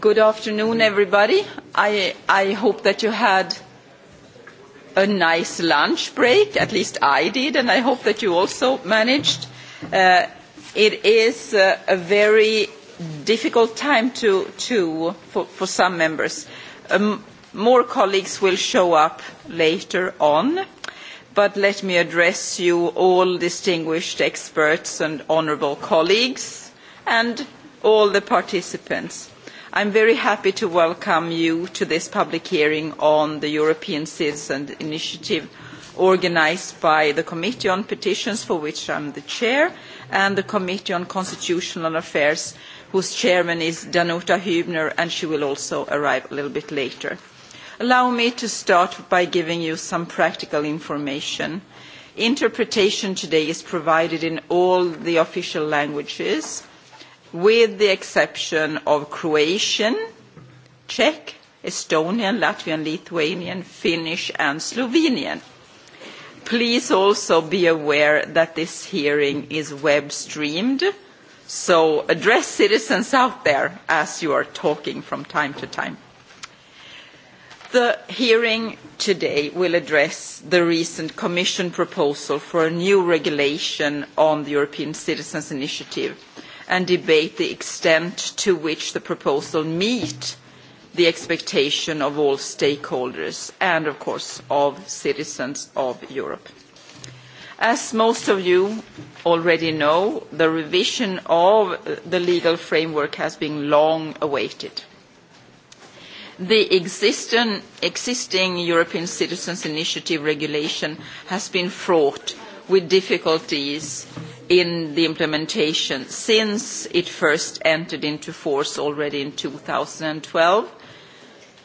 Good afternoon, everybody. I, I hope that you had a nice lunch break. At least I did, and I hope that you also managed. Uh, it is uh, a very difficult time to, to, for, for some members. Um, more colleagues will show up later on but let me address you all distinguished experts and honourable colleagues and all the participants. I am very happy to welcome you to this public hearing on the European Citizen Initiative organised by the Committee on Petitions, for which I am the chair, and the Committee on Constitutional Affairs, whose chairman is Danuta Hübner, and she will also arrive a little bit later allow me to start by giving you some practical information. Interpretation today is provided in all the official languages, with the exception of Croatian, Czech, Estonian, Latvian, Lithuanian, Finnish and Slovenian. Please also be aware that this hearing is web streamed, so address citizens out there as you are talking from time to time the hearing today will address the recent commission proposal for a new regulation on the european citizens' initiative and debate the extent to which the proposal meets the expectations of all stakeholders and of course of citizens of europe. as most of you already know the revision of the legal framework has been long awaited The existing, existing European Citizens Initiative regulation has been fraught with difficulties in the implementation since it first entered into force already in 2012,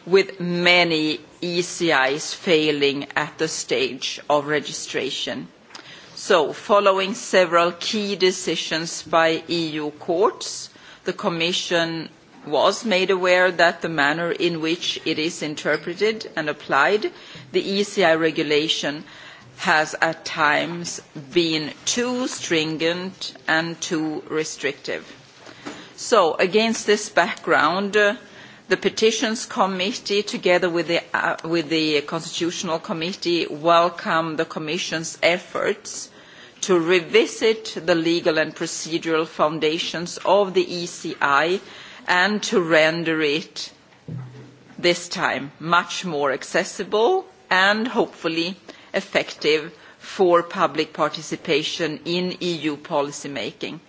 with many ECIs failing at the stage of registration. So, following several key decisions by EU courts, the Commission was made aware that the manner in which it is interpreted and applied, the ECI regulation has at times been too stringent and too restrictive. So against this background, uh, the Petitions Committee, together with the, uh, with the Constitutional Committee, welcome the Commission's efforts to revisit the legal and procedural foundations of the ECI and to render it this time much more accessible and hopefully effective for public participation in EU policy making.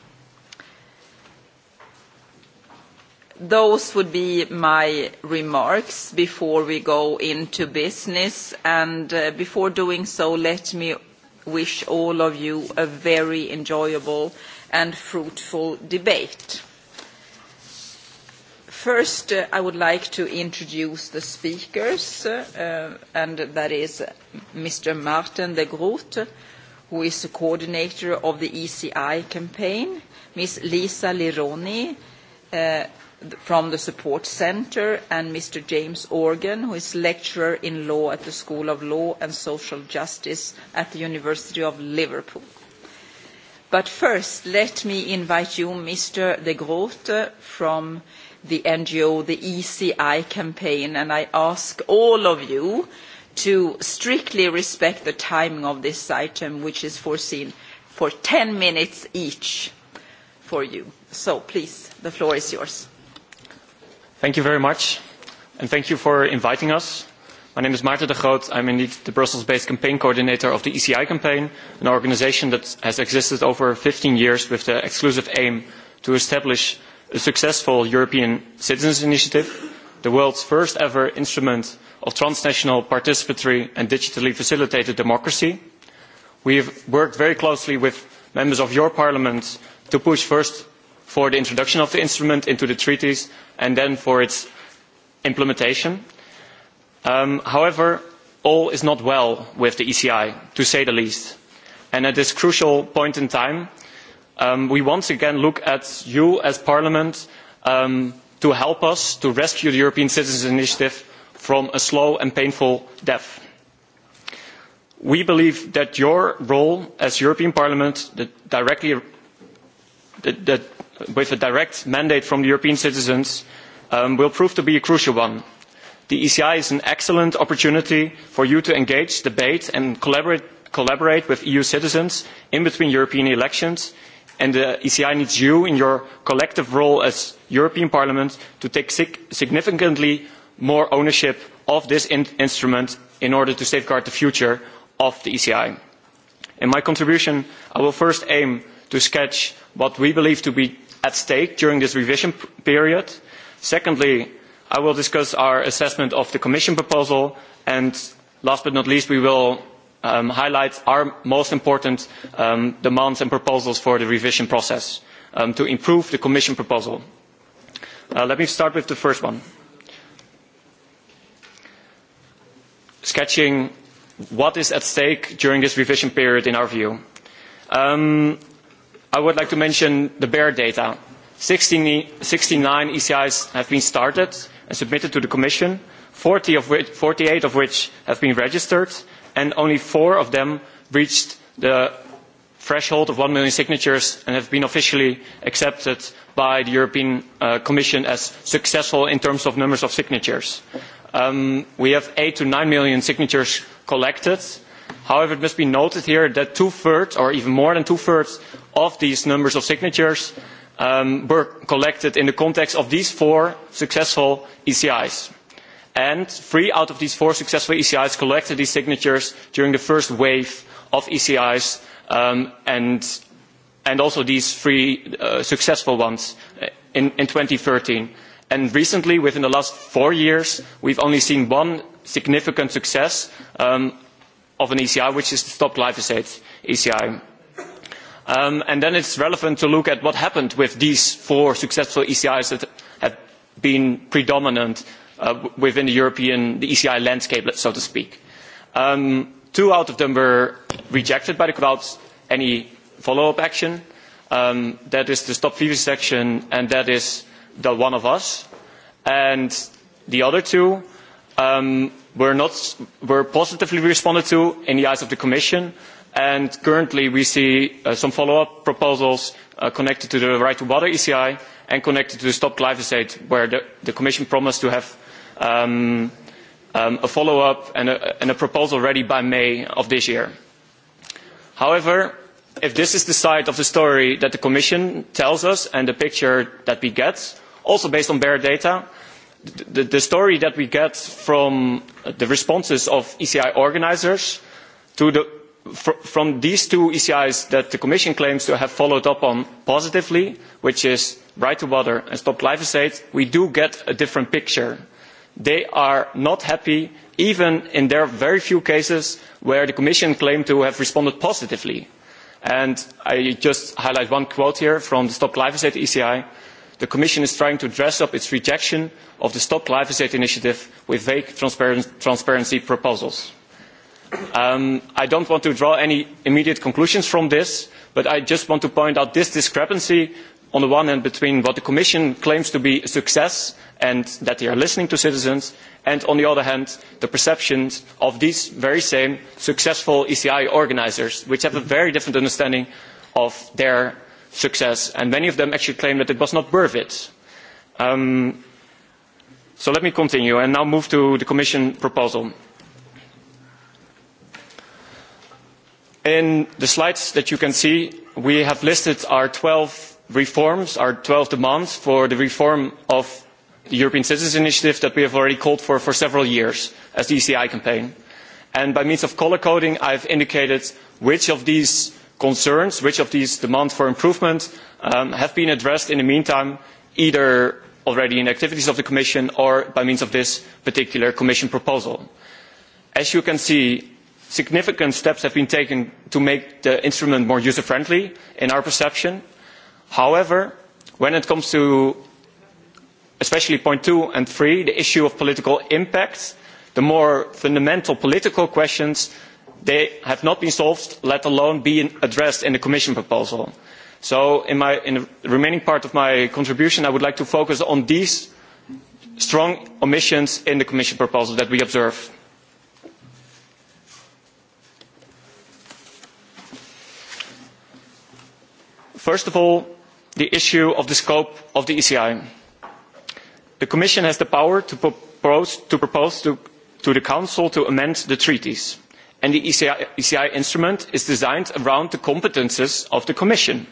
Those would be my remarks before we go into business. And uh, before doing so, let me wish all of you a very enjoyable and fruitful debate. First, uh, I would like to introduce the speakers, uh, uh and that is uh, Mr. Martin de Groot, who is the coordinator of the ECI campaign, Ms. Lisa Lironi uh, from the Support Center, and Mr. James Organ, who is lecturer in law at the School of Law and Social Justice at the University of Liverpool. But first, let me invite you, Mr. de Groot, uh, from uh, the NGO, the ECI campaign, and I ask all of you to strictly respect the timing of this item, which is foreseen for 10 minutes each for you. So please, the floor is yours. Thank you very much, and thank you for inviting us. My name is Maarten de Groot. I'm indeed the Brussels-based campaign coordinator of the ECI campaign, an organization that has existed over 15 years with the exclusive aim to establish a successful European Citizens Initiative, the world's first ever instrument of transnational participatory and digitally facilitated democracy. We have worked very closely with members of your parliament to push first for the introduction of the instrument into the treaties and then for its implementation. Um, however, all is not well with the ECI, to say the least. And at this crucial point in time, um, we once again look at you as Parliament um, to help us to rescue the European Citizens Initiative from a slow and painful death. We believe that your role as European Parliament that directly that, that with a direct mandate from the European citizens um, will prove to be a crucial one. The ECI is an excellent opportunity for you to engage, debate and collaborate, collaborate with EU citizens in between European elections and the uh, eci needs you in your collective role as european parliament to take sig significantly more ownership of this in instrument in order to safeguard the future of the eci. in my contribution i will first aim to sketch what we believe to be at stake during this revision period. secondly i will discuss our assessment of the commission proposal and last but not least we will um, highlights our most important um, demands and proposals for the revision process um, to improve the Commission proposal. Uh, let me start with the first one. Sketching what is at stake during this revision period in our view. Um, I would like to mention the bare data. 16, 69 ECIs have been started and submitted to the Commission, 40 of which, 48 of which have been registered, and only four of them reached the threshold of one million signatures and have been officially accepted by the European uh, Commission as successful in terms of numbers of signatures. Um, we have eight to nine million signatures collected. However, it must be noted here that two-thirds, or even more than two-thirds, of these numbers of signatures um, were collected in the context of these four successful ECIs and three out of these four successful ecis collected these signatures during the first wave of ecis um, and, and also these three uh, successful ones uh, in, in 2013. And recently, within the last four years, we've only seen one significant success um, of an ECI, which is the Stop Glyphosate ECI. Um, and then it's relevant to look at what happened with these four successful ECIs that have been predominant uh, within the European, the ECI landscape, so to speak. Um, two out of them were rejected by the without any follow-up action. Um, that is the Stop Thieves section, and that is the One of Us. And the other two um, were, not, were positively responded to in the eyes of the Commission, and currently we see uh, some follow-up proposals uh, connected to the Right to Water ECI and connected to the Stop Glyphosate, where the, the Commission promised to have um, um, a follow-up and a, and a proposal ready by May of this year. However, if this is the side of the story that the Commission tells us and the picture that we get, also based on bare data, the, the story that we get from the responses of ECI organizers to the, fr from these two ECIs that the Commission claims to have followed up on positively, which is Right to Water and Stop Glyphosate, we do get a different picture they are not happy even in their very few cases where the commission claimed to have responded positively. And I just highlight one quote here from the Stop Glyphosate ECI. The Commission is trying to dress up its rejection of the Stop Glyphosate initiative with vague transparent, transparency proposals. Um, I don't want to draw any immediate conclusions from this, but I just want to point out this discrepancy on the one hand between what the Commission claims to be a success and that they are listening to citizens, and on the other hand the perceptions of these very same successful ECI organisers, which have a very different understanding of their success, and many of them actually claim that it was not worth it. Um, so let me continue and now move to the Commission proposal. In the slides that you can see, we have listed our 12 reforms our twelve demands for the reform of the european citizens' initiative that we have already called for for several years as the eci campaign and by means of colour coding i have indicated which of these concerns which of these demands for improvement um, have been addressed in the meantime either already in the activities of the commission or by means of this particular commission proposal. as you can see significant steps have been taken to make the instrument more user friendly in our perception however when it comes to especially point two and three the issue of political impact the more fundamental political questions they have not been solved let alone been addressed in the commission proposal. so in, my, in the remaining part of my contribution i would like to focus on these strong omissions in the commission proposal that we observe. first of all the issue of the scope of the eci. the commission has the power to propose to, propose to, to the council to amend the treaties and the ECI, eci instrument is designed around the competences of the commission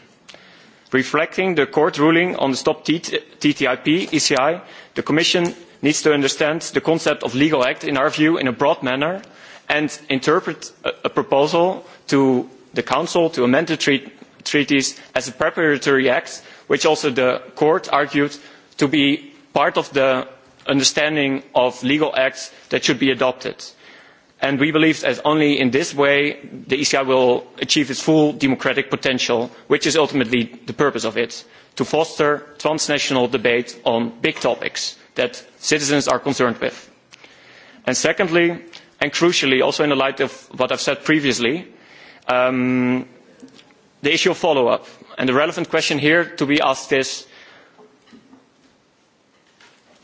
reflecting the court ruling on the stop ttip eci the commission needs to understand the concept of legal act in our view in a broad manner and interpret a, a proposal to the council to amend the treaty treaties as a preparatory act, which also the court argued to be part of the understanding of legal acts that should be adopted. And we believe that only in this way the ECI will achieve its full democratic potential, which is ultimately the purpose of it, to foster transnational debate on big topics that citizens are concerned with. And secondly, and crucially, also in the light of what I've said previously, um, the issue of follow up and the relevant question here to be asked is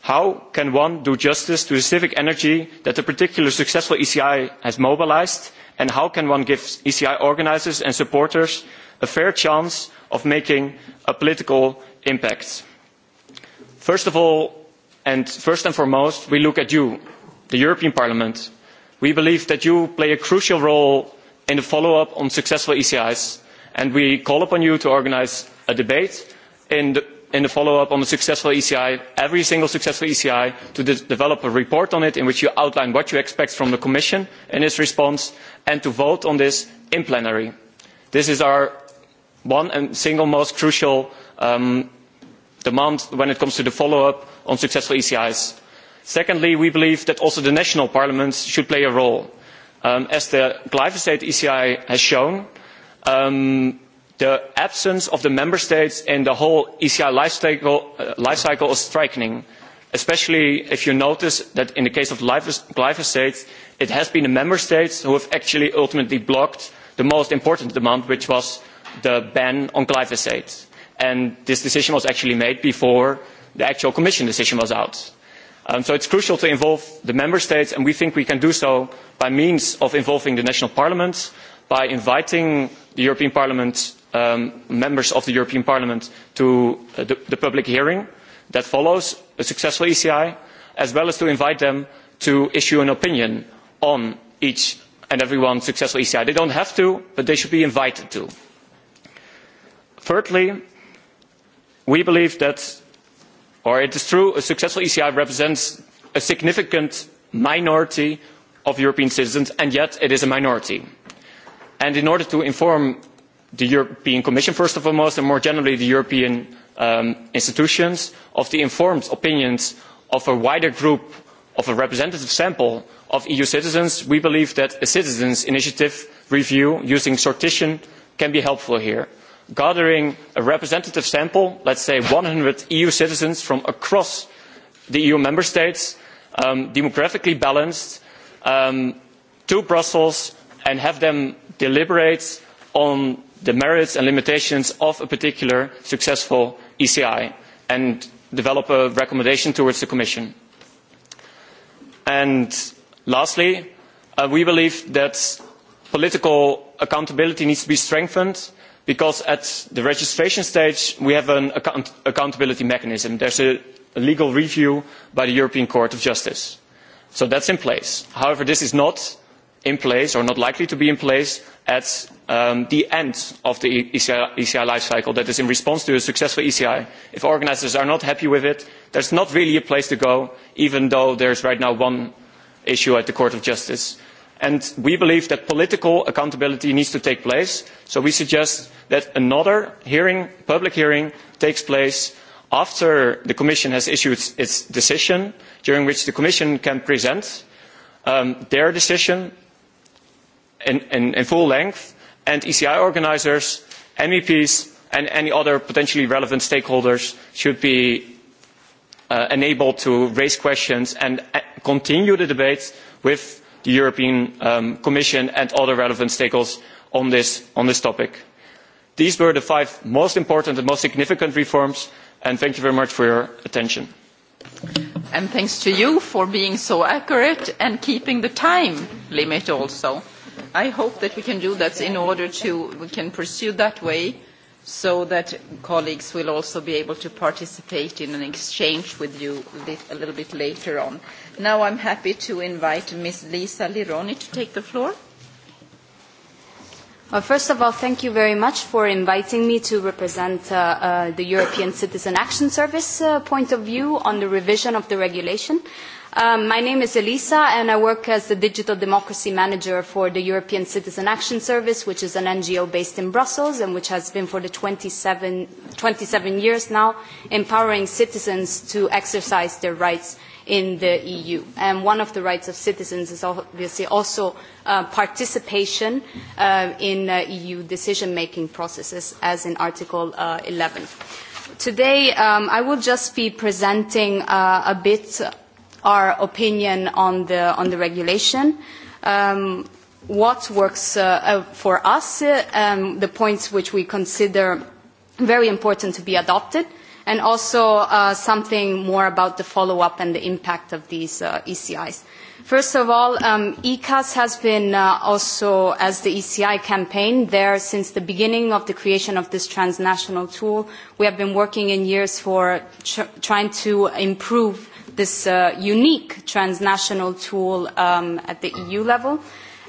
how can one do justice to the civic energy that the particular successful eci has mobilised and how can one give eci organisers and supporters a fair chance of making a political impact? first of all and first and foremost we look at you the european parliament. we believe that you play a crucial role in the follow up on successful ecis and we call upon you to organise a debate in the, in the follow-up on the successful ECI, every single successful ECI, to de develop a report on it in which you outline what you expect from the Commission in its response and to vote on this in plenary. This is our one and single most crucial um, demand when it comes to the follow-up on successful ECIs. Secondly, we believe that also the national parliaments should play a role. Um, as the glyphosate ECI has shown, um, the absence of the member states in the whole ECI life cycle, uh, life cycle is striking, especially if you notice that in the case of glyphosate, it has been the member states who have actually ultimately blocked the most important demand, which was the ban on glyphosate. And this decision was actually made before the actual Commission decision was out. Um, so it's crucial to involve the member states, and we think we can do so by means of involving the national parliaments, by inviting the European Parliament, um, members of the European Parliament to uh, the, the public hearing that follows a successful ECI, as well as to invite them to issue an opinion on each and every one successful ECI. They don't have to, but they should be invited to. Thirdly, we believe that, or it is true, a successful ECI represents a significant minority of European citizens, and yet it is a minority and in order to inform the european commission first and foremost and more generally the european um, institutions of the informed opinions of a wider group of a representative sample of eu citizens we believe that a citizens' initiative review using sortition can be helpful here gathering a representative sample let's say one hundred eu citizens from across the eu member states um, demographically balanced um, to brussels and have them deliberate on the merits and limitations of a particular successful ECI and develop a recommendation towards the Commission. And lastly, uh, we believe that political accountability needs to be strengthened because at the registration stage we have an account accountability mechanism. There's a, a legal review by the European Court of Justice. So that's in place. However, this is not in place or not likely to be in place at um, the end of the ECI, e ECI life cycle that is in response to a successful ECI. If organizers are not happy with it, there's not really a place to go, even though there's right now one issue at the Court of Justice. And we believe that political accountability needs to take place, so we suggest that another hearing, public hearing takes place after the Commission has issued its decision, during which the Commission can present um, their decision in, in, in full length, and ECI organizers, MEPs, and any other potentially relevant stakeholders should be uh, enabled to raise questions and uh, continue the debate with the European um, Commission and other relevant stakeholders on this, on this topic. These were the five most important and most significant reforms, and thank you very much for your attention. And thanks to you for being so accurate and keeping the time limit also. I hope that we can do that in order to, we can pursue that way so that colleagues will also be able to participate in an exchange with you a little bit later on. Now I'm happy to invite Ms. Lisa Lironi to take the floor. Well, first of all, thank you very much for inviting me to represent uh, uh, the European Citizen Action Service uh, point of view on the revision of the regulation. Uh, Um, my name is Elisa, and I work as the Digital Democracy Manager for the European Citizen Action Service, which is an NGO based in Brussels and which has been for the 27, 27 years now empowering citizens to exercise their rights in the EU. And one of the rights of citizens is obviously also uh, participation uh, in uh, EU decision-making processes, as in Article uh, 11. Today, um, I will just be presenting uh, a bit our opinion on the, on the regulation. Um, what works uh, uh, for us, uh, um, the points which we consider very important to be adopted, and also uh, something more about the follow-up and the impact of these uh, ECIs. First of all, um, ECAS has been uh, also, as the ECI campaign, there since the beginning of the creation of this transnational tool. We have been working in years for tr trying to improve this uh, unique transnational tool um, at the EU level.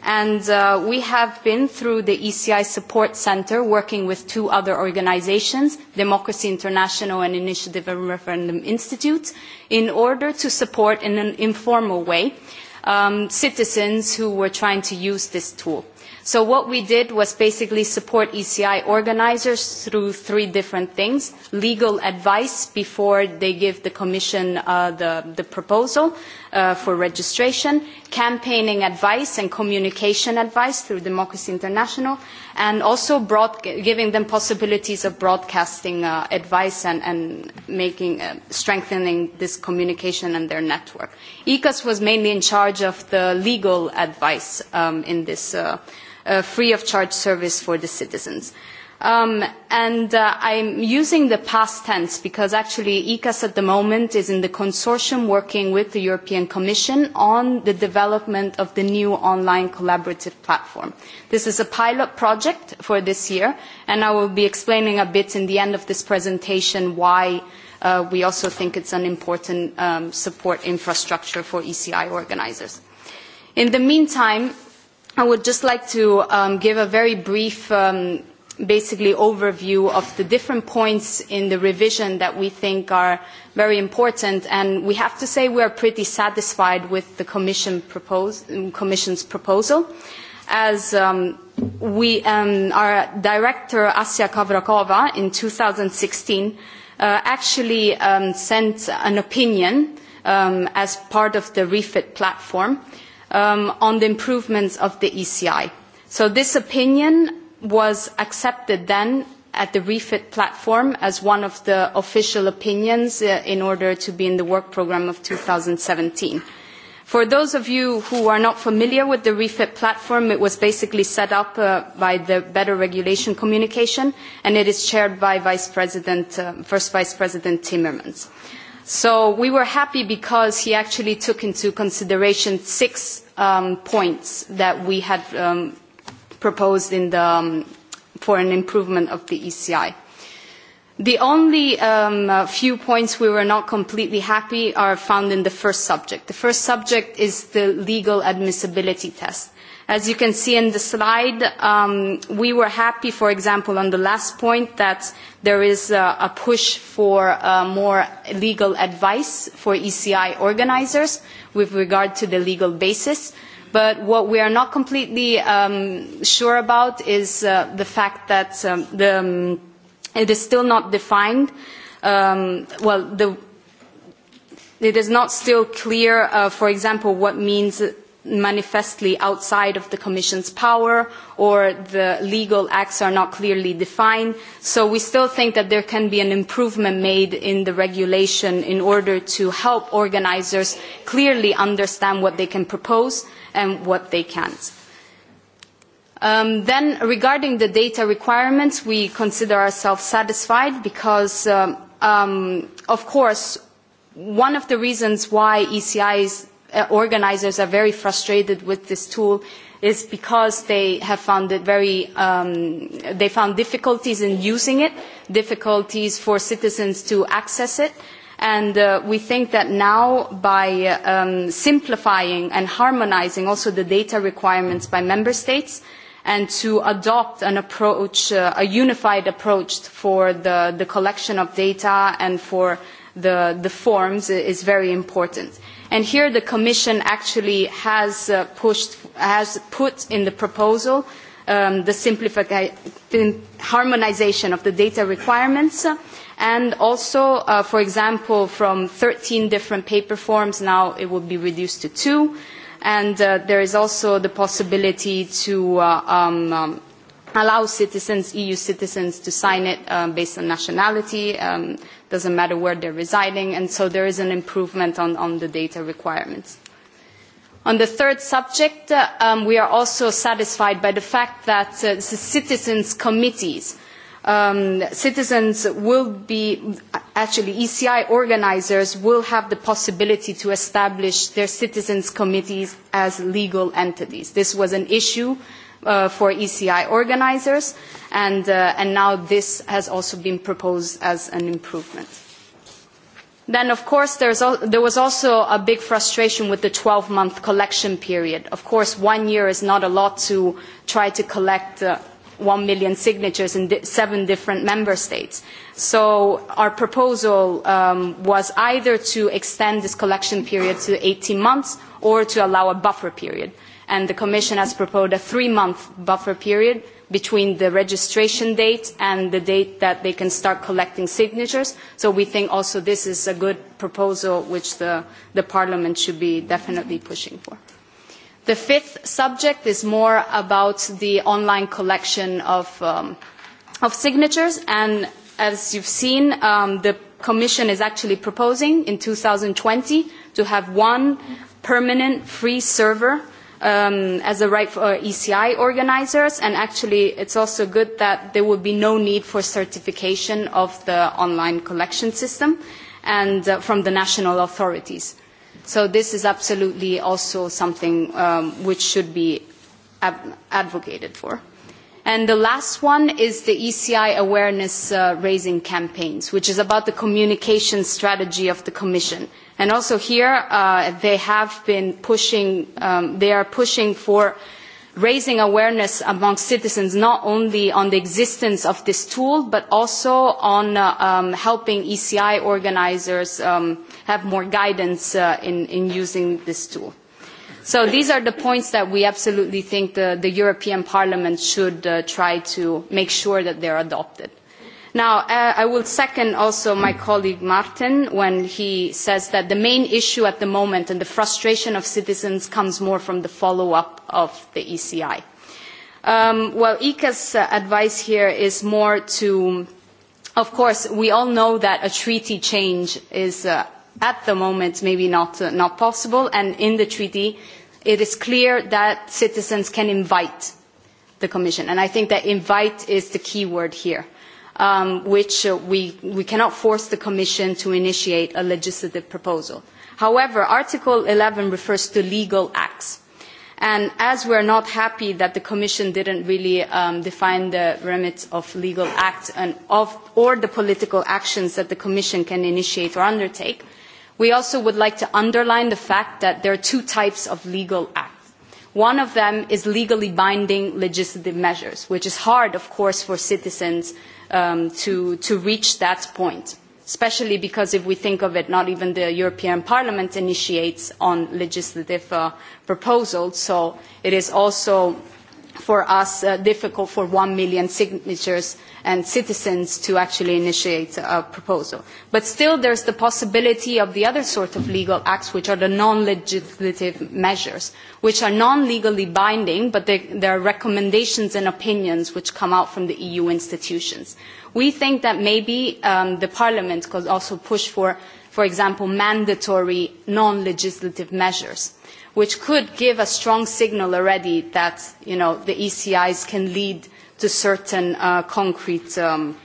And uh, we have been, through the ECI Support Center, working with two other organizations, Democracy International and Initiative and Referendum Institute, in order to support in an informal way um, citizens who were trying to use this tool. So what we did was basically support ECI organizers through three different things. Legal advice before they give the Commission uh, the, the proposal, uh, for registration, campaigning advice and communication advice through Democracy International, and also broad, giving them possibilities of broadcasting uh, advice and, and making, uh, strengthening this communication and their network. ECAS was mainly in charge of the legal advice um, in this uh, uh, free of charge service for the citizens. Uh, Um, and uh, I'm using the past tense because actually ECAS at the moment is in the consortium working with the European Commission on the development of the new online collaborative platform. This is a pilot project for this year and I will be explaining a bit in the end of this presentation why uh, we also think it's an important um, support infrastructure for ECI organizers. In the meantime, I would just like to um, give a very brief um, basically overview of the different points in the revision that we think are very important and we have to say we are pretty satisfied with the commission propose, commission's proposal as um, we um, our director Asia Kavrakova in 2016 uh, actually um, sent an opinion um, as part of the refit platform um, on the improvements of the ECI so this opinion was accepted then at the refit platform as one of the official opinions uh, in order to be in the work program of 2017. For those of you who are not familiar with the refit platform, it was basically set up uh, by the Better Regulation communication and it is chaired by Vice President, uh, First Vice President Timmermans. So we were happy because he actually took into consideration six um, points that we had um, proposed in the, um, for an improvement of the ECI. The only um, uh, few points we were not completely happy are found in the first subject. The first subject is the legal admissibility test. As you can see in the slide, um, we were happy, for example, on the last point that there is uh, a push for uh, more legal advice for ECI organizers with regard to the legal basis. But what we are not completely um, sure about is uh, the fact that um, the, um, it is still not defined. Um, well, the, it is not still clear, uh, for example, what means manifestly outside of the Commission's power or the legal acts are not clearly defined. So we still think that there can be an improvement made in the regulation in order to help organizers clearly understand what they can propose and what they can't. Um, then regarding the data requirements, we consider ourselves satisfied because, um, um, of course, one of the reasons why ECI's uh, organizers are very frustrated with this tool is because they have found it very, um, they found difficulties in using it, difficulties for citizens to access it, uh, And uh, we think that now by um, simplifying and harmonizing also the data requirements by member states and to adopt an approach, uh, a unified approach for the, the collection of data and for the, the forms is very important. And here the Commission actually has, uh, pushed, has put in the proposal um, the simplification, harmonization of the data requirements. Uh, And also, uh, for example, from 13 different paper forms, now it will be reduced to two. And uh, there is also the possibility to uh, um, um, allow citizens, EU citizens, to sign it um, based on nationality, um, doesn't matter where they're residing, and so there is an improvement on, on the data requirements. On the third subject, uh, um, we are also satisfied by the fact that uh, the citizens' committees um, citizens will be, actually ECI organizers will have the possibility to establish their citizens committees as legal entities. This was an issue uh, for ECI organizers and, uh, and now this has also been proposed as an improvement. Then, of course, there's al there was also a big frustration with the 12-month collection period. Of course, one year is not a lot to try to collect uh, 1 million signatures in di seven different member states. So our proposal um, was either to extend this collection period to 18 months or to allow a buffer period. And the Commission has proposed a three-month buffer period between the registration date and the date that they can start collecting signatures. So we think also this is a good proposal which the, the Parliament should be definitely pushing for. The fifth subject is more about the online collection of, um, of signatures, and as you've seen, um, the Commission is actually proposing in 2020 to have one permanent free server um, as a right for uh, e ECI organizers, and actually it's also good that there will be no need for certification of the online collection system and uh, from the national authorities. So this is absolutely also something um, which should be ab- advocated for. And the last one is the ECI awareness uh, raising campaigns, which is about the communication strategy of the Commission. And also here, uh, they have been pushing, um, they are pushing for raising awareness among citizens, not only on the existence of this tool, but also on uh, um, helping ECI organizers um, have more guidance uh, in, in using this tool. So these are the points that we absolutely think the, the European Parliament should uh, try to make sure that they're adopted. Now, uh, I will second also my colleague Martin when he says that the main issue at the moment and the frustration of citizens comes more from the follow-up of the ECI. Um, well, ICA's uh, advice here is more to, of course, we all know that a treaty change is uh, at the moment maybe not, uh, not possible, and in the treaty it is clear that citizens can invite the Commission, and I think that invite is the key word here, um, which uh, we, we cannot force the Commission to initiate a legislative proposal. However, Article 11 refers to legal acts. And as we're not happy that the Commission didn't really um, define the remit of legal acts and of, or the political actions that the Commission can initiate or undertake, uh, We also would like to underline the fact that there are two types of legal acts. One of them is legally binding legislative measures, which is hard, of course, for citizens um, to, to reach that point, especially because if we think of it, not even the European Parliament initiates on legislative uh, proposals, so it is also for us uh, difficult for 1 million signatures and citizens to actually initiate a proposal. But still there's the possibility of the other sort of legal acts which are the non-legislative measures, which are non-legally binding but they, there are recommendations and opinions which come out from the EU institutions. We think that maybe um, the Parliament could also push for, for example, mandatory non-legislative measures which could give a strong signal already that you know, the ECIs can lead to certain uh, concrete, um,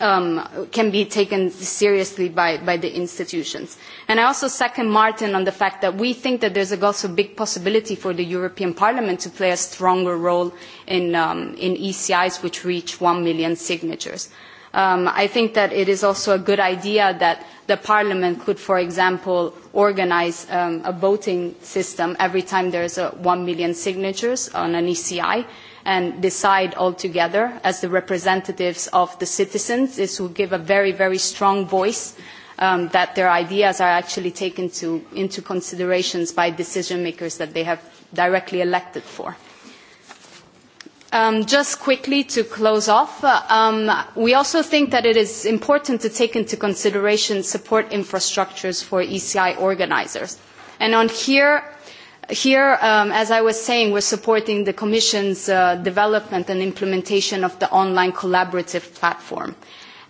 um, can be taken seriously by, by the institutions. And I also second Martin on the fact that we think that there's also a big possibility for the European Parliament to play a stronger role in, um, in ECIs which reach 1 million signatures um, I think that it is also a good idea that the parliament could, for example, organize um, a voting system every time there's a 1 million signatures on an ECI and decide altogether as the representatives of the citizens. This will give a very, very strong voice um, that their ideas are actually taken to, into considerations by decision makers that they have directly elected for. Um, just quickly to close off, uh, um, we also think that it is important to take into consideration support infrastructures for ECI organizers. And on here, here um, as I was saying, we're supporting the Commission's uh, development and implementation of the online collaborative platform.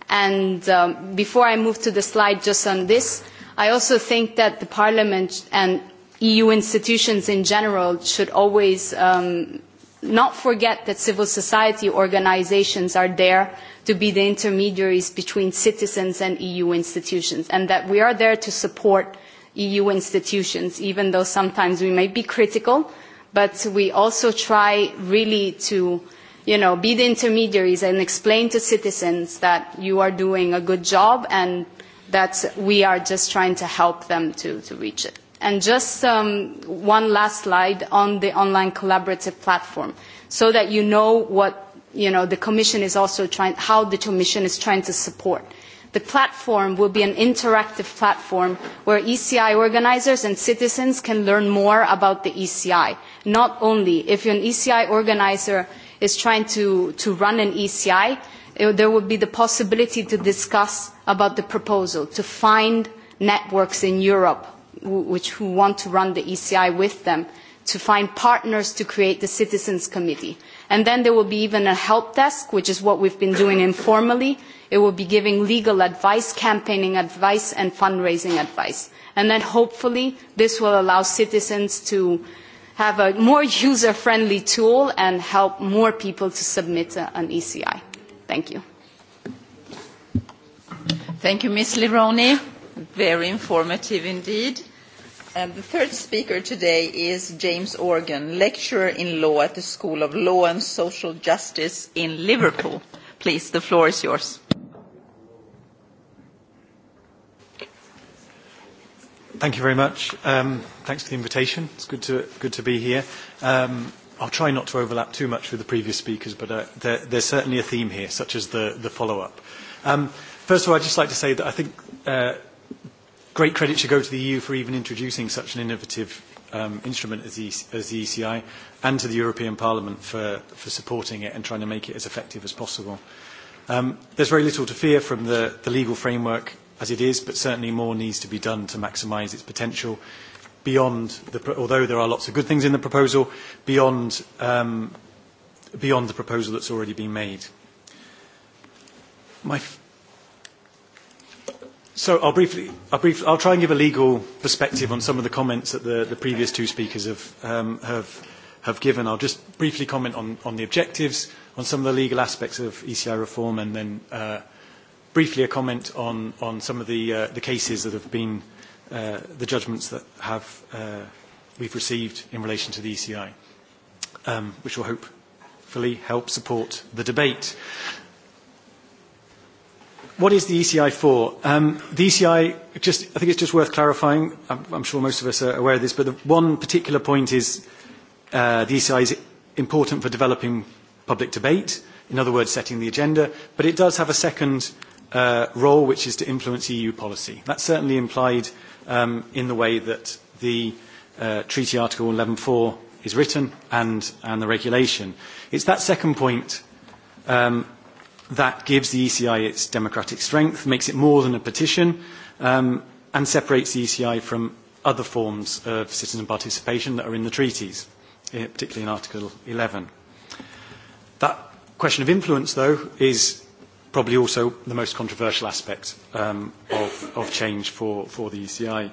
And um, before I move to the slide just on this, I also think that the Parliament and EU institutions in general should always um, not forget that civil society organizations are there to be the intermediaries between citizens and EU institutions, and that we are there to support EU institutions, even though sometimes we may be critical, but we also try really to you know, be the intermediaries and explain to citizens that you are doing a good job and that we are just trying to help them to, to reach it. And just um, one last slide on the online collaborative platform, so that you know what you know the Commission is also trying, how the Commission is trying to support. The platform will be an interactive platform where ECI organizers and citizens can learn more about the ECI. Not only if an ECI organizer is trying to, to run an ECI, it, eh, there would be the possibility to discuss about the proposal, to find networks in Europe which who want to run the ECI with them to find partners to create the citizens committee. And then there will be even a help desk, which is what we've been doing informally. It will be giving legal advice, campaigning advice, and fundraising advice. And then hopefully this will allow citizens to have a more user-friendly tool and help more people to submit a, an ECI. Thank you. Thank you, Ms. Lironi. Very informative indeed. And the third speaker today is James Organ, lecturer in law at the School of Law and Social Justice in Liverpool. Please, the floor is yours. Thank you very much. Um, thanks for the invitation. It's good to, good to be here. Um, I'll try not to overlap too much with the previous speakers, but uh, there, there's certainly a theme here, such as the, the follow-up. Um, first of all, I'd just like to say that I think uh, great credit should go to the EU for even introducing such an innovative um, instrument as the, as the ECI and to the European Parliament for, for supporting it and trying to make it as effective as possible. Um, there's very little to fear from the, the legal framework as it is, but certainly more needs to be done to maximise its potential beyond, the, although there are lots of good things in the proposal, beyond, um, beyond the proposal that's already been made. My So I'll briefly, I'll, brief, I'll try and give a legal perspective on some of the comments that the, the previous two speakers have, um, have, have given. I'll just briefly comment on, on the objectives, on some of the legal aspects of ECI reform, and then uh, briefly a comment on, on some of the, uh, the cases that have been, uh, the judgments that have, uh, we've received in relation to the ECI, um, which will hopefully help support the debate. What is the ECI for? Um, the ECI, just, I think it's just worth clarifying. I'm, I'm sure most of us are aware of this, but the one particular point is uh, the ECI is important for developing public debate, in other words, setting the agenda, but it does have a second uh, role, which is to influence EU policy. That's certainly implied um, in the way that the uh, Treaty Article 11.4 is written and, and the regulation. It's that second point um, That gives the ECI its democratic strength, makes it more than a petition, um, and separates the ECI from other forms of citizen participation that are in the treaties, eh, particularly in Article 11. That question of influence, though, is probably also the most controversial aspect um, of, of change for, for the ECI.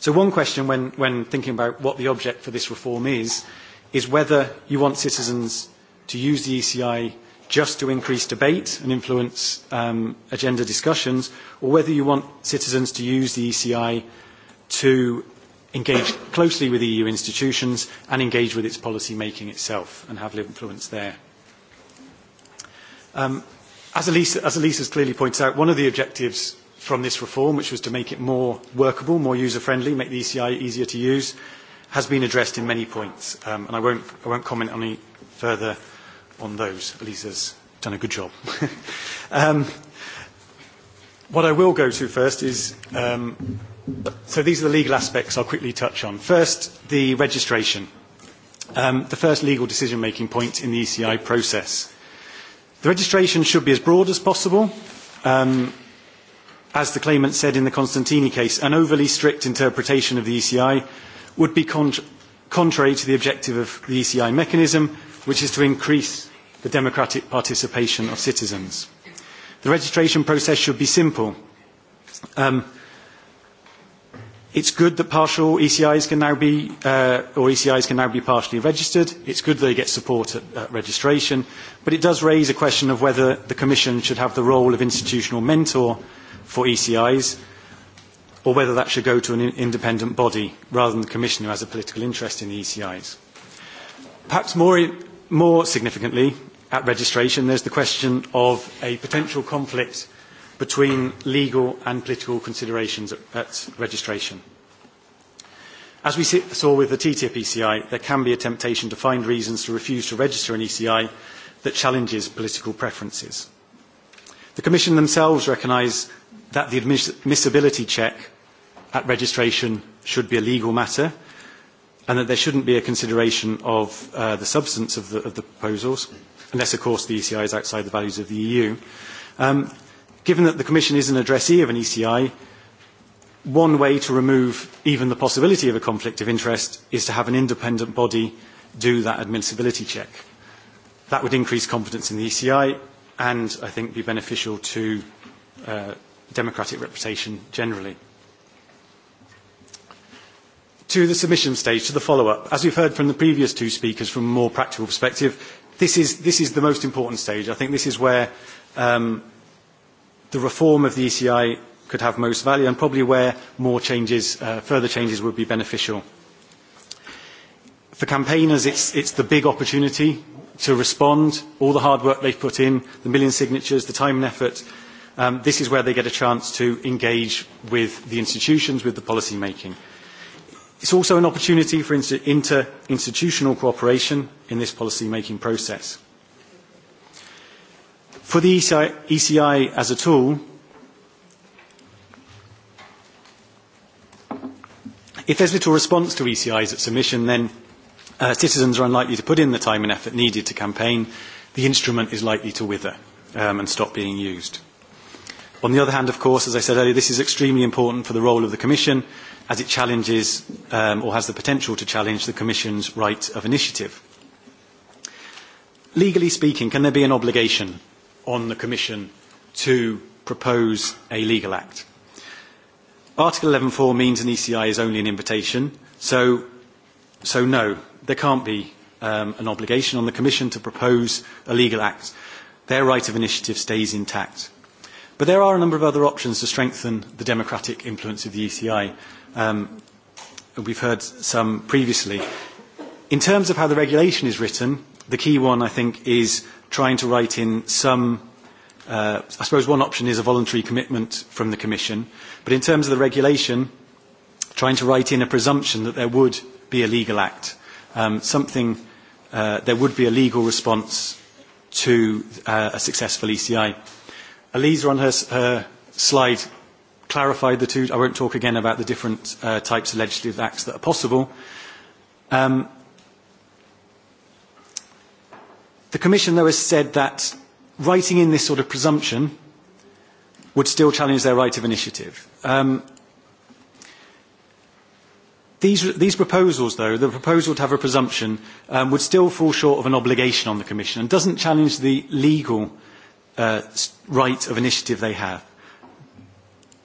So one question when, when thinking about what the object for this reform is, is whether you want citizens to use the ECI just to increase debate and influence um, agenda discussions, or whether you want citizens to use the ECI to engage closely with EU institutions and engage with its policy making itself and have influence there. Um, as, Elise, as Elise has clearly pointed out, one of the objectives from this reform, which was to make it more workable, more user-friendly, make the ECI easier to use, has been addressed in many points, um, and I won't, I won't comment on any further on those. Elisa's done a good job. um, what I will go to first is, um, so these are the legal aspects I'll quickly touch on. First, the registration, um, the first legal decision-making point in the ECI process. The registration should be as broad as possible. Um, as the claimant said in the Constantini case, an overly strict interpretation of the ECI would be con- contrary to the objective of the ECI mechanism which is to increase the democratic participation of citizens. The registration process should be simple. Um, it's good that partial ECIs can now be, uh, or ECIs can now be partially registered. It's good they get support at, at registration, but it does raise a question of whether the Commission should have the role of institutional mentor for ECIs, or whether that should go to an independent body rather than the Commission, who has a political interest in the ECIs. Perhaps more More significantly, at registration, there's the question of a potential conflict between legal and political considerations at, at registration. As we see, saw with the TTIP ECI, there can be a temptation to find reasons to refuse to register an ECI that challenges political preferences. The Commission themselves recognise that the admissibility check at registration should be a legal matter and that there shouldn't be a consideration of uh, the substance of the, of the proposals, unless, of course, the ECI is outside the values of the EU. Um, given that the Commission is an addressee of an ECI, one way to remove even the possibility of a conflict of interest is to have an independent body do that admissibility check. That would increase confidence in the ECI and, I think, be beneficial to uh, democratic reputation generally to the submission stage, to the follow-up. As we've heard from the previous two speakers from a more practical perspective, this is, this is the most important stage. I think this is where um, the reform of the ECI could have most value and probably where more changes, uh, further changes would be beneficial. For campaigners, it's, it's the big opportunity to respond, all the hard work they've put in, the million signatures, the time and effort. Um, this is where they get a chance to engage with the institutions, with the policy making. It's also an opportunity for interinstitutional cooperation in this policy-making process. For the ECI, ECI as a tool, if there's little response to ECIs at submission, then uh, citizens are unlikely to put in the time and effort needed to campaign. The instrument is likely to wither um, and stop being used. On the other hand, of course, as I said earlier, this is extremely important for the role of the Commission as it challenges um, or has the potential to challenge the Commission's right of initiative. Legally speaking, can there be an obligation on the Commission to propose a legal act? Article 11.4 means an ECI is only an invitation, so, so no, there can't be um, an obligation on the Commission to propose a legal act. Their right of initiative stays intact. But there are a number of other options to strengthen the democratic influence of the ECI. Um, we've heard some previously. In terms of how the regulation is written, the key one, I think, is trying to write in some uh, I suppose one option is a voluntary commitment from the Commission, but in terms of the regulation, trying to write in a presumption that there would be a legal act, um, something uh, there would be a legal response to uh, a successful ECI. Elisa on her, her slide clarified the two. I won't talk again about the different uh, types of legislative acts that are possible. Um, the Commission, though, has said that writing in this sort of presumption would still challenge their right of initiative. Um, these, these proposals, though, the proposal to have a presumption, um, would still fall short of an obligation on the Commission and doesn't challenge the legal uh, right of initiative they have.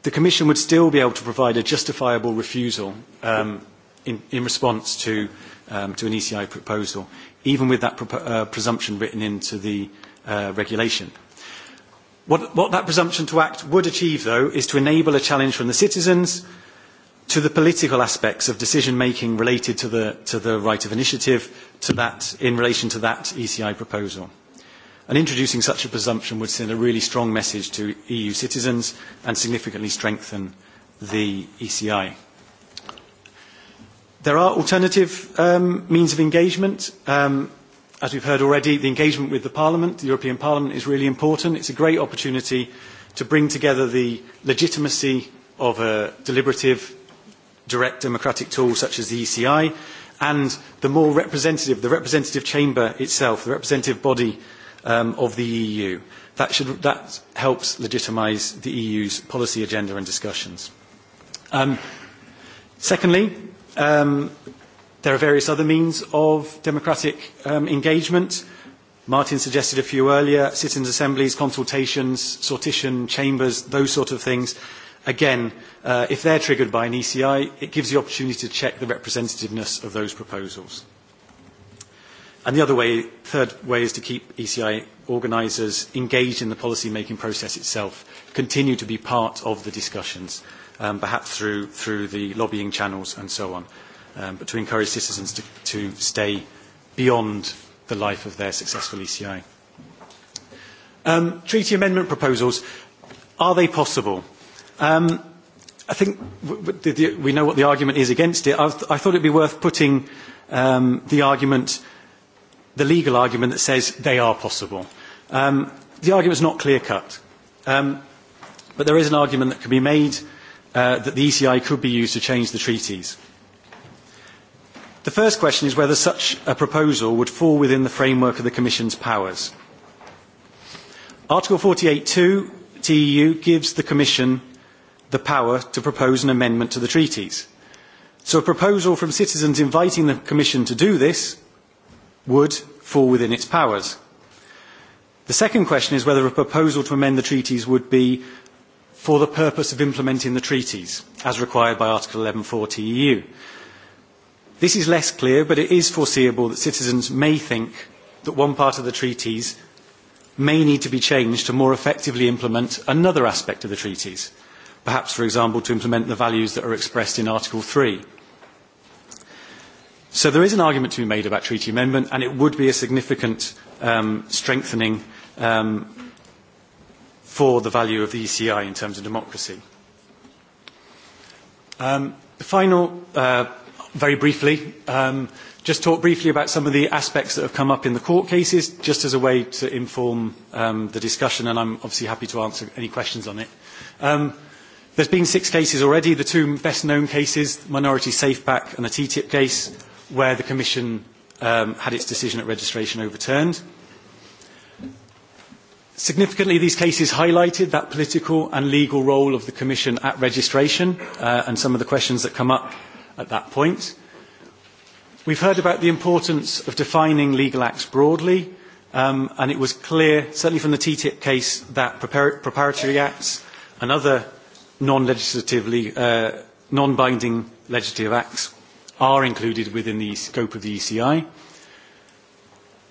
The Commission would still be able to provide a justifiable refusal um, in, in response to, um, to an ECI proposal, even with that propo- uh, presumption written into the uh, regulation. What, what that presumption to act would achieve, though, is to enable a challenge from the citizens to the political aspects of decision making related to the, to the right of initiative to that, in relation to that ECI proposal and introducing such a presumption would send a really strong message to EU citizens and significantly strengthen the ECI. There are alternative um, means of engagement. Um, as we've heard already, the engagement with the Parliament, the European Parliament, is really important. It's a great opportunity to bring together the legitimacy of a deliberative, direct democratic tool such as the ECI and the more representative, the representative chamber itself, the representative body um, of the EU. That, should, that helps legitimise the EU's policy agenda and discussions. Um, secondly, um, there are various other means of democratic um, engagement. Martin suggested a few earlier, citizens' assemblies, consultations, sortition, chambers, those sort of things. Again, uh, if they're triggered by an ECI, it gives the opportunity to check the representativeness of those proposals. And the other way, third way, is to keep ECI organisers engaged in the policy-making process itself, continue to be part of the discussions, um, perhaps through, through the lobbying channels and so on, um, but to encourage citizens to, to stay beyond the life of their successful ECI. Um, treaty amendment proposals, are they possible? Um, I think w- w- the, the, we know what the argument is against it. I've, I thought it would be worth putting um, the argument – the legal argument that says they are possible. Um, the argument is not clear-cut, um, but there is an argument that can be made uh, that the ECI could be used to change the treaties. The first question is whether such a proposal would fall within the framework of the Commission's powers. Article 48.2 TEU gives the Commission the power to propose an amendment to the treaties. So a proposal from citizens inviting the Commission to do this would fall within its powers. The second question is whether a proposal to amend the treaties would be for the purpose of implementing the treaties, as required by Article 1140 EU. This is less clear, but it is foreseeable that citizens may think that one part of the treaties may need to be changed to more effectively implement another aspect of the treaties, perhaps, for example, to implement the values that are expressed in Article 3. So there is an argument to be made about treaty amendment, and it would be a significant um, strengthening um, for the value of the ECI in terms of democracy. Um, the final, uh, very briefly, um, just talk briefly about some of the aspects that have come up in the court cases, just as a way to inform um, the discussion, and I'm obviously happy to answer any questions on it. Um, there's been six cases already. The two best-known cases, Minority Safe Pack and the TTIP case, where the Commission um, had its decision at registration overturned. Significantly, these cases highlighted that political and legal role of the Commission at registration uh, and some of the questions that come up at that point. We've heard about the importance of defining legal acts broadly, um, and it was clear, certainly from the TTIP case, that prepar- preparatory acts and other non-legislative, uh, non-binding legislative acts are included within the scope of the ECI.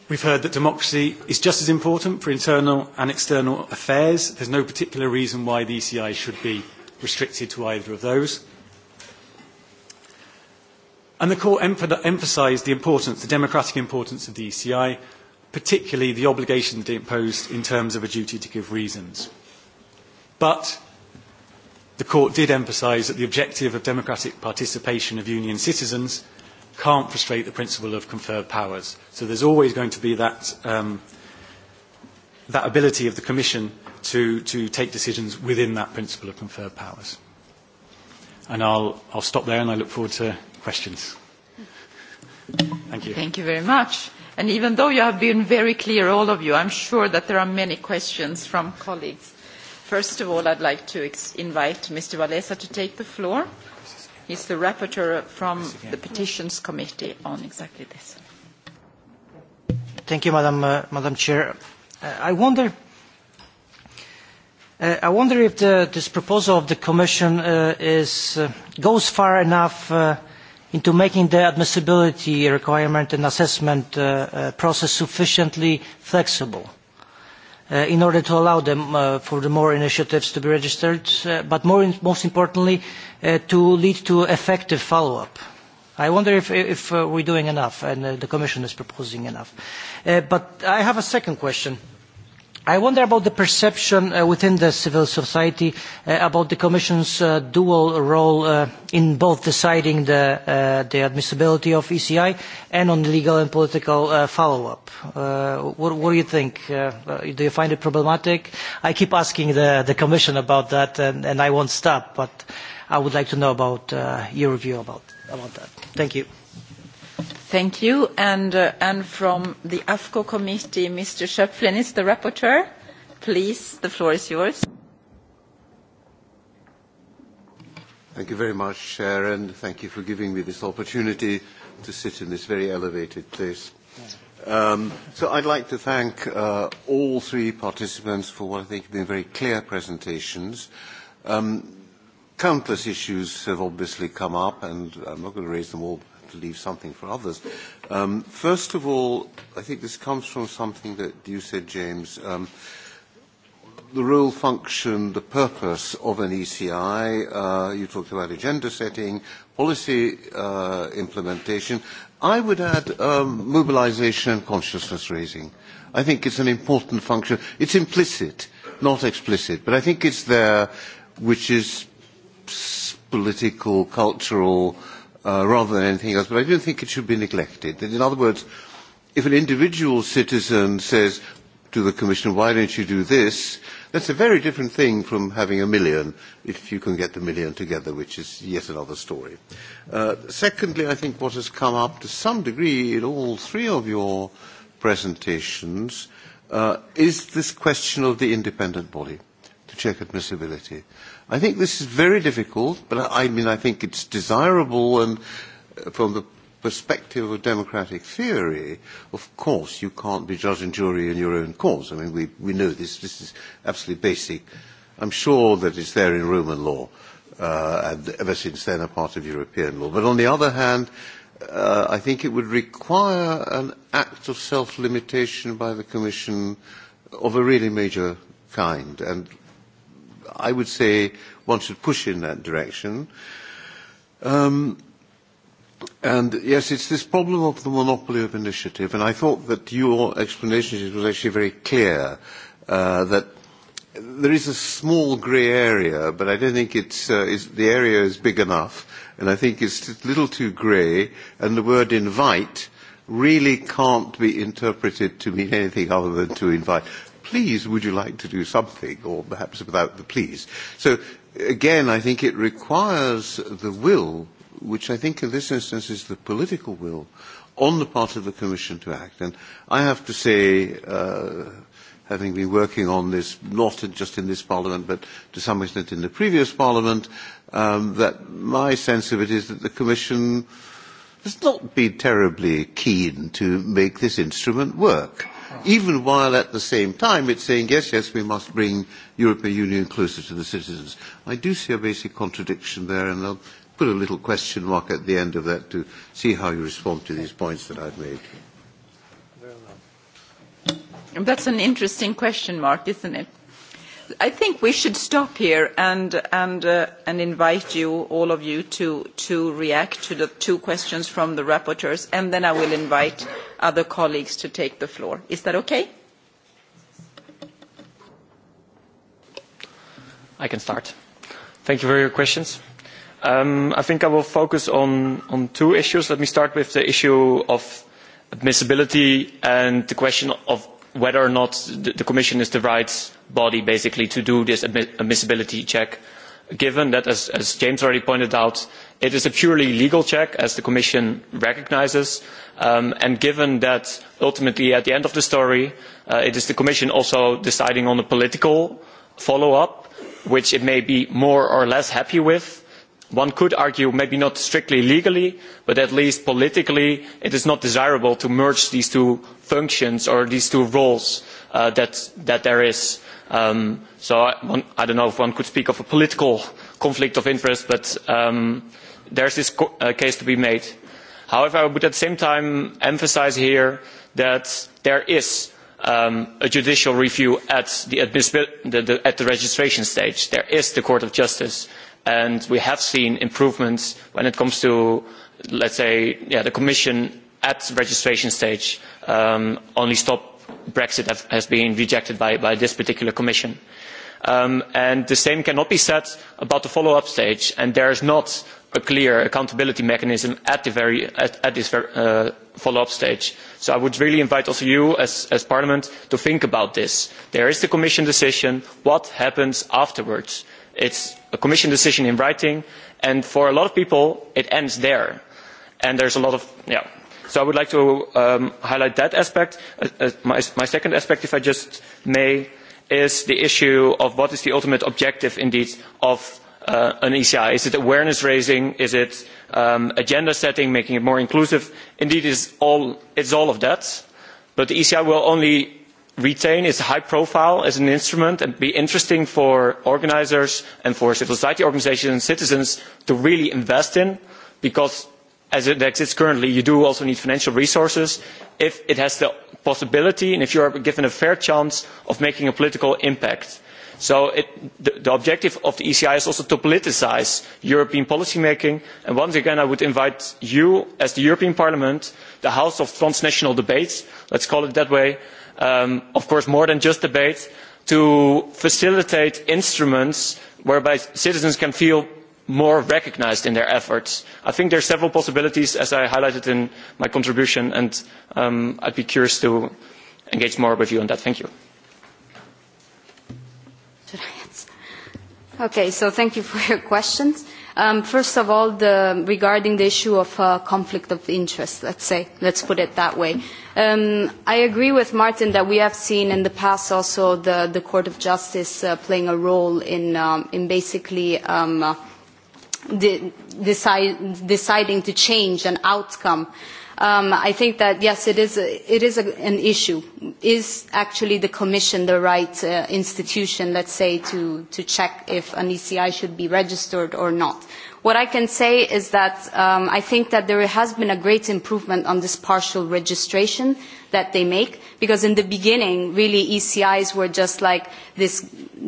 We've heard that democracy is just as important for internal and external affairs. There's no particular reason why the ECI should be restricted to either of those. And the court emphasised the importance, the democratic importance of the ECI, particularly the obligation that it imposed in terms of a duty to give reasons. But the Court did emphasise that the objective of democratic participation of union citizens can't frustrate the principle of conferred powers. So there's always going to be that, um, that ability of the Commission to, to take decisions within that principle of conferred powers. And I'll, I'll stop there and I look forward to questions. Thank you. Thank you very much. And even though you have been very clear, all of you, I'm sure that there are many questions from colleagues. First of all, I'd like to ex invite Mr. Walesa to take the floor. He's the rapporteur from the Petitions Committee on exactly this. Thank you, Madam, uh, Madam Chair. Uh, I wonder... Uh, I wonder if the, this proposal of the Commission uh, is, uh, goes far enough uh, into making the admissibility requirement and assessment uh, uh, process sufficiently flexible. Uh, uh, in order to allow them uh, for the more initiatives to be registered, uh, but more in, most importantly, uh, to lead to effective follow-up. I wonder if, if uh, we're doing enough and uh, the Commission is proposing enough. Uh, but I have a second question. Uh, I wonder about the perception uh, within the civil society uh, about the Commission's uh, dual role uh, in both deciding the, uh, the admissibility of ECI and on legal and political uh, follow-up. Uh, what, what do you think? Uh, uh, do you find it problematic? I keep asking the, the Commission about that and, and I won't stop, but I would like to know about uh, your view about, about that. Thank you. Thank you. And, uh, and from the AFCO committee, Mr. Schöpflin is the rapporteur. Please, the floor is yours. Thank you very much, Chair, and thank you for giving me this opportunity to sit in this very elevated place. Um, so I'd like to thank uh, all three participants for what I think have been very clear presentations. Um, countless issues have obviously come up, and I'm not going to raise them all to leave something for others. Um, first of all, I think this comes from something that you said, James. Um, the role, function, the purpose of an ECI. Uh, you talked about agenda setting, policy uh, implementation. I would add um, mobilization and consciousness raising. I think it's an important function. It's implicit, not explicit, but I think it's there, which is political, cultural, uh, uh, rather than anything else, but I don't think it should be neglected. That in other words, if an individual citizen says to the Commission, why don't you do this, that's a very different thing from having a million, if you can get the million together, which is yet another story. Uh, secondly, I think what has come up to some degree in all three of your presentations uh, is this question of the independent body to check admissibility. Uh, I think this is very difficult, but I, I mean, I think it's desirable and um, from the perspective of democratic theory, of course you can't be judge and jury in your own cause. I mean, we, we know this. This is absolutely basic. I'm sure that it's there in Roman law, uh, and ever since then a part of European law. But on the other hand, uh, I think it would require an act of self-limitation by the Commission of a really major kind, and I would say one should push in that direction. Um, and yes, it's this problem of the monopoly of initiative, and I thought that your explanation was actually very clear, uh, that there is a small grey area, but I don't think it's, uh, it's, the area is big enough, and I think it's a little too grey, and the word invite really can't be interpreted to mean anything other than to invite please, would you like to do something, or perhaps without the please. So again, I think it requires the will, which I think in this instance is the political will, on the part of the Commission to act. And I have to say, uh, having been working on this, not just in this Parliament, but to some extent in the previous Parliament, um, that my sense of it is that the Commission has not been terribly keen to make this instrument work even while at the same time it's saying, yes, yes, we must bring European Union closer to the citizens. I do see a basic contradiction there, and I'll put a little question mark at the end of that to see how you respond to these points that I've made. That's an interesting question mark, isn't it? I think we should stop here and, and, uh, and invite you, all of you, to, to react to the two questions from the rapporteurs, and then I will invite other colleagues to take the floor. Is that okay? I can start. Thank you for your questions. Um, I think I will focus on, on two issues. Let me start with the issue of admissibility and the question of whether or not the, the Commission is the right body, basically, to do this admissibility check, given that, as, as James already pointed out, it is a purely legal check as the commission recognises um, and given that ultimately at the end of the story uh, it is the commission also deciding on a political follow up which it may be more or less happy with one could argue maybe not strictly legally but at least politically it is not desirable to merge these two functions or these two roles uh, that, that there is. Um, so I, one, I don't know if one could speak of a political conflict of interest but um, there is this uh, case to be made. However, I would at the same time emphasize here that there is um, a judicial review at the, the, the, at the registration stage. There is the Court of Justice, and we have seen improvements when it comes to, let's say, yeah, the Commission at registration stage. Um, only stop Brexit have, has been rejected by, by this particular Commission. Um, and the same cannot be said about the follow-up stage, and there is not a clear accountability mechanism at the very at, at this very, uh, follow-up stage. So I would really invite also you as, as Parliament to think about this. There is the Commission decision. What happens afterwards? It's a Commission decision in writing, and for a lot of people, it ends there. And there's a lot of yeah. So I would like to um, highlight that aspect. Uh, uh, my, my second aspect, if I just may, is the issue of what is the ultimate objective, indeed, of uh, an ECI? Is it awareness raising? Is it um, agenda setting, making it more inclusive? Indeed, it's all, it's all of that. But the ECI will only retain its high profile as an instrument and be interesting for organizers and for civil society organizations and citizens to really invest in because as it exists currently, you do also need financial resources. If it has the possibility and if you are given a fair chance of making a political impact, So it, the, the objective of the ECI is also to politicize European policymaking. And once again, I would invite you, as the European Parliament, the house of transnational debates, let's call it that way, um, of course more than just debate, to facilitate instruments whereby citizens can feel more recognized in their efforts. I think there are several possibilities, as I highlighted in my contribution, and um, I'd be curious to engage more with you on that. Thank you. Okay, so thank you for your questions. Um, first of all, the, regarding the issue of uh, conflict of interest, let's say, let's put it that way. Um, I agree with Martin that we have seen in the past also the, the Court of Justice uh, playing a role in, um, in basically um, uh, de decide, deciding to change an outcome uh, um, I think that, yes, it is, a, it is a, an issue. Is actually the Commission the right uh, institution, let's say, to, to check if an ECI should be registered or not? What I can say is that um, I think that there has been a great improvement on this partial registration that they make because in the beginning really ECIs were just like this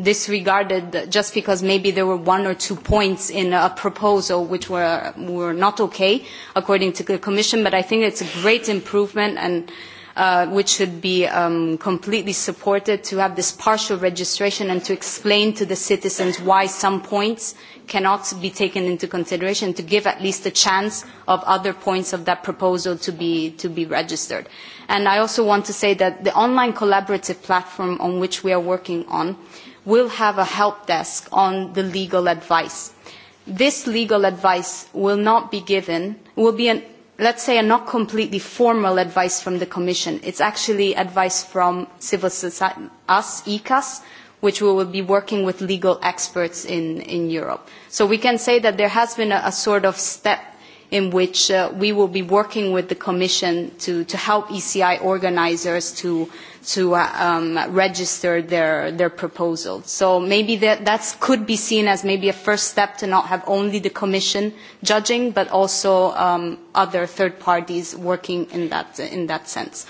disregarded just because maybe there were one or two points in a proposal which were were not okay according to the commission but I think it's a great improvement and uh, uh, which should be um, completely supported to have this partial registration and to explain to the citizens why some points cannot be taken into consideration to give at least a chance of other points of that proposal to be, to be registered. And I also want to say that the online collaborative platform on which we are working on will have a help desk on the legal advice. This legal advice will not be given, will be an let's say, a not completely formal advice from the Commission. It's actually advice from civil society, us, ECAS, which we will be working with legal experts in, in Europe. So we can say that there has been a, a sort of step in which uh, we will be working with the Commission to, to help ECI organizers to, to uh, um, register their, their proposals. So maybe that that's, could be seen as maybe a first step to not have only the Commission judging, but also um, other third parties working in that, in that sense.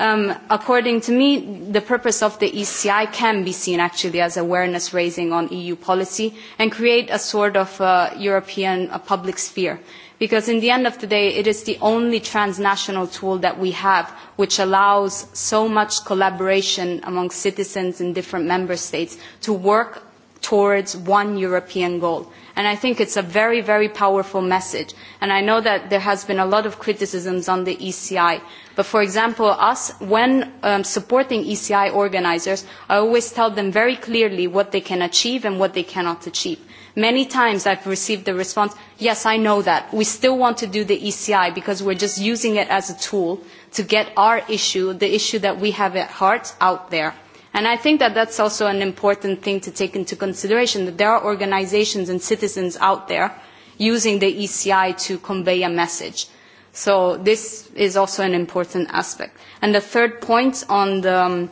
Um, according to me, the purpose of the ECI can be seen actually as awareness raising on EU policy and create a sort of uh, European uh, public sphere because in the end of the day, it is the only transnational tool that we have which allows so much collaboration among citizens in different member states to work towards one European goal. And I think it's a very, very powerful message. And I know that there has been a lot of criticisms on the ECI. But for example, us, when um, supporting ECI organizers, I always tell them very clearly what they can achieve and what they cannot achieve Many times I've received the response, yes, I know that. We still want to do the ECI because we're just using it as a tool to get our issue, the issue that we have at heart, out there. And I think that that's also an important thing to take into consideration, that there are organizations and citizens out there using the ECI to convey a message. So this is also an important aspect. And the third point on, the, um,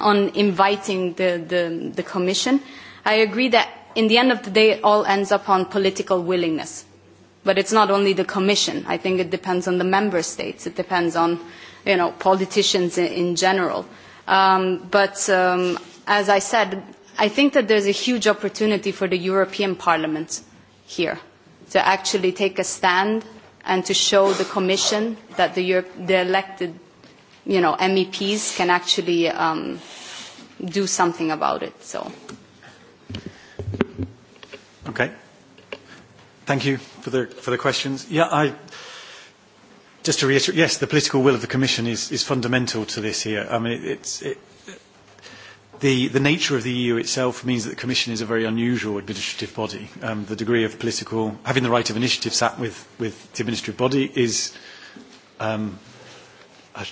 on inviting the, the, the Commission, I agree that in the end of the day, it all ends up on political willingness. But it's not only the Commission. I think it depends on the member states. It depends on, you know, politicians in, in general. Um, but um, as I said, I think that there's a huge opportunity for the European Parliament here to actually take a stand and to show the Commission that the, Europe, the elected you know, MEPs can actually um, do something about it. So Okay. Thank you for the, for the questions. Yeah, I, just to reiterate, yes, the political will of the Commission is, is fundamental to this here. I mean, it, it's, it, the, the nature of the EU itself means that the Commission is a very unusual administrative body. Um, the degree of political, having the right of initiative sat with, with the administrative body is, um, I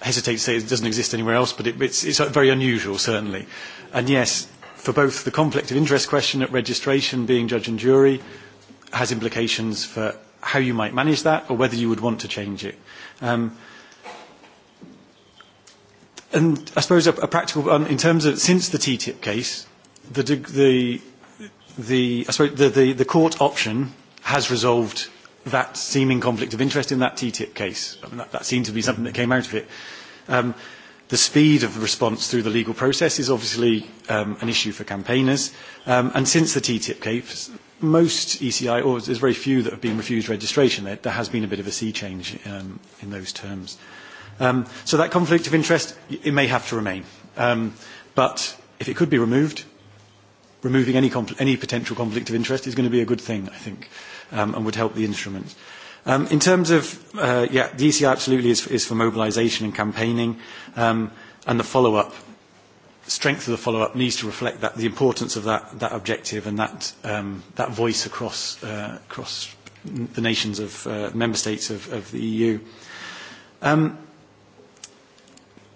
hesitate to say it doesn't exist anywhere else, but it, it's, it's very unusual, certainly. And yes, for both the conflict of interest question at registration being judge and jury has implications for how you might manage that or whether you would want to change it. Um, and I suppose a, a practical, um, in terms of since the TTIP case, the, the, the, I suppose the, the, the court option has resolved that seeming conflict of interest in that TTIP case. I mean, that, that seemed to be something that came out of it. Um, The speed of the response through the legal process is obviously um, an issue for campaigners. Um, and since the TTIP case, most ECI, or there's very few that have been refused registration, there, there has been a bit of a sea change um, in those terms. Um, so that conflict of interest, it may have to remain. Um, but if it could be removed, removing any, any potential conflict of interest is going to be a good thing, I think, um, and would help the instrument. Um, in terms of, uh, yeah, the ECR absolutely is, is for mobilisation and campaigning, um, and the follow-up, strength of the follow-up needs to reflect that, the importance of that, that objective and that, um, that voice across, uh, across the nations of uh, member states of, of the EU. Um,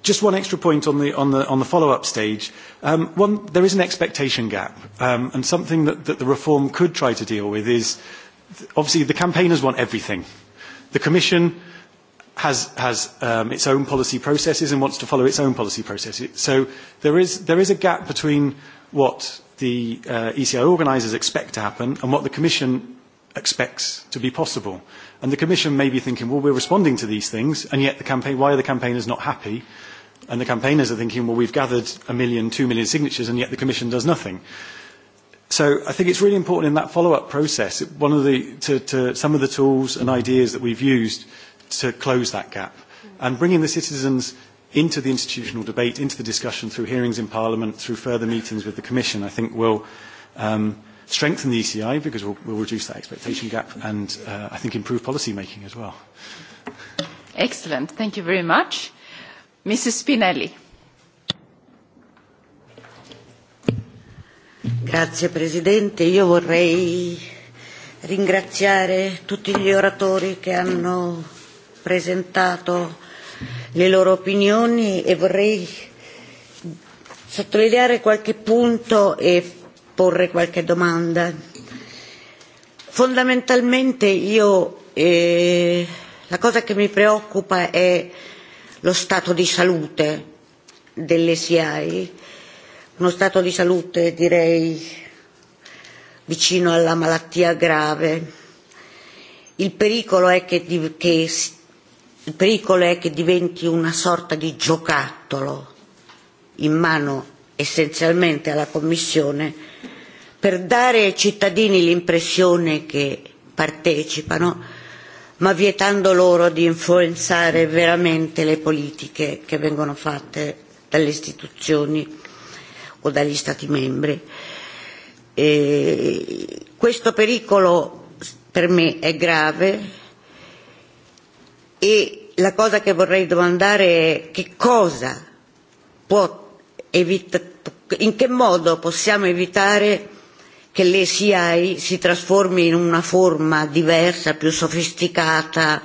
Just one extra point on the, on the, on the follow-up stage. Um, one, there is an expectation gap, um, and something that, that the reform could try to deal with is obviously the campaigners want everything. The Commission has, has um, its own policy processes and wants to follow its own policy processes. So there is, there is a gap between what the uh, ECI organisers expect to happen and what the Commission expects to be possible. And the Commission may be thinking, well, we're responding to these things, and yet the campaign, why are the campaigners not happy? And the campaigners are thinking, well, we've gathered a million, two million signatures, and yet the Commission does nothing. Uh, So I think it's really important in that follow-up process, one of the, to, to some of the tools and ideas that we've used to close that gap and bringing the citizens into the institutional debate, into the discussion through hearings in Parliament, through further meetings with the Commission, I think will um, strengthen the ECI because we'll, we'll reduce that expectation gap and uh, I think improve policy making as well. Excellent. Thank you very much. Mrs. Spinelli. Grazie Presidente, io vorrei ringraziare tutti gli oratori che hanno presentato le loro opinioni e vorrei sottolineare qualche punto e porre qualche domanda. Fondamentalmente io, eh, la cosa che mi preoccupa è lo stato di salute delle SIAI uno stato di salute direi vicino alla malattia grave. Il pericolo è che, di, che, il pericolo è che diventi una sorta di giocattolo in mano essenzialmente alla Commissione per dare ai cittadini l'impressione che partecipano, ma vietando loro di influenzare veramente le politiche che vengono fatte dalle istituzioni o dagli Stati membri. E questo pericolo per me è grave e la cosa che vorrei domandare è che cosa può evitare, in che modo possiamo evitare che l'ACI si trasformi in una forma diversa, più sofisticata,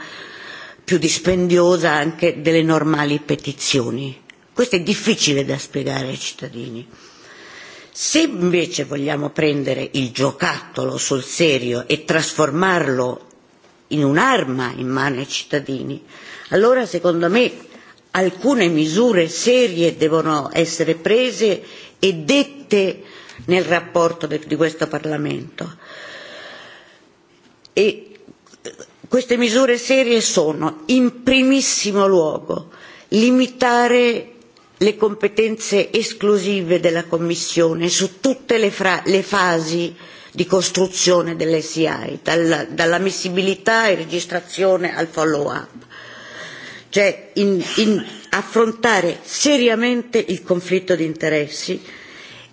più dispendiosa anche delle normali petizioni. Questo è difficile da spiegare ai cittadini. Se invece vogliamo prendere il giocattolo sul serio e trasformarlo in un'arma in mano ai cittadini, allora secondo me alcune misure serie devono essere prese e dette nel rapporto de, di questo Parlamento. E eh, queste misure serie sono, in primissimo luogo, limitare le competenze esclusive della Commissione su tutte le, fra- le fasi di costruzione dell'SI, dal, dall'ammissibilità e registrazione al follow-up, cioè in, in affrontare seriamente il conflitto di interessi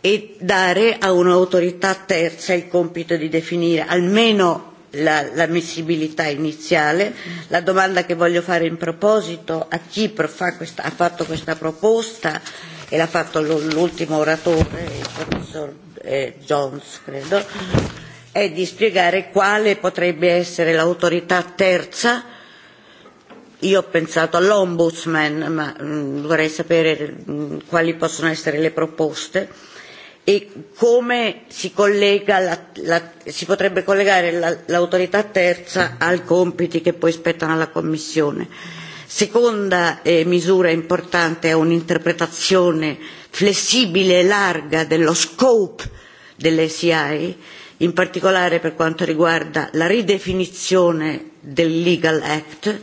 e dare a un'autorità terza il compito di definire almeno l'ammissibilità iniziale. La domanda che voglio fare in proposito a chi fa questa, ha fatto questa proposta e l'ha fatto l'ultimo oratore, il professor eh, Jones, credo, è di spiegare quale potrebbe essere l'autorità terza. Io ho pensato all'ombudsman, ma mh, mm, vorrei sapere mh, mm, quali possono essere le proposte e come si, collega la, la, si potrebbe collegare la, l'autorità terza ai compiti che poi spettano alla Commissione. Seconda eh, misura importante è un'interpretazione flessibile e larga dello scope delle SIAE, in particolare per quanto riguarda la ridefinizione del Legal Act,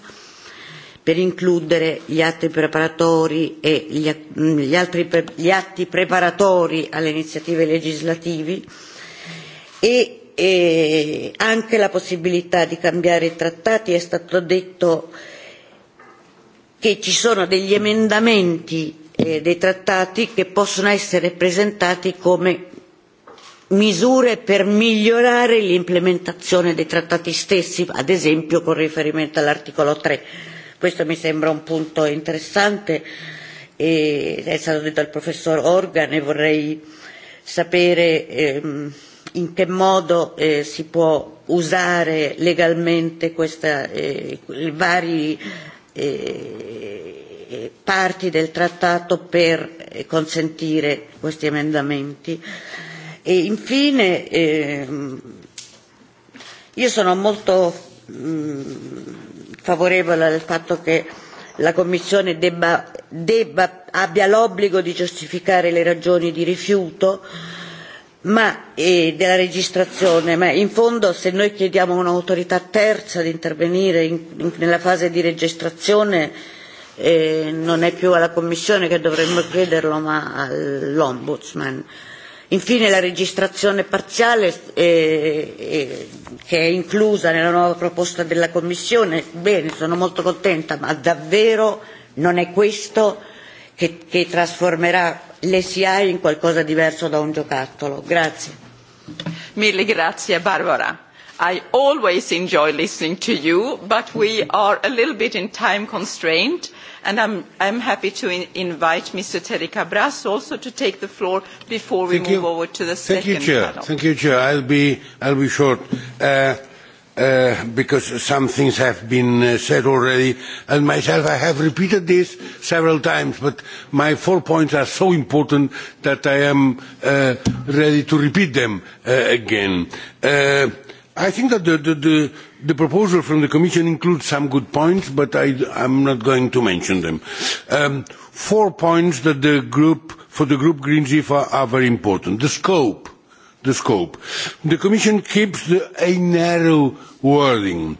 per includere gli atti preparatori e gli, mm, gli, altri, pre, gli atti preparatori alle iniziative legislativi e, e anche la possibilità di cambiare i trattati. È stato detto che ci sono degli emendamenti eh, dei trattati che possono essere presentati come misure per migliorare l'implementazione dei trattati stessi, ad esempio con riferimento all'articolo 3 Questo mi sembra un punto interessante e è stato detto dal professor Organ e vorrei sapere ehm, in che modo eh, si può usare legalmente questa, eh, vari eh, parti del trattato per eh, consentire questi emendamenti. E infine ehm, io sono molto mh, mm, favorevole al fatto che la Commissione debba, debba, abbia l'obbligo di giustificare le ragioni di rifiuto ma, e della registrazione, ma in fondo se noi chiediamo a un'autorità terza di intervenire in, in, nella fase di registrazione eh, non è più alla Commissione che dovremmo chiederlo ma all'Ombudsman. Eh, Infine la registrazione parziale eh, eh, che è inclusa nella nuova proposta della Commissione, bene, sono molto contenta, ma davvero non è questo che, che trasformerà l'SI in qualcosa diverso da un giocattolo. Grazie. Mille grazie Barbara. I always enjoy listening to you, but we are a little bit in time constraint and I'm, I'm happy to in, invite Mr. Terry Cabras also to take the floor before we Thank move you. over to the Thank second you, Chair. panel. Thank you, Chair. I'll be, I'll be short. Uh, uh, because some things have been uh, said already, and myself, I have repeated this several times, but my four points are so important that I am uh, ready to repeat them uh, again. Uh, I think that the, the, the, the proposal from the Commission includes some good points, but I, I'm not going to mention them. Um, four points that the group, for the group Greens if are, are very important. The scope. The scope. The Commission keeps the, a narrow wording.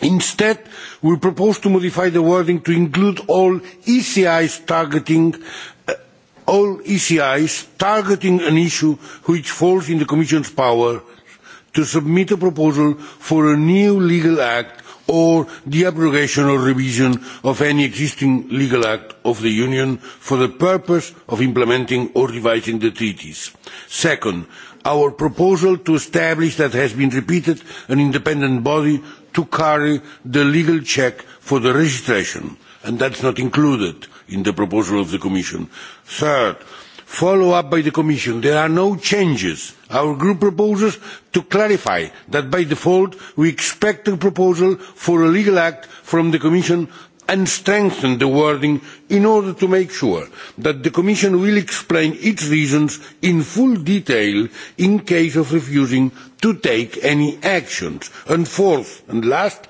Instead, we propose to modify the wording to include all ECIs targeting uh, all ECIs targeting an issue which falls in the Commission's power to submit a proposal for a new legal act or the abrogation or revision of any existing legal act of the Union for the purpose of implementing or revising the treaties. Second, our proposal to establish that has been repeated an independent body to carry the legal check for the registration, and that's not included in the proposal of the Commission. Third, follow up by the Commission. There are no changes. Our group proposes to clarify that by default we expect a proposal for a legal act from the Commission and strengthen the wording in order to make sure that the Commission will explain its reasons in full detail in case of refusing to take any actions. And fourth and last,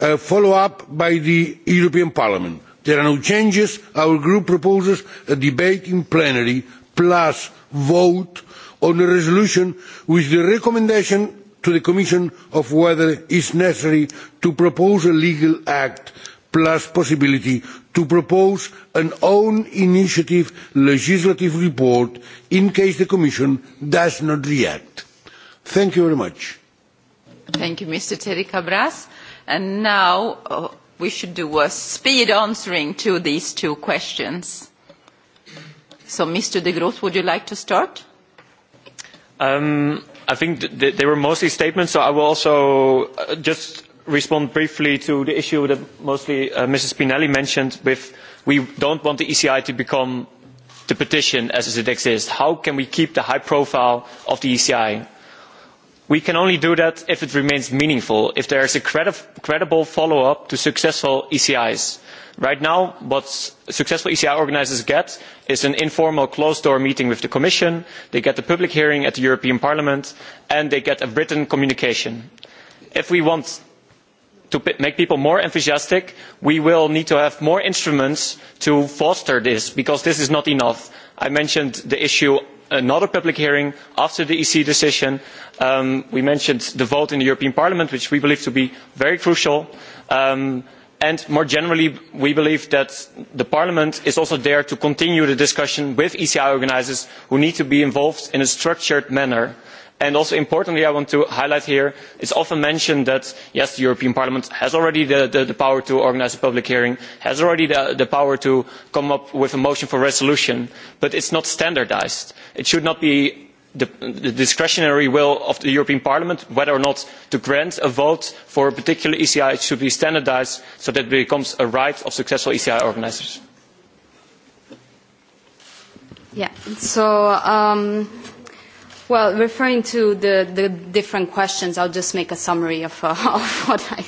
a follow up by the European Parliament there are no changes our group proposes a debate in plenary plus vote on a resolution with the recommendation to the commission of whether it is necessary to propose a legal act plus the possibility to propose an own initiative legislative report in case the commission does not react. thank you very much. thank you mr terry cabras and now uh, we should do a speed answering to these two questions. So, Mr. de Groot, would you like to start? Um, I think th they were mostly statements, so I will also uh, just respond briefly to the issue that mostly uh, Mrs. Spinelli mentioned with we don't want the ECI to become the petition as it exists. How can we keep the high profile of the ECI? we can only do that if it remains meaningful if there is a credi credible follow up to successful ecis. right now what successful eci organisers get is an informal closed door meeting with the commission they get a public hearing at the european parliament and they get a written communication. if we want to make people more enthusiastic we will need to have more instruments to foster this because this is not enough. i mentioned the issue another uh, public hearing after the ec decision. Um, we mentioned the vote in the european parliament which we believe to be very crucial um, and more generally we believe that parliament is also there to continue the discussion with eci organisers who need to be involved in a structured manner And also importantly, I want to highlight here, it's often mentioned that, yes, the European Parliament has already the, the, the power to organize a public hearing, has already the, the power to come up with a motion for resolution, but it's not standardized. It should not be the, the discretionary will of the European Parliament whether or not to grant a vote for a particular ECI it should be standardized so that it becomes a right of successful ECI organizers. Yeah, so um, Well, referring to the, the different questions, I'll just make a summary of, uh, of, what, I,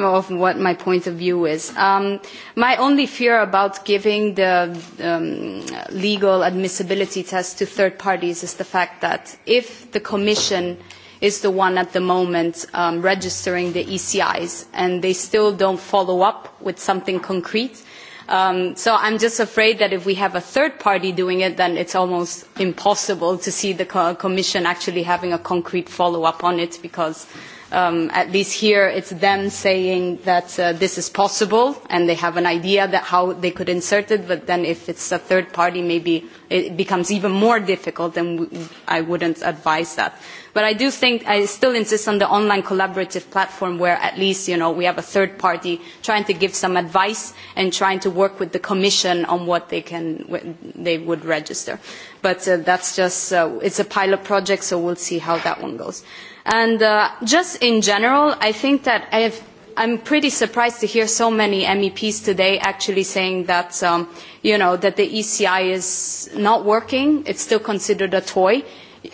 of what my point of view is. Um, my only fear about giving the um, legal admissibility test to third parties is the fact that if the Commission is the one at the moment um, registering the ECIs and they still don't follow up with something concrete, Um, so I'm just afraid that if we have a third party doing it, then it's almost impossible to see the co Commission actually having a concrete follow-up on it because uh, um, at least here it's them saying that uh, this is possible and they have an idea that how they could insert it, but then if it's a third party, maybe it becomes even more difficult and w- I wouldn't advise that. But I do think, I still insist on the online collaborative platform where at least, you know, we have a third party trying to give some advice and trying to work with the Commission on what they can, they would register. But uh, that's just, uh, it's a pilot project, so we'll see how that one goes. Uh, And uh, just in general, I think that I've, I'm pretty surprised to hear so many MEPs today actually saying that, um, you know, that the ECI is not working. It's still considered a toy.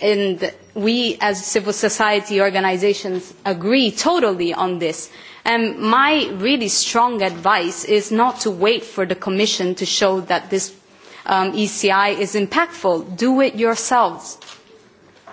And we as civil society organizations agree totally on this. And my really strong advice is not to wait for the Commission to show that this um, ECI is impactful. Do it yourselves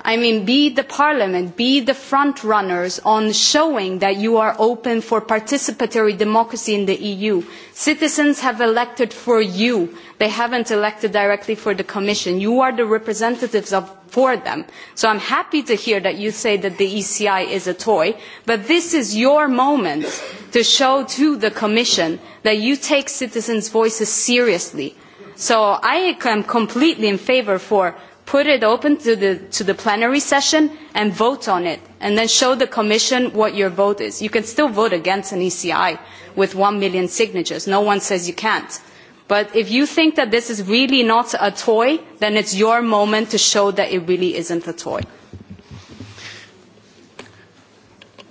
I mean, be the parliament, be the front runners on showing that you are open for participatory democracy in the EU. Citizens have elected for you. They haven't elected directly for the commission. You are the representatives of for them. So I'm happy to hear that you say that the ECI is a toy, but this is your moment to show to the Commission that you take citizens' voices seriously. So I am completely in favour for put it open to the, to the plenary session and vote on it, and then show the Commission what your vote is. You can still vote against an ECI with one million signatures. No one says you can't. But if you think that this is really not a toy, then it's your moment to show that it really isn't a toy.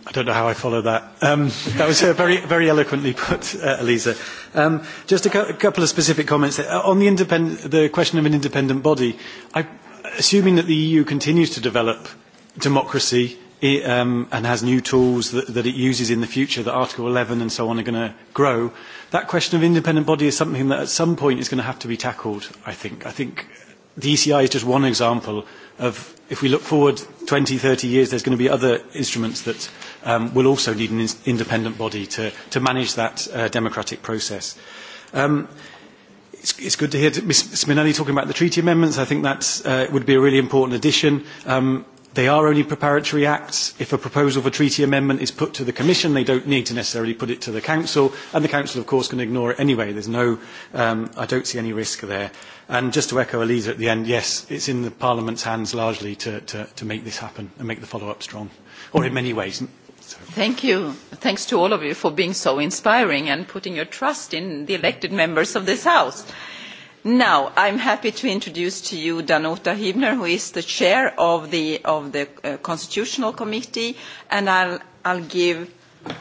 I don't know how I follow that. Um, that was uh, very, very eloquently put, uh, Elisa. Um, just a, co- a couple of specific comments. There. Uh, on the, independ- the question of an independent body, I, assuming that the EU continues to develop democracy it, um, and has new tools that, that it uses in the future, that Article 11 and so on are going to grow, that question of independent body is something that at some point is going to have to be tackled, I think. I think the ECI is just one example of if we look forward 20, 30 years, there's going to be other instruments that um, will also need an independent body to, to manage that uh, democratic process. Um, it's, it's good to hear Ms. Minelli talking about the treaty amendments. I think that uh, would be a really important addition. Um, they are only preparatory acts. If a proposal for treaty amendment is put to the Commission, they don't need to necessarily put it to the Council, and the Council, of course, can ignore it anyway. There's no, um, I don't see any risk there. And just to echo Elisa at the end, yes, it's in the Parliament's hands largely to, to, to make this happen and make the follow-up strong, or in many ways, Thank you. Thanks to all of you for being so inspiring and putting your trust in the elected members of this House. Now, I'm happy to introduce to you Danuta Hübner, who is the chair of the, of the uh, Constitutional Committee, and I'll, I'll give uh,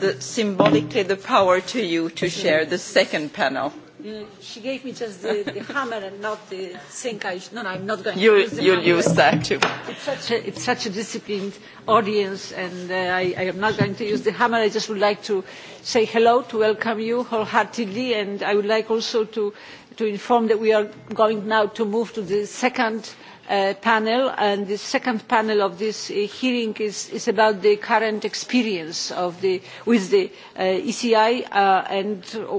the, symbolically the power to you to chair the second panel. You, mm, she gave me just the, the hammer and not the sink. I sh- no, no, I'm not going you, to use the You'll hammer. use that too. It's such a, it's such a disciplined audience, and uh, I, I am not going to use the hammer. I just would like to say hello, to welcome you wholeheartedly, and I would like also to, to inform that we are going now to move to the second Uh, panel and the second panel of this uh, hearing is, is about the current experience the, with the uh, eci uh, and uh,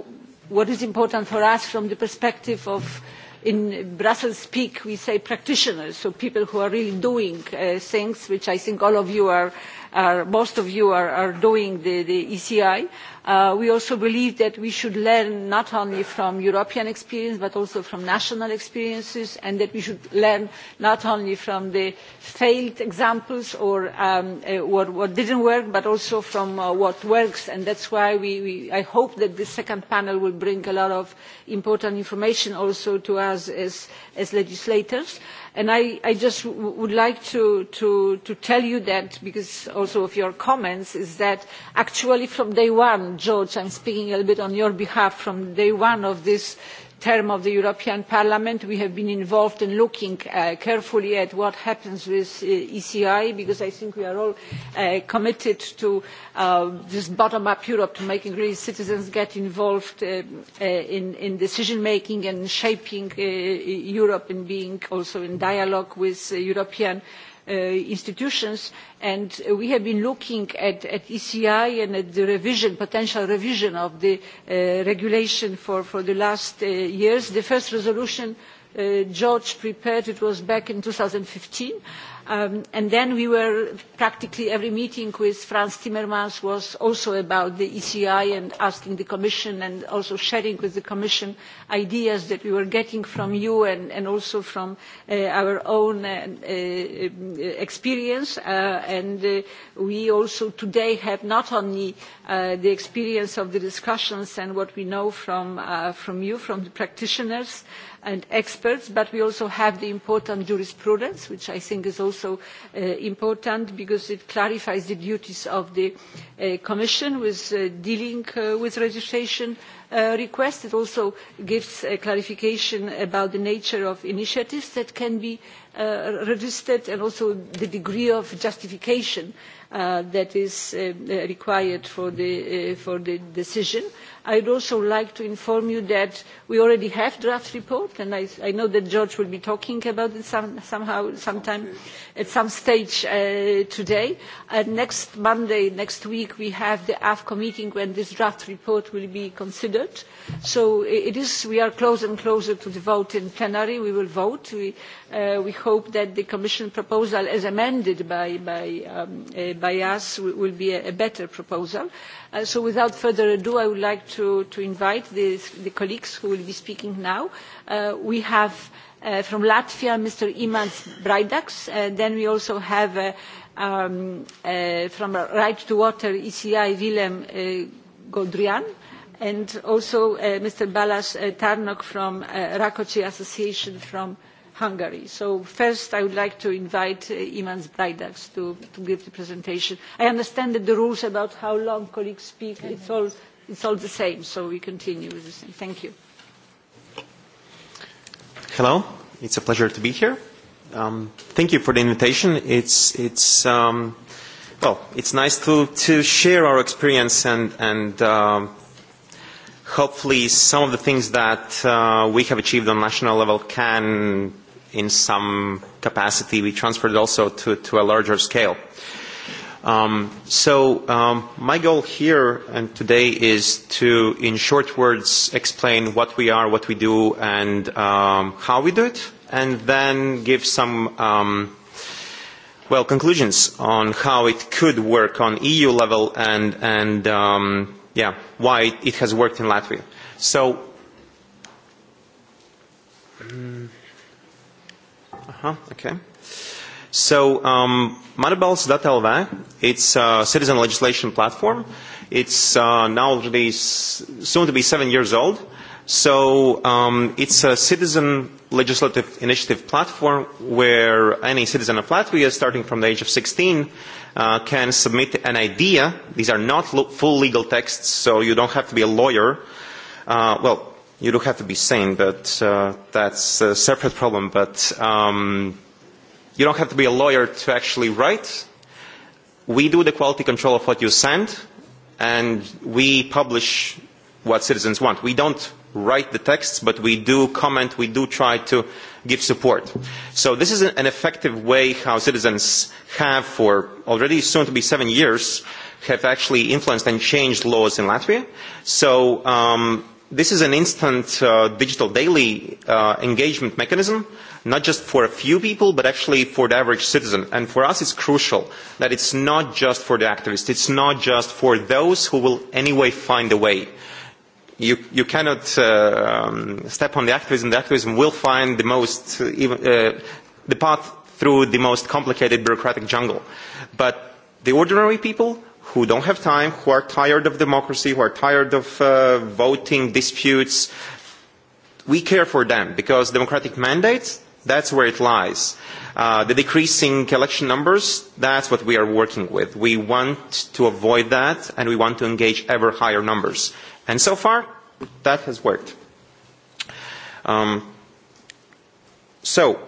what is important for us from the perspective of in brussels speak we say practitioners so people who are really doing uh, things which i think all of you are are, most of you are, are doing the, the ECI. Uh, we also believe that we should learn not only from European experience but also from national experiences and that we should learn not only from the failed examples or um, uh, what, what didn't work but also from uh, what works and that's why we, we, I hope that this second panel will bring a lot of important information also to us as, as legislators. Uh, And I, I just w would like to, to, to tell you that, because also of your comments, is that actually from day one, George, I'm speaking a little bit on your behalf, from day one of this uh, term of the european parliament we have been involved in looking uh, carefully at what happens with the uh, eci because i think we are all uh, committed to uh, this bottom up europe to making really citizens get involved uh, uh, in, in decision making and shaping europe and being also in dialogue with european uh, institutions and we have been looking at, at eci and at the revision, potential revision of the uh, regulation for, for the last uh, years. the first resolution uh, george prepared it was back in two thousand and fifteen Um, and then we were practically every meeting with Franz Timmermans was also about the ECI and asking the Commission and also sharing with the Commission ideas that we were getting from you and, and also from uh, our own uh, uh, experience. Uh, and uh, we also today have not only uh, Uh, the experience of the discussions and what we know from, uh, from you, from the practitioners and experts, but we also have the important jurisprudence, which I think is also uh, important because it clarifies the duties of the uh, Commission with uh, dealing uh, with registration uh, request. It also gives a clarification about the nature of initiatives that can be uh, registered and also the degree of justification uh, that is uh, required for the, uh, for the decision. I would also like to inform you that we already have draft report and I, I know that George will be talking about it some, somehow, sometime at some stage uh, today. Uh, next Monday, next week, we have the AFCO meeting when this draft report will be considered included. So it is, we are closer and closer to the vote in plenary. We will vote. We, uh, we hope that the Commission proposal, as amended by, by, um, uh, by us, will be a, a better proposal. Uh, so without further ado, I would like to, to invite the, the colleagues who will be speaking now. Uh, we have uh, from Latvia, Mr. Imants Braidaks. Uh, then we also have uh, um, uh, from Right to Water, ECI, Willem uh, Godrian. Uh, and also uh, Mr. Balázs uh, Tarnok from uh, Rakoczy Association from Hungary. So first I would like to invite uh, Imans Brajdax to, to give the presentation. I understand that the rules about how long colleagues speak, it's all, it's all the same, so we continue with the same. Thank you. Hello, it's a pleasure to be here. Um, thank you for the invitation. It's, it's, um, well, it's nice to, to share our experience and, and um, hopefully some of the things that uh, we have achieved on national level can in some capacity be transferred also to, to a larger scale. Um, so um, my goal here and today is to, in short words, explain what we are, what we do, and um, how we do it, and then give some um, well conclusions on how it could work on EU level and and um, yeah, why it has worked in Latvia. So, um, uh-huh, okay. So, um, manibels.lv, it's a citizen legislation platform. It's uh, now already soon to be seven years old. Uh, So um, it's a citizen legislative initiative platform where any citizen of Latvia, starting from the age of 16, uh, can submit an idea. These are not lo- full legal texts, so you don't have to be a lawyer. Uh, well, you do have to be sane, but uh, that's a separate problem. But um, you don't have to be a lawyer to actually write. We do the quality control of what you send, and we publish what citizens want. We don't write the texts, but we do comment, we do try to give support. So this is an effective way how citizens have for already soon to be seven years have actually influenced and changed laws in Latvia. So um, this is an instant uh, digital daily uh, engagement mechanism, not just for a few people, but actually for the average citizen. And for us, it's crucial that it's not just for the activists. It's not just for those who will anyway find a way you, you cannot uh, um, step on the activism. The activism will find the most, uh, even, uh, the path through the most complicated bureaucratic jungle. But the ordinary people who don't have time, who are tired of democracy, who are tired of uh, voting disputes, we care for them because democratic mandates, that's where it lies. Uh, the decreasing election numbers, that's what we are working with. We want to avoid that and we want to engage ever higher numbers. And so far, that has worked. Um, so,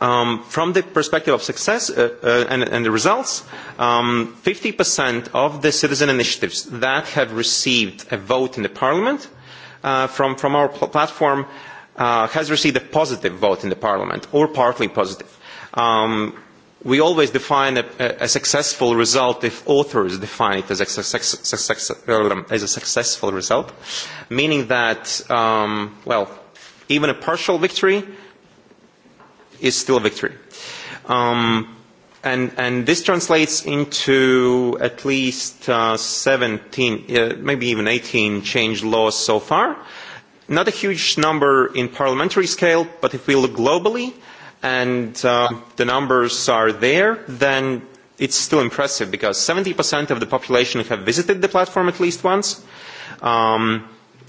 um, from the perspective of success uh, uh, and, and the results, um, 50% of the citizen initiatives that have received a vote in the parliament uh, from, from our pl- platform uh, has received a positive vote in the parliament, or partly positive. Um, we always define a, a successful result if authors define it as a, success, uh, as a successful result, meaning that, um, well, even a partial victory is still a victory. Um, and, and this translates into at least uh, 17, uh, maybe even 18 changed laws so far. Not a huge number in parliamentary scale, but if we look globally, uh, and uh, the numbers are there, then it's still impressive because 70% of the population have visited the platform at least once. Um,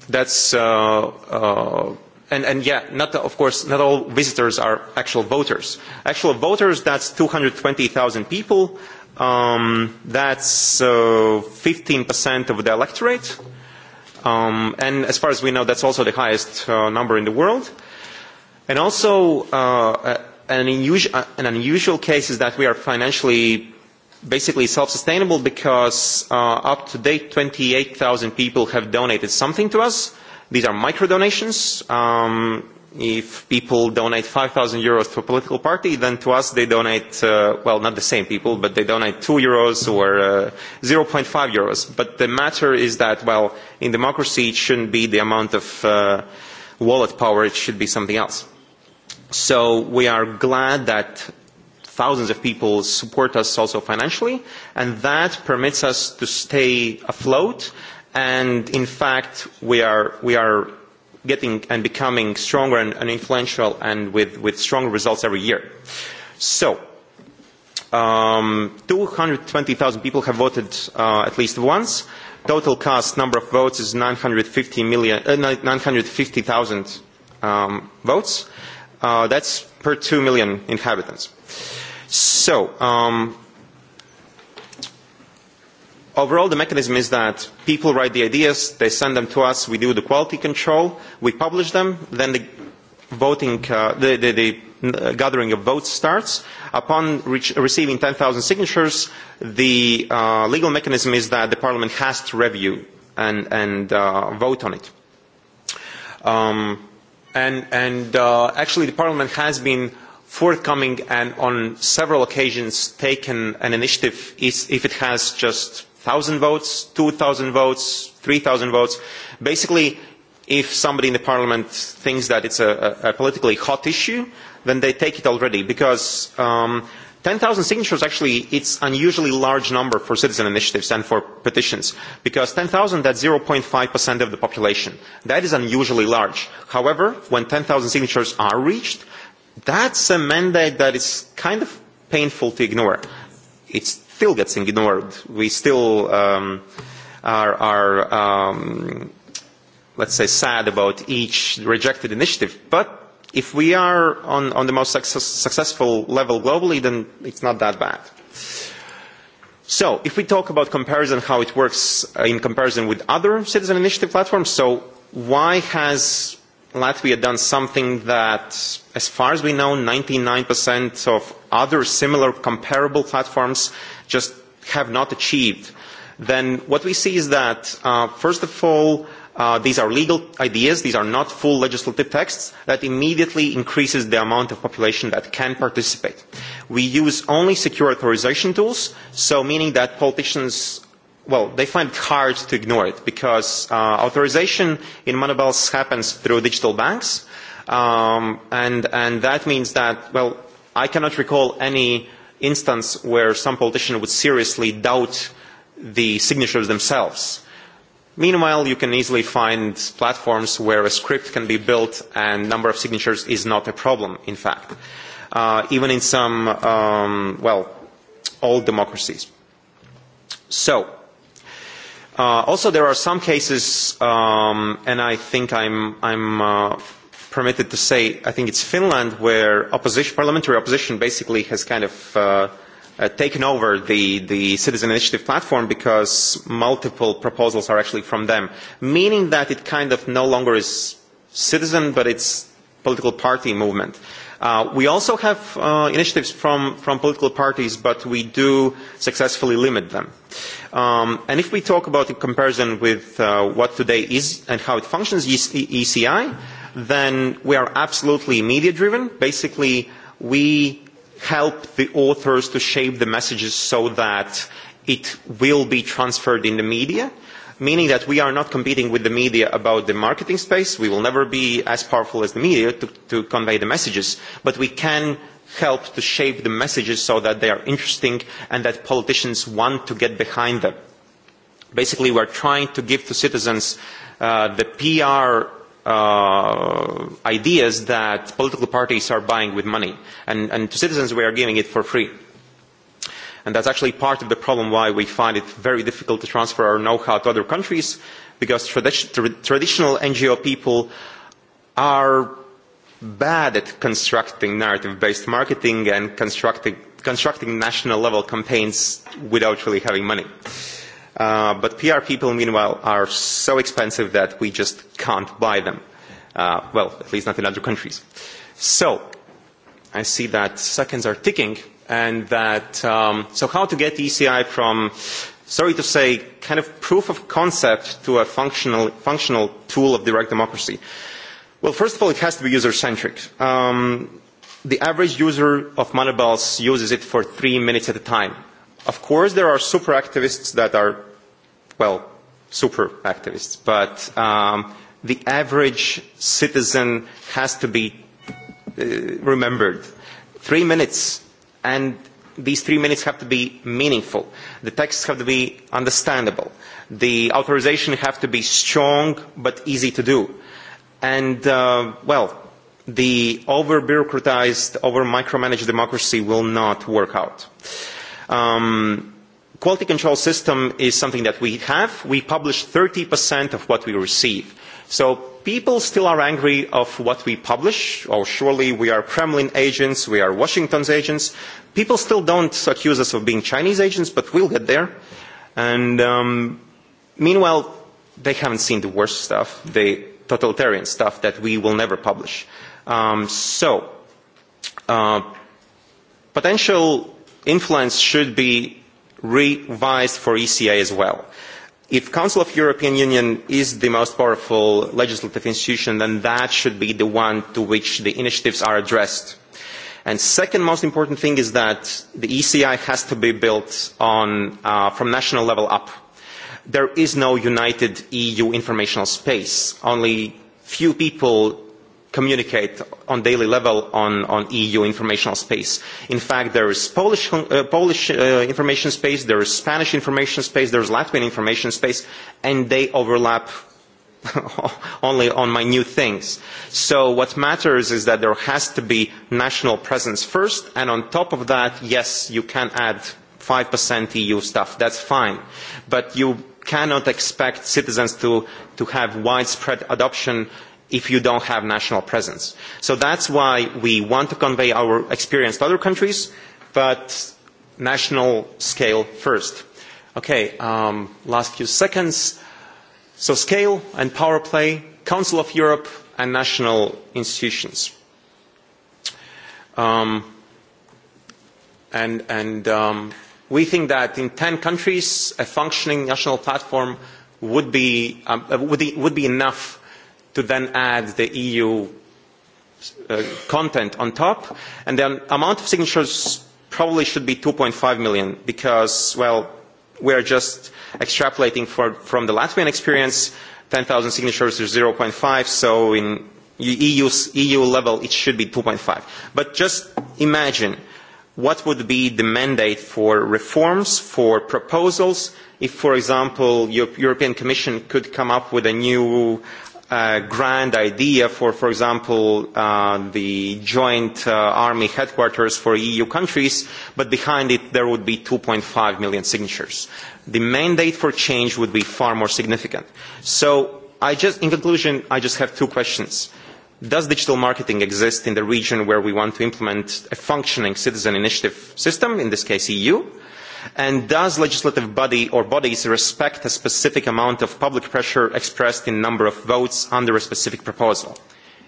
that's uh, uh, and, and yeah, not of course not all visitors are actual voters. Actual voters, that's 220,000 people. Um, that's uh, 15% of the electorate. Um, and as far as we know, that's also the highest uh, number in the world. Uh, And also, uh, an, unusual, an unusual case is that we are financially basically self-sustainable because uh, up to date 28,000 people have donated something to us. These are micro donations. Um, if people donate 5,000 euros to a political party, then to us they donate, uh, well, not the same people, but they donate 2 euros or uh, 0.5 euros. But the matter is that, well, in democracy it shouldn't be the amount of uh, wallet power, it should be something else. So we are glad that thousands of people support us also financially, and that permits us to stay afloat. And in fact, we are, we are getting and becoming stronger and, and influential and with, with strong results every year. So, um, 220,000 people have voted uh, at least once. Total cast number of votes is 950,000 uh, 950, 000, um, votes Uh, that's per 2 million inhabitants. So, um, overall, the mechanism is that people write the ideas, they send them to us, we do the quality control, we publish them, then the voting, uh, the, the, the uh, gathering of votes starts. Upon reach, receiving 10,000 signatures, the uh, legal mechanism is that the parliament has to review and, and uh, vote on it. Um, and, and uh, actually the Parliament has been forthcoming and on several occasions taken an initiative if it has just 1,000 votes, 2,000 votes, 3,000 votes. Basically, if somebody in the Parliament thinks that it's a, a politically hot issue, then they take it already because um, 10,000 signatures actually it's unusually large number for citizen initiatives and for petitions because 10,000 that's 0.5% of the population. That is unusually large. However, when 10,000 signatures are reached, that's a mandate that is kind of painful to ignore. It still gets ignored. We still um, are, are um, let's say, sad about each rejected initiative, but If we are on, on the most success, successful level globally, then it's not that bad. So if we talk about comparison, how it works uh, in comparison with other citizen initiative platforms, so why has Latvia done something that, as far as we know, 99% of other similar comparable platforms just have not achieved? Then what we see is that, uh, first of all, uh, Uh, these are legal ideas, these are not full legislative texts, that immediately increases the amount of population that can participate. We use only secure authorization tools, so meaning that politicians well, they find it hard to ignore it because uh, authorization in monobills happens through digital banks, um, and and that means that well, I cannot recall any instance where some politician would seriously doubt the signatures themselves. Meanwhile, you can easily find platforms where a script can be built and number of signatures is not a problem, in fact, uh, even in some, um, well, old democracies. So, uh, also there are some cases, um, and I think I'm, I'm uh, permitted to say, I think it's Finland, where opposition, parliamentary opposition basically has kind of uh, – uh, taken over the, the citizen initiative platform because multiple proposals are actually from them, meaning that it kind of no longer is citizen, but it's political party movement. Uh, we also have uh, initiatives from, from political parties, but we do successfully limit them. Um, and if we talk about in comparison with uh, what today is and how it functions, ECI, e then we are absolutely media driven. Basically, we help the authors to shape the messages so that it will be transferred in the media, meaning that we are not competing with the media about the marketing space. We will never be as powerful as the media to, to convey the messages, but we can help to shape the messages so that they are interesting and that politicians want to get behind them. Basically, we're trying to give to citizens uh, the PR uh, ideas that political parties are buying with money. And, and to citizens, we are giving it for free. And that's actually part of the problem why we find it very difficult to transfer our know-how to other countries, because tradi- tra- traditional NGO people are bad at constructing narrative-based marketing and constructing, constructing national-level campaigns without really having money. Uh, Uh, but PR people, meanwhile, are so expensive that we just can't buy them. Uh, well, at least not in other countries. So, I see that seconds are ticking, and that, um, so how to get ECI from, sorry to say, kind of proof of concept to a functional, functional tool of direct democracy? Well, first of all, it has to be user-centric. Um, the average user of Moneyballs uses it for three minutes at a time Of course, there are super activists that are, well, super activists, but um, the average citizen has to be uh, remembered. Three minutes, and these three minutes have to be meaningful. The texts have to be understandable. The authorization have to be strong but easy to do. And, uh, well, the over-bureaucratized, over-micromanaged democracy will not work out. Uh, Um, quality control system is something that we have. We publish 30% of what we receive. So people still are angry of what we publish, or oh, surely we are Kremlin agents, we are Washington's agents. People still don't accuse us of being Chinese agents, but we'll get there. And um, meanwhile, they haven't seen the worst stuff, the totalitarian stuff that we will never publish. Um, so, uh, potential influence should be revised for ECA as well. If Council of European Union is the most powerful legislative institution, then that should be the one to which the initiatives are addressed. And second most important thing is that the ECI has to be built on, uh, from national level up. There is no united EU informational space. Only few people communicate on daily level on, on EU informational space. In fact, there is Polish, uh, Polish uh, information space, there is Spanish information space, there is Latvian information space, and they overlap only on minute things. So what matters is that there has to be national presence first, and on top of that, yes, you can add 5% EU stuff, that's fine. But you cannot expect citizens to, to have widespread adoption uh, if you don't have national presence. So that's why we want to convey our experience to other countries, but national scale first. Okay, um, last few seconds. So scale and power play, Council of Europe and national institutions. Um, and and um, we think that in 10 countries, a functioning national platform would be, um, uh, would be, would be enough to then add the EU uh, content on top. And the amount of signatures probably should be 2.5 million because, well, we're just extrapolating for, from the Latvian experience. 10,000 signatures is 0.5, so in EU's, EU level it should be 2.5. But just imagine what would be the mandate for reforms, for proposals, if, for example, Europe, European Commission could come up with a new uh, grand idea for, for example, uh, the joint uh, army headquarters for EU countries, but behind it there would be 2.5 million signatures. The mandate for change would be far more significant. So I just, in conclusion, I just have two questions. Does digital marketing exist in the region where we want to implement a functioning citizen initiative system, in this case EU? Uh, and does legislative body or bodies respect a specific amount of public pressure expressed in number of votes under a specific proposal?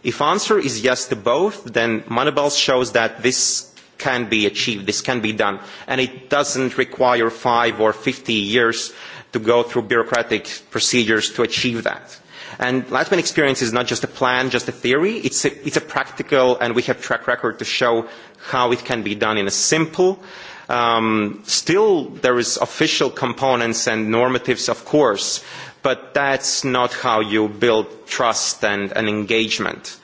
If answer is yes to both, then Moneyball shows that this can be achieved, this can be done, and it doesn't require five or 50 years to go through bureaucratic procedures to achieve that. And Latvian experience is not just a plan, just a theory. It's a, it's a practical, and we have track record to show how it can be done in a simple, uh, Um, still, there is official components and normatives, of course, but that's not how you build trust and, and engagement.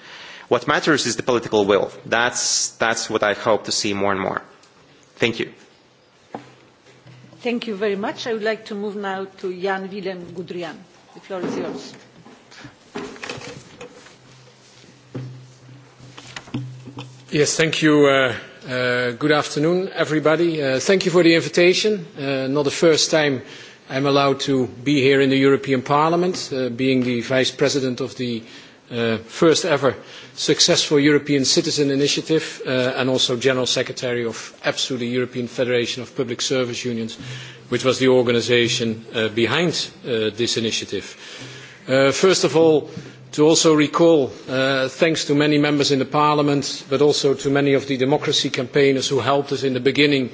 What matters is the political will. That's, that's what I hope to see more and more. Thank you. Thank you very much. I would like to move now to Jan Willem Gudrian. The floor is yours. Yes, thank you, uh, Uh, good afternoon, everybody. Uh, thank you for the invitation. Uh, not the first time I'm allowed to be here in the European Parliament, uh, being the Vice President of the uh, first ever successful European Citizen Initiative uh, and also General Secretary of EPSU, the European Federation of Public Service Unions, which was the organization uh, behind uh, this initiative. Uh, first of all, uh, to also recall uh, thanks to many members in the Parliament, but also to many of the democracy campaigners who helped us in the beginning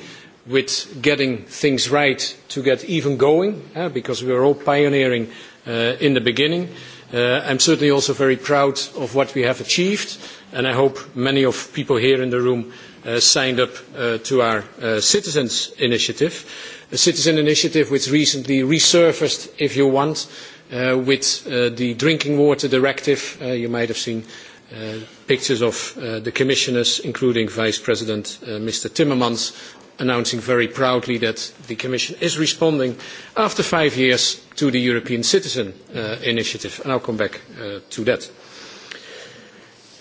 with getting things right to get even going, uh, because we were all pioneering uh, in the beginning. Uh, I'm certainly also very proud of what we have achieved, and I hope many of people here in the room uh, signed up uh, to our uh, Citizens Initiative, a citizen initiative which recently resurfaced, if you want, uh, uh, with uh, the Drinking Water Directive. Uh, you might have seen uh, pictures of uh, the commissioners, including Vice President uh, Mr. Timmermans, announcing very proudly that the Commission is responding after five years to the European Citizen uh, Initiative. And I'll come back uh, to that.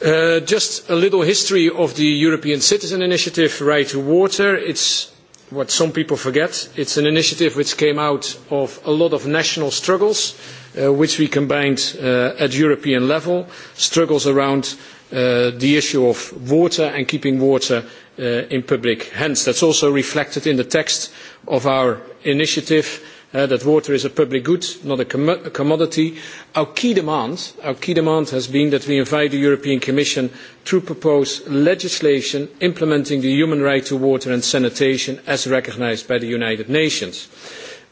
Uh, just a little history of the European Citizen Initiative, Right to Water. It's what some people forget. It's an initiative which came out of a lot of national struggles, uh, which we combined uh, at European level, struggles around uh, the issue of water and keeping water uh, in public hands. That's also reflected in the text of our initiative uh, that water is a public good, not a, com a commodity. Our key, demand, our key demand has been that we invite the European Commission to propose legislation implementing the human right to water and sanitation as recognized by the United Nations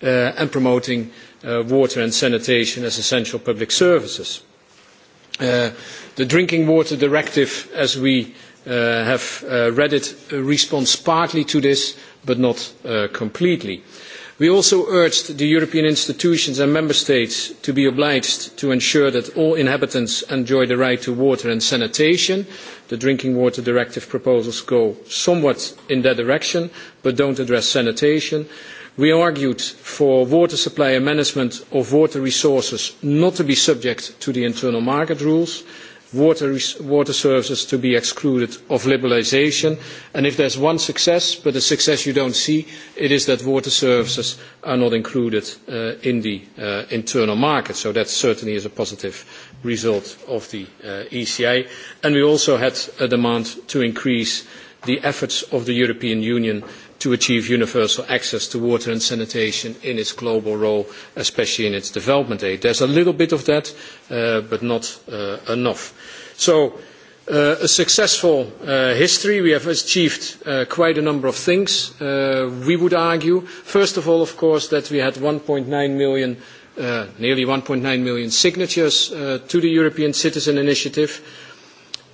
uh, and promoting uh, water and sanitation as essential public services. Uh, the Drinking Water Directive, as we uh, have uh, read it, uh, responds partly to this, but not uh, completely. Uh, We also urged the European institutions and member states to be obliged to ensure that all inhabitants enjoy the right to water and sanitation. The Drinking Water Directive proposals go somewhat in that direction, but don't address sanitation. We argued for water supply and management of water resources not to be subject to the internal market rules water, water services to be excluded of liberalisation. And if there's one success, but a success you don't see, it is that water services are not included uh, in the uh, internal market. So that certainly is a positive result of the uh, ECA. And we also had a demand to increase the efforts of the European Union to achieve universal access to water and sanitation in its global role, especially in its development aid. There's a little bit of that, uh, but not uh, enough. So uh, a successful uh, history. We have achieved uh, quite a number of things, uh, we would argue. First of all, of course, that we had 1.9 million uh, nearly 1.9 million signatures uh, to the European Citizen Initiative.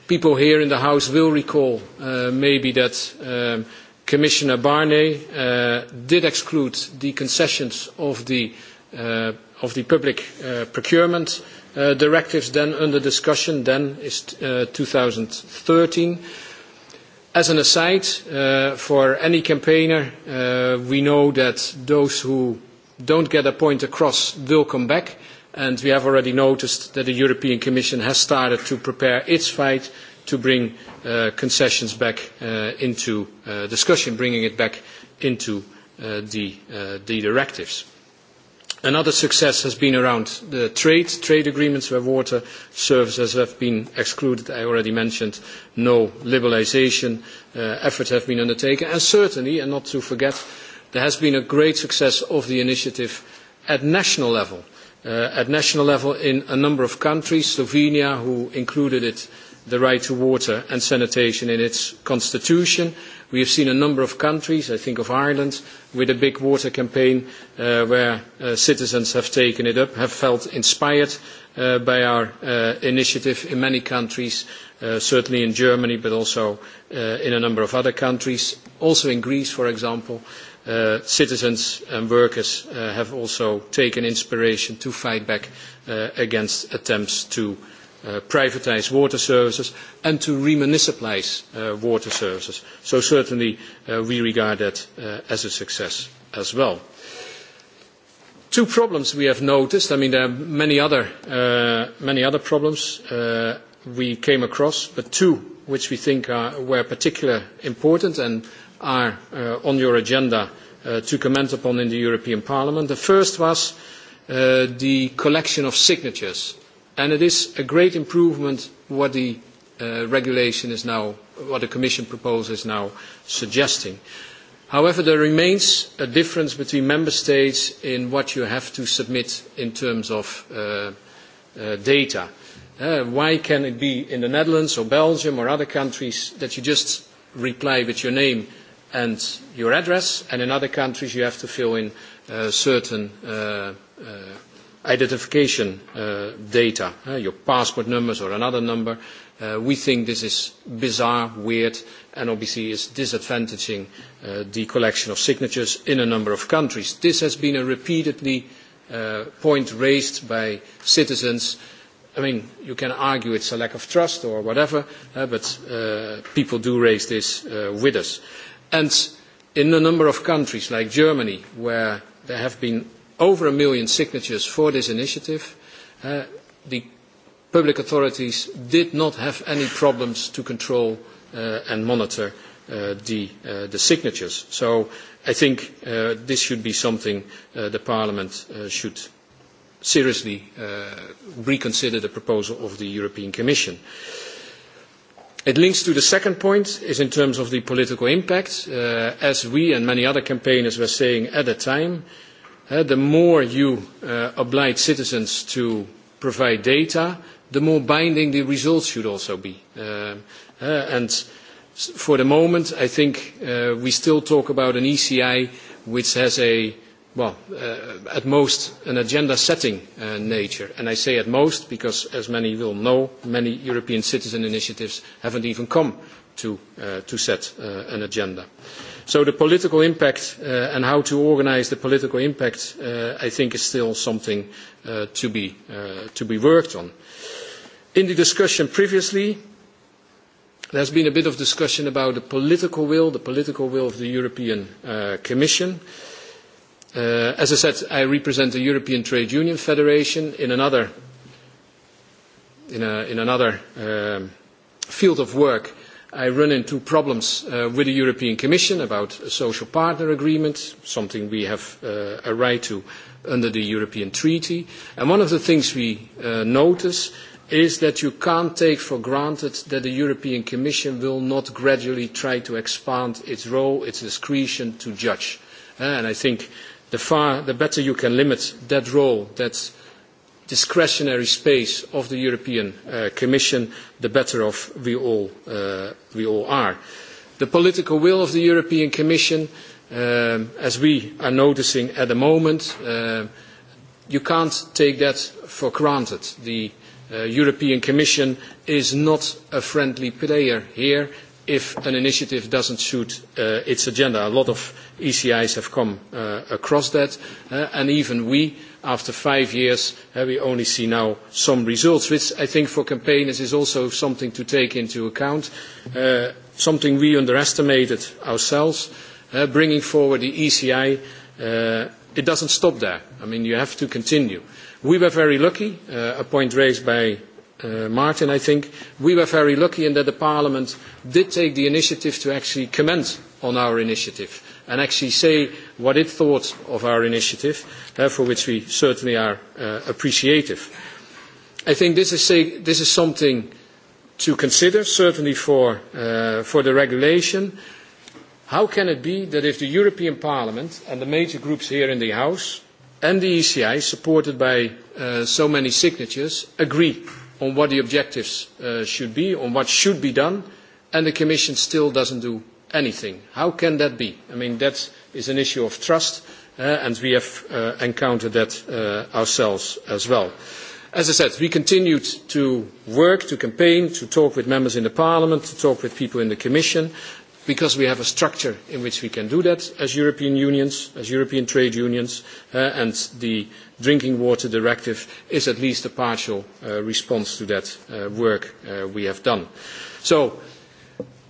People here in the House will recall uh, maybe that um, Commissioner Barnier uh, did exclude the concessions of the, uh, of the public uh, procurement uh, directives then under discussion, then is t uh, 2013. As an aside, uh, for any campaigner, uh, we know that those who don't get a point across will come back, and we have already noticed that the European Commission has started to prepare its fight uh, to bring uh, concessions back uh, into uh, discussion, bringing it back into uh, the, uh, the directives. Another success has been around the trade, trade agreements where water services have been excluded, I already mentioned, no liberalisation, uh, efforts have been undertaken, and certainly, and not to forget, there has been a great success of the initiative at national level. Uh, at national level in a number of countries, Slovenia, who included it uh, the right to water and sanitation in its constitution. We have seen a number of countries, I think of Ireland, with a big water campaign uh, where uh, citizens have taken it up, have felt inspired uh, by our uh, initiative in many countries, uh, certainly in Germany, but also uh, in a number of other countries. Also in Greece, for example, uh, citizens and workers uh, have also taken inspiration to fight back uh, against attempts to uh, uh, privatize water services and to remunicipalize uh, water services. So certainly uh, we regard that uh, as a success as well. Two problems we have noticed. I mean, there are many other, uh, many other problems uh, we came across, but two which we think are, were particularly important and are uh, on your agenda uh, to comment upon in the European Parliament. The first was uh, the collection of signatures and it is a great improvement what the uh, regulation is now, what the Commission proposal is now suggesting. However, there remains a difference between member states in what you have to submit in terms of uh, uh, data. Uh, why can it be in the Netherlands or Belgium or other countries that you just reply with your name and your address, and in other countries you have to fill in uh, certain uh, uh, identification uh, data, uh, your passport numbers or another number. Uh, we think this is bizarre, weird, and obviously is disadvantaging uh, the collection of signatures in a number of countries. This has been a repeatedly uh, point raised by citizens. I mean, you can argue it's a lack of trust or whatever, uh, but uh, people do raise this uh, with us. And in a number of countries like Germany, where there have been over a million signatures for this initiative. Uh, the public authorities did not have any problems to control uh, and monitor uh, the, uh, the signatures. So I think uh, this should be something uh, the Parliament uh, should seriously uh, reconsider the proposal of the European Commission. It links to the second point, is in terms of the political impact. Uh, as we and many other campaigners were saying at the time, uh, Uh, the more you uh, oblige citizens to provide data, the more binding the results should also be. Uh, uh, and for the moment, I think uh, we still talk about an ECI which has a, well, uh, at most an agenda-setting uh, nature. And I say at most because, as many will know, many European citizen initiatives haven't even come to, uh, to set uh, an agenda. Uh, So the political impact uh, and how to organize the political impact, uh, I think, is still something uh, to, be, uh, to be worked on. In the discussion previously, there's been a bit of discussion about the political will, the political will of the European uh, Commission. Uh, as I said, I represent the European Trade Union Federation in another, in a, in another um, field of work I run into problems uh, with the European Commission about a social partner agreement, something we have uh, a right to under the European Treaty. And one of the things we uh, notice is that you can't take for granted that the European Commission will not gradually try to expand its role, its discretion to judge. Uh, and I think the, far, the better you can limit that role, that's discretionary space of the European uh, Commission, the better off we all, uh, we all are. The political will of the European Commission, um, as we are noticing at the moment, uh, you can't take that for granted. The uh, European Commission is not a friendly player here if an initiative doesn't suit uh, its agenda. A lot of ECIs have come uh, across that, uh, and even we, after five years, uh, we only see now some results, which I think for campaigners is also something to take into account, uh, something we underestimated ourselves, uh, bringing forward the ECI. Uh, it doesn't stop there. I mean, you have to continue. We were very lucky, uh, a point raised by uh, Martin, I think. We were very lucky in that the Parliament did take the initiative to actually comment on our initiative and actually say what it thought of our initiative, uh, for which we certainly are uh, appreciative. I think this is, say, this is something to consider, certainly for, uh, for the regulation. How can it be that if the European Parliament and the major groups here in the House and the ECI, supported by uh, so many signatures, agree on what the objectives uh, should be, on what should be done, and the Commission still doesn't do anything. How can that be? I mean, that is an issue of trust, uh, and we have uh, encountered that uh, ourselves as well. As I said, we continued to work, to campaign, to talk with members in the Parliament, to talk with people in the Commission, because we have a structure in which we can do that as European unions, as European trade unions, uh, and the Drinking Water Directive is at least a partial uh, response to that uh, work uh, we have done. So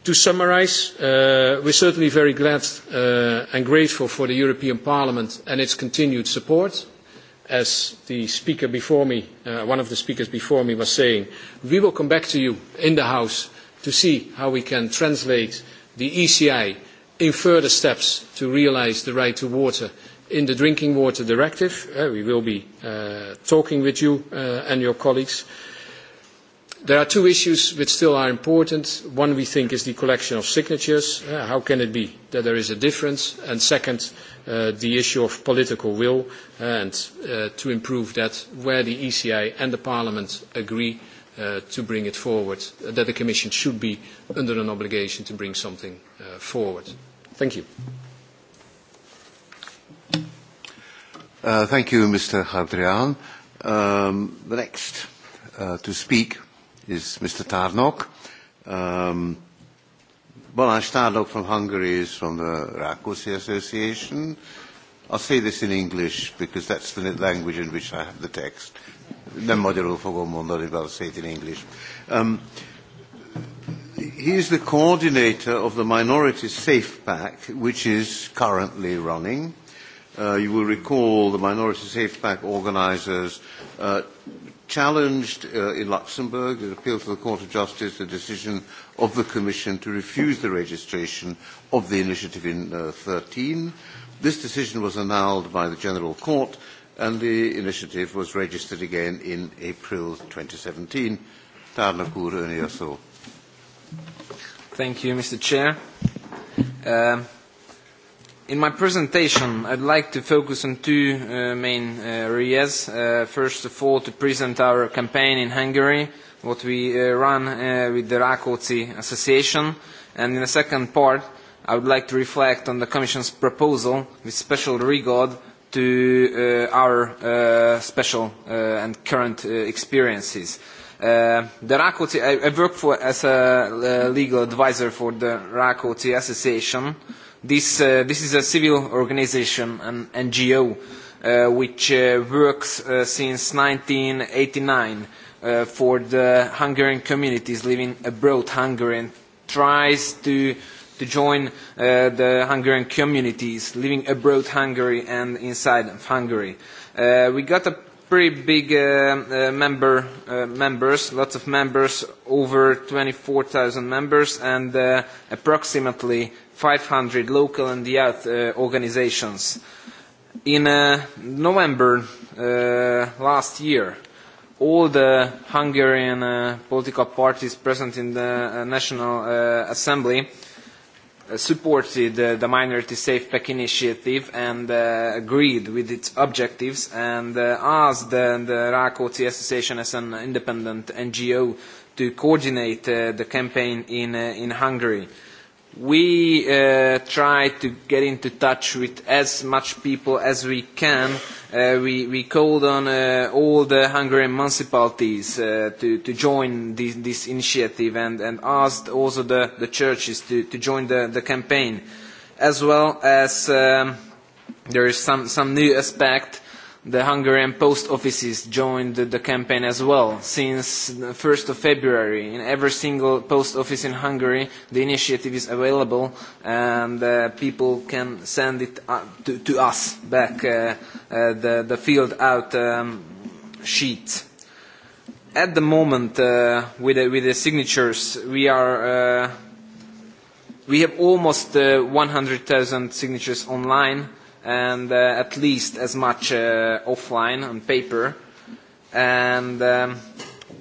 To summarize, uh, we're certainly very glad uh, and grateful for the European Parliament and its continued support. As the speaker before me, uh, one of the speakers before me was saying, we will come back to you in the House to see how we can translate the ECI in further steps to realize the right to water in the Drinking Water Directive. Uh, we will be uh, talking with you uh, and your colleagues. Uh, There are two issues which still are important. One, we think, is the collection of signatures. Uh, how can it be that there is a difference? And second, uh, the issue of political will, uh, and uh, to improve that, where the ECA and the Parliament agree uh, to bring it forward, uh, that the Commission should be under an obligation to bring something uh, forward. Thank you. Uh, thank you, Mr. Hadrian. Um, the next uh, to speak is Mr. Tarnok. Um, Balázs Tarnok from Hungary is from the Rákosi Association. I'll say this in English because that's the language in which I have the text. Nem magyarul fogom mondani, but I'll say it in English. Um, he is the coordinator of the Minority Safe Pack, which is currently running. Uh, you will recall the Minority Safe Pack organizers uh, challenged uh, in Luxembourg, it appealed to the Court of Justice, the decision of the Commission to refuse the registration of the initiative in uh, 13. This decision was annulled by the General Court and the initiative was registered again in April 2017. Thank you, Mr. Chair. Um, In my presentation, I'd like to focus on two uh, main uh, areas. Uh, first of all, to present our campaign in Hungary, what we uh, run uh, with the Rákóczi Association. And in the second part, I would like to reflect on the Commission's proposal with special regard to uh, our uh, special uh, and current uh, experiences. Uh, the Rákóczi, I, I work for, as a uh, legal advisor for the Rákóczi Association. Uh, This, uh, this is a civil organization, an NGO, uh, which uh, works uh, since 1989 uh, for the Hungarian communities living abroad Hungary and tries to to join uh, the Hungarian communities living abroad Hungary and inside of Hungary. Uh, we got a pretty big uh, uh, member uh, members, lots of members, over 24,000 members, and uh, approximately 500 local and youth uh, organizations. In uh, November uh, last year, all the Hungarian uh, political parties present in the uh, National uh, Assembly uh, supported uh, the Minority Safe Pack initiative and uh, agreed with its objectives and uh, asked the, the Rákóczi Association as an independent NGO to coordinate uh, the campaign in, uh, in Hungary. Uh, we uh, try to get into touch with as much people as we can. Uh, we, we called on uh, all the Hungarian municipalities uh, to, to join the, this initiative and, and asked also the, the churches to, to join the, the campaign, as well as um, there is some, some new aspect the Hungarian post offices joined the campaign as well. Since the 1st of February, in every single post office in Hungary, the initiative is available and uh, people can send it uh, to, to us back uh, uh, the, the filled out um, sheet. At the moment, uh, with, the, with the signatures, we are uh, we have almost uh, 100,000 signatures online and uh, at least as much uh, offline on paper. And um,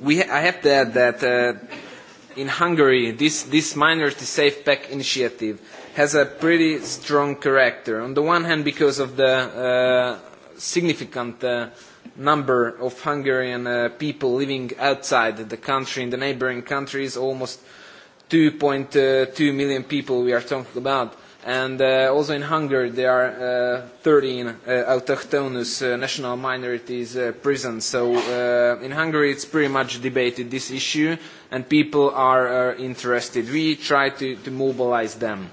we, I have to add that uh, in Hungary, this, this Minority Safe Pack initiative has a pretty strong character. On the one hand, because of the uh, significant uh, number of Hungarian uh, people living outside the country, in the neighboring countries, almost 2.2 uh, million people we are talking about. And uh, also in Hungary, there are uh, 13 uh, autochthonous uh, national minorities uh, prisons. So uh, in Hungary, it's pretty much debated this issue, and people are uh, interested. We try to, to mobilize them.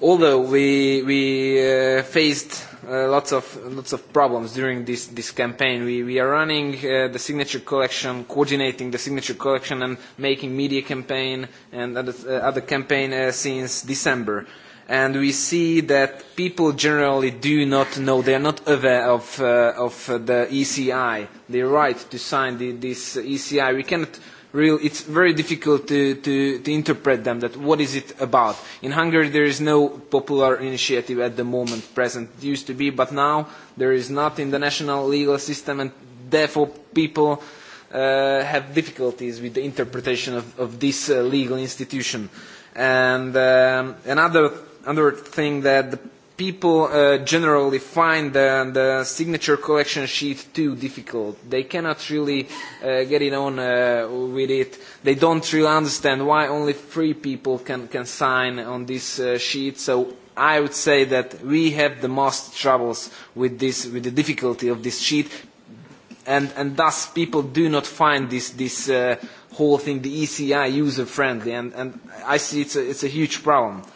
Although we, we uh, faced uh, lots, of, lots of problems during this, this campaign, we, we are running uh, the signature collection, coordinating the signature collection and making media campaign and other, uh, other campaign uh, since December. Uh, and we see that people generally do not know, they are not aware of, uh, of uh, the ECI, their right to sign the, this ECI. We cannot real, it's very difficult to, to, to interpret them, that what is it about. In Hungary there is no popular initiative at the moment present, it used to be, but now there is not in the national legal system and therefore people uh, have difficulties with the interpretation of, of this uh, legal institution. And um, another another thing that the people uh, generally find the, the signature collection sheet too difficult. They cannot really uh, get it on uh, with it. They don't really understand why only three people can, can sign on this uh, sheet. So I would say that we have the most troubles with, this, with the difficulty of this sheet. And, and thus people do not find this, this uh, whole thing, the ECI, uh, user-friendly. And, and I see it's a, it's a huge problem. Uh,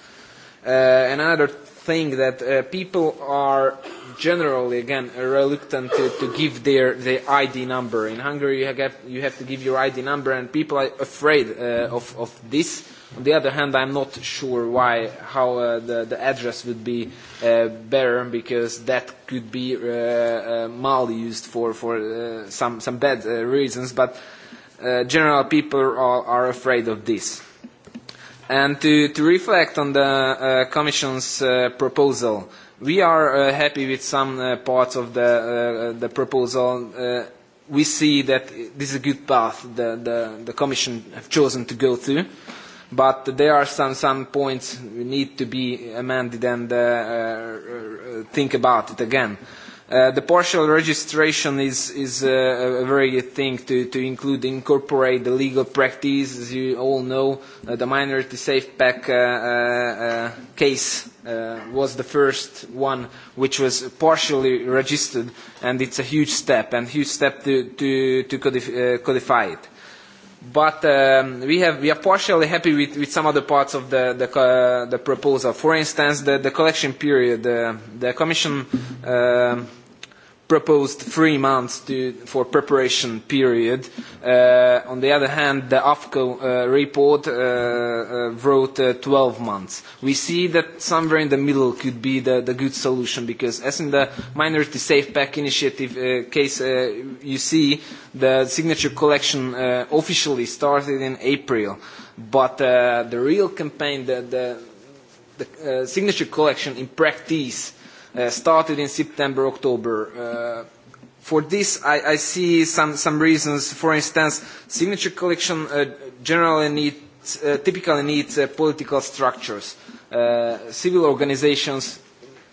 Uh, another thing that uh, people are generally, again, reluctant to, to give their, their ID number. In Hungary, you have, you have to give your ID number, and people are afraid uh, of, of this. On the other hand, I'm not sure why, how uh, the, the address would be uh, better, because that could be uh, uh, mal used for, for uh, some, some bad uh, reasons, but uh, general people are, are afraid of this. And to, to reflect on the uh, Commission's uh, proposal, we are uh, happy with some uh, parts of the, uh, the proposal. Uh, we see that this is a good path the, the, the Commission have chosen to go to, but there are some, some points we need to be amended and uh, uh, uh think about it again. Uh, Uh, the partial registration is, is uh, a very good thing to, to include, incorporate the legal practice. As you all know, uh, the Minority Safe Pack uh, uh, uh, case uh, was the first one which was partially registered, and it's a huge step, and huge step to, to, to codif uh, codify it. But um, we, have, we are partially happy with, with some other parts of the, the, uh, the proposal. For instance, the, the collection period. Uh, the Commission uh, proposed three months to, for preparation period. Uh, on the other hand, the AFCO uh, report uh, uh, wrote uh, 12 months. We see that somewhere in the middle could be the, the good solution because as in the Minority Safe Pack initiative uh, case, uh, you see the signature collection uh, officially started in April. But uh, the real campaign, the, the, the uh, signature collection in practice uh, started in September, October. Uh, for this, I, I see some, some reasons. For instance, signature collection uh, generally need, uh, typically needs uh, political structures. Uh, civil organizations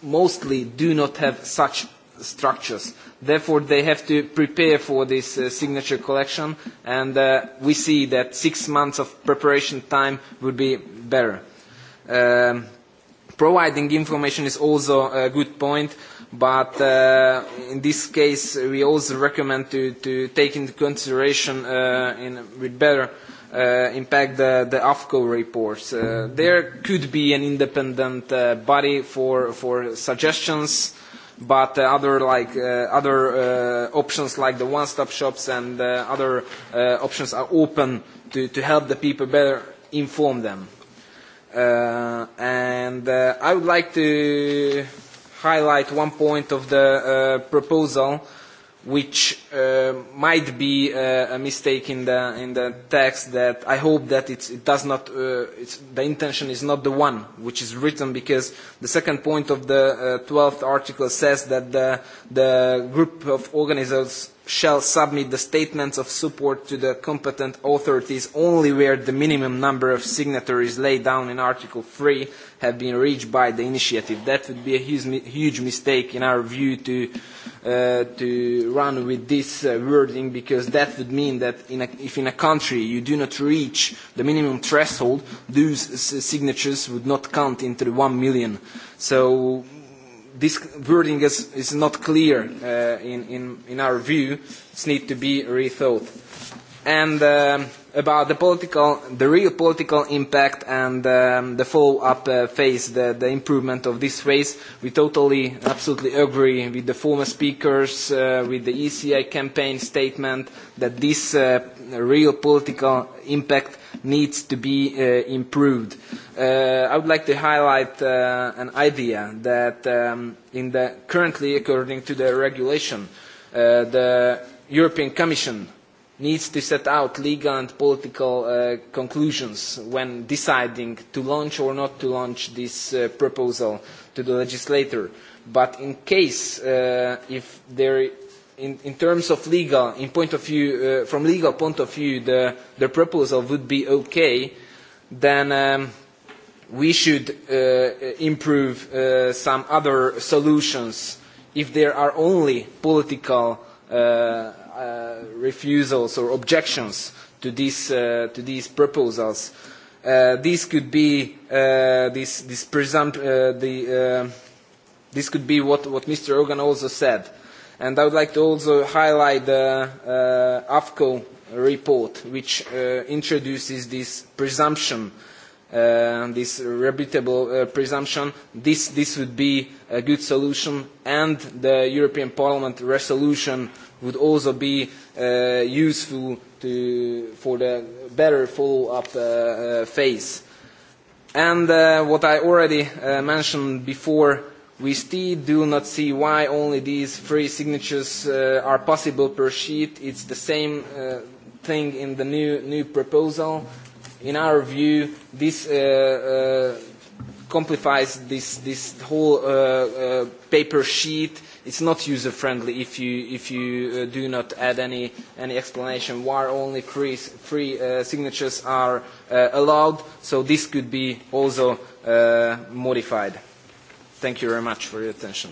mostly do not have such structures. Therefore, they have to prepare for this uh, signature collection, and uh, we see that six months of preparation time would be better. Um, Providing information is also a good point, but uh, in this case we also recommend to, to take into consideration uh, in, with better uh, impact the, the AFCO reports. Uh, there could be an independent uh, body for, for suggestions, but uh, other, like, uh, other uh, options like the one-stop shops and uh, other uh, options are open to, to help the people better inform them. Uh, and uh, I would like to highlight one point of the uh, proposal which uh, might be uh, a mistake in the in the text that I hope that it's, it does not uh, it's, the intention is not the one which is written because the second point of the uh, 12th article says that the the group of organizers shall submit the statements of support to the competent authorities only where the minimum number of signatories laid down in Article 3 have been reached by the initiative. That would be a huge, huge mistake in our view to, uh, to run with this this uh, wording because that would mean that in a, if in a country you do not reach the minimum threshold, those signatures would not count into the one million. So this wording is, is not clear uh, in, in, in our view. It needs to be rethought. And... Uh, um, about the political, the real political impact and um, the follow-up uh, phase, the, the improvement of this phase. We totally, absolutely agree with the former speakers, uh, with the ECI campaign statement that this uh, real political impact needs to be uh, improved. Uh, I would like to highlight uh, an idea that um, in the currently, according to the regulation, uh, the European Commission needs to set out legal and political uh, conclusions when deciding to launch or not to launch this uh, proposal to the legislator. But in case, uh, if there, in, in terms of legal, in point of view, uh, from legal point of view, the, the proposal would be okay, then um, we should uh, improve uh, some other solutions if there are only political uh, uh, refusals or objections to these, uh, to these proposals. Uh, these could be uh, this, this presumpt, uh, the, uh, this could be what, what Mr. Ogan also said. And I would like to also highlight the uh, AFCO report, which uh, introduces this presumption uh, uh, this reputable uh, presumption, this, this would be a good solution, and the European Parliament resolution uh, would also be uh, useful to, for the better follow-up uh, uh, phase. And uh, what I already uh, mentioned before, we still do not see why only these three signatures uh, are possible per sheet. It's the same uh, thing in the new, new proposal. In our view, this uh, uh, complicates this, this whole uh, uh, paper sheet it's not user friendly if you if you uh, do not add any any explanation why only free free uh, signatures are uh, allowed. So this could be also uh, modified. Thank you very much for your attention.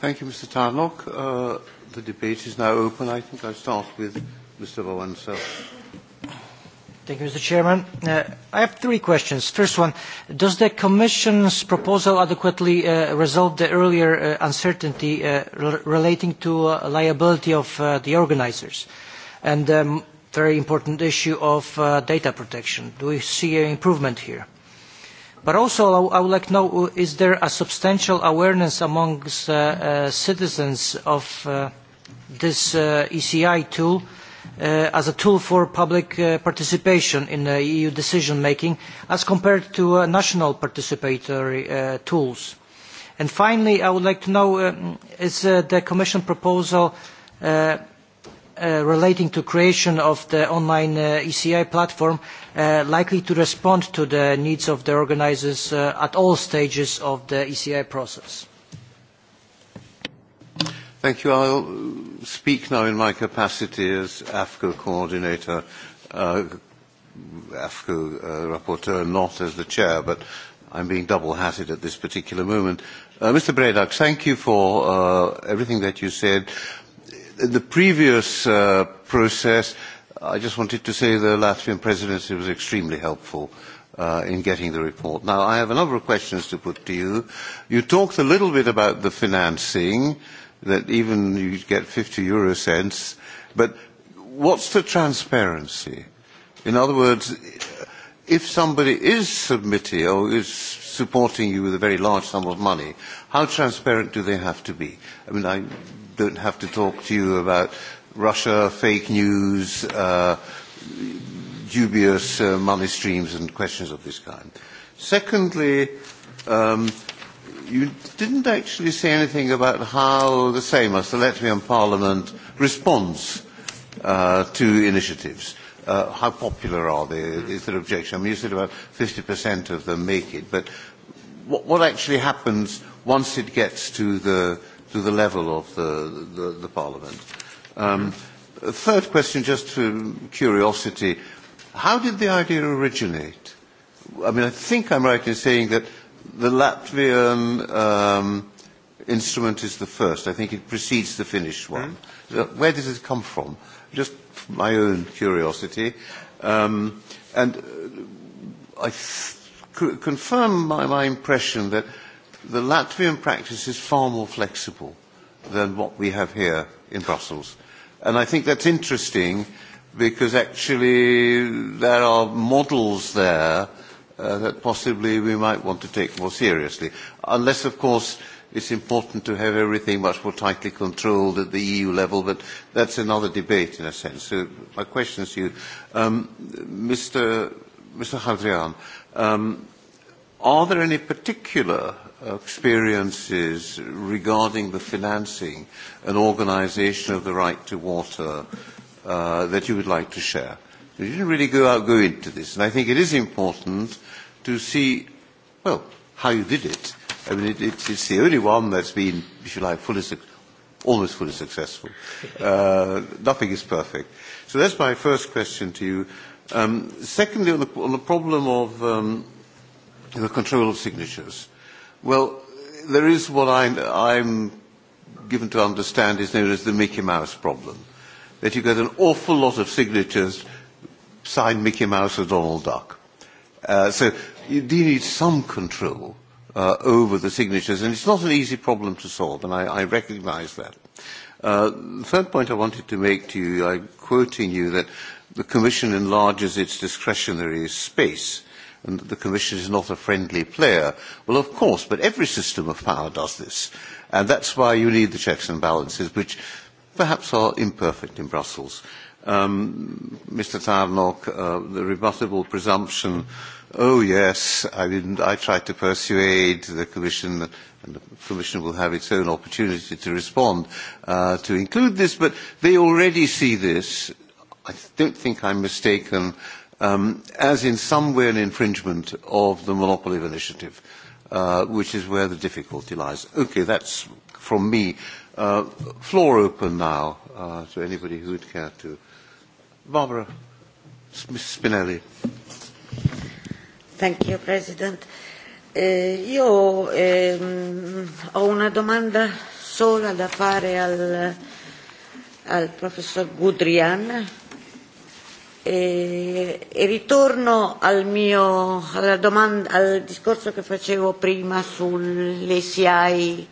Thank you, Mr. Tarnock. Uh, the debate is now open. I think I start with Mr. Valensa. Thank you, Mr. Chairman. Uh, I have three questions. First one, does the Commission's proposal adequately uh, resolve the earlier uh, uncertainty uh, re relating to uh, liability of uh, the organizers and the um, very important issue of uh, data protection? Do we see an improvement here? But also, I would like to know, uh, is there a substantial awareness amongst uh, uh, citizens of uh, this uh, ECI tool uh, uh, as a tool for public uh, participation in uh, EU decision making as compared to uh, national participatory uh, tools. And finally, I would like to know, um, is uh, the Commission proposal uh, uh, relating to creation of the online uh, ECI platform uh, likely to respond to the needs of the organizers uh, at all stages of the ECI process? Thank you. I'll speak now in my capacity as AFCO coordinator, uh, AFCO uh, rapporteur, not as the chair, but I'm being double-hatted at this particular moment. Uh, Mr. Bredak, thank you for uh, everything that you said. In the previous uh, process, I just wanted to say the Latvian presidency was extremely helpful uh, in getting the report. Now, I have a number of questions to put to you. You talked a little bit about the financing. Uh, that even you get 50 euro cents. But what's the transparency? In other words, if somebody is submitting or is supporting you with a very large sum of money, how transparent do they have to be? I mean, I don't have to talk to you about Russia, fake news, uh, dubious uh, money streams and questions of this kind. Secondly, um, you didn't actually say anything about how the Seimas, the Latvian Parliament, responds uh, to initiatives. Uh, how popular are they? Is there objection? I mean, you said about 50% of them make it, but what, what actually happens once it gets to the, to the level of the, the, the Parliament? Um, third question, just for curiosity, how did the idea originate? I mean, I think I'm right in saying that the Latvian um, instrument is the first. I think it precedes the Finnish one. Mm. Where does it come from? Just my own curiosity. Um, and uh, I th- c- confirm my, my impression that the Latvian practice is far more flexible than what we have here in Brussels. And I think that's interesting because actually there are models there uh, that possibly we might want to take more seriously. Unless, of course, it's important to have everything much more tightly controlled at the EU level, but that's another debate in a sense. So my question is to you, um, Mr. Mr. Hadrian, um, are there any particular experiences regarding the financing and organization of the right to water uh, that you would like to share? You didn't really go out, go into this, and I think it is important to see, well, how you did it. I mean, it, it's, it's the only one that's been, if you like, fully, almost fully successful. Uh, nothing is perfect. So that's my first question to you. Um, secondly, on the, on the problem of um, the control of signatures. Well, there is what I'm, I'm given to understand is known as the Mickey Mouse problem, that you get an awful lot of signatures signed Mickey Mouse or Donald Duck. Uh, so you do need some control uh, over the signatures, and it's not an easy problem to solve, and I, I recognize that. Uh, the third point I wanted to make to you, I'm quoting you that the Commission enlarges its discretionary space and that the Commission is not a friendly player. Well, of course, but every system of power does this. And that's why you need the checks and balances, which perhaps are imperfect in Brussels. Um, Mr. Tarnock, uh, the rebuttable presumption, mm-hmm oh yes, I, mean, I tried to persuade the Commission, and the Commission will have its own opportunity to respond, uh, to include this, but they already see this, I don't think I'm mistaken, um, as in some way an infringement of the monopoly of initiative, uh, which is where the difficulty lies. Okay, that's from me. Uh, floor open now uh, to anybody who would care to. Barbara Spinelli. Thank you, President. Eh, io ehm, ho una domanda sola da fare al, al professor Gudrian e, e ritorno al mio, alla domanda, al discorso che facevo prima sulle SIAI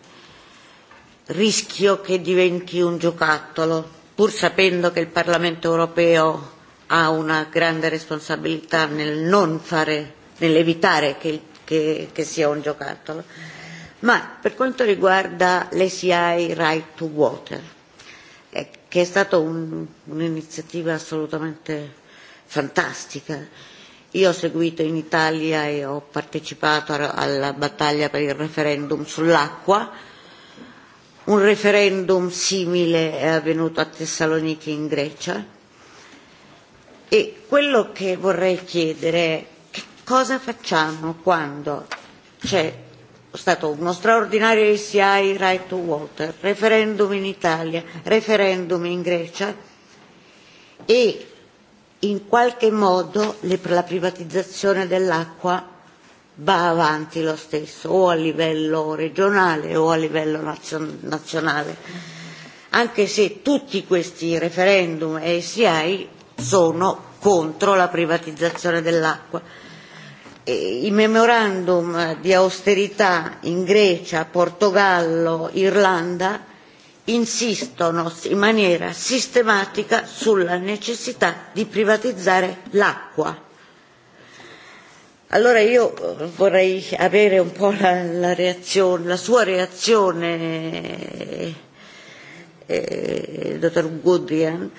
rischio che diventi un giocattolo, pur sapendo che il Parlamento europeo ha una grande responsabilità nel non fare nell'evitare che, che, che sia un giocattolo. Ma per quanto riguarda l'SI Right to Water, eh, che è stata un, un'iniziativa assolutamente fantastica, io ho seguito in Italia e ho partecipato a, alla battaglia per il referendum sull'acqua, un referendum simile è avvenuto a Tessaloniki in Grecia e quello che vorrei chiedere è cosa facciamo quando c'è stato uno straordinario ECI Right to Water, referendum in Italia, referendum in Grecia e in qualche modo le, la privatizzazione dell'acqua va avanti lo stesso, o a livello regionale o a livello nazion- nazionale, anche se tutti questi referendum e ECI sono contro la privatizzazione dell'acqua Eh, i memorandum eh, di austerità in Grecia, Portogallo, Irlanda insistono in maniera sistematica sulla necessità di privatizzare l'acqua. Allora io eh, vorrei avere un po' la, la, reazione, la sua reazione, eh, dottor Goodrian,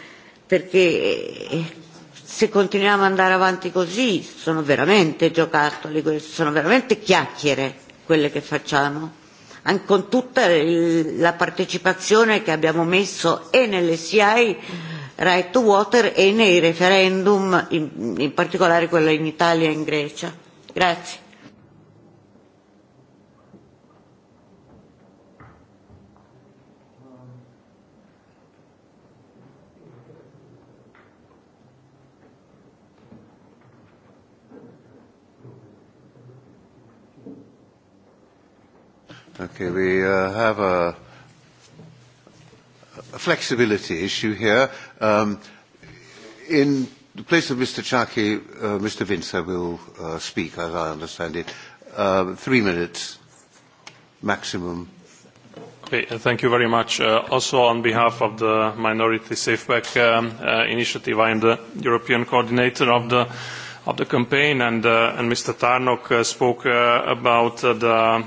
perché se continuiamo ad andare avanti così sono veramente giocattoli, sono veramente chiacchiere quelle che facciamo, anche con tutta il, la partecipazione che abbiamo messo e nelle SIAI Right to Water e nei referendum, in, in particolare quello in Italia e in Grecia. Grazie. Okay, we uh, have a, a flexibility issue here. Um, in the place of Mr. Chaki, uh, Mr. Vincer will uh, speak, as I understand it. Uh, three minutes maximum. Okay, uh, thank you very much. Uh, also on behalf of the Minority Safeback um, uh, Initiative, I am the European coordinator of the of the campaign, and, uh, and Mr. Tarnok uh, spoke uh, about uh, the,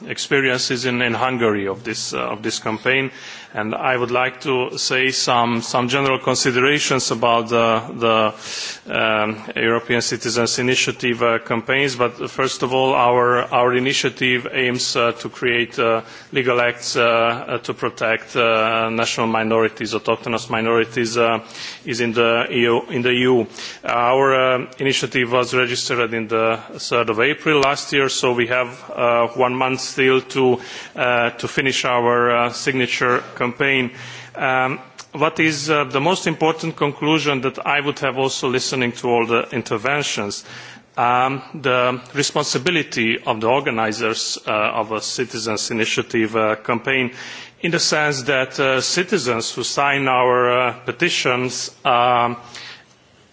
the experiences in, in Hungary of this, uh, of this campaign. Uh, and I would like to say some, some general considerations about the, the um, European Citizens Initiative uh, campaigns. But first of all, our, our initiative aims uh, to create uh, legal acts uh, uh to protect uh, national minorities, autochthonous minorities, uh, is in the EU. In the EU. Our uh, initiative was registered in the 3rd of April last year, so we have uh, one month still to, uh, to finish our uh, signature campaign campaign. Um, what is uh, the most important conclusion that I would have also listening to all the interventions? Um, the responsibility of the organizers uh, of a citizens' initiative uh, campaign in the sense that uh, citizens who sign our uh, petitions um,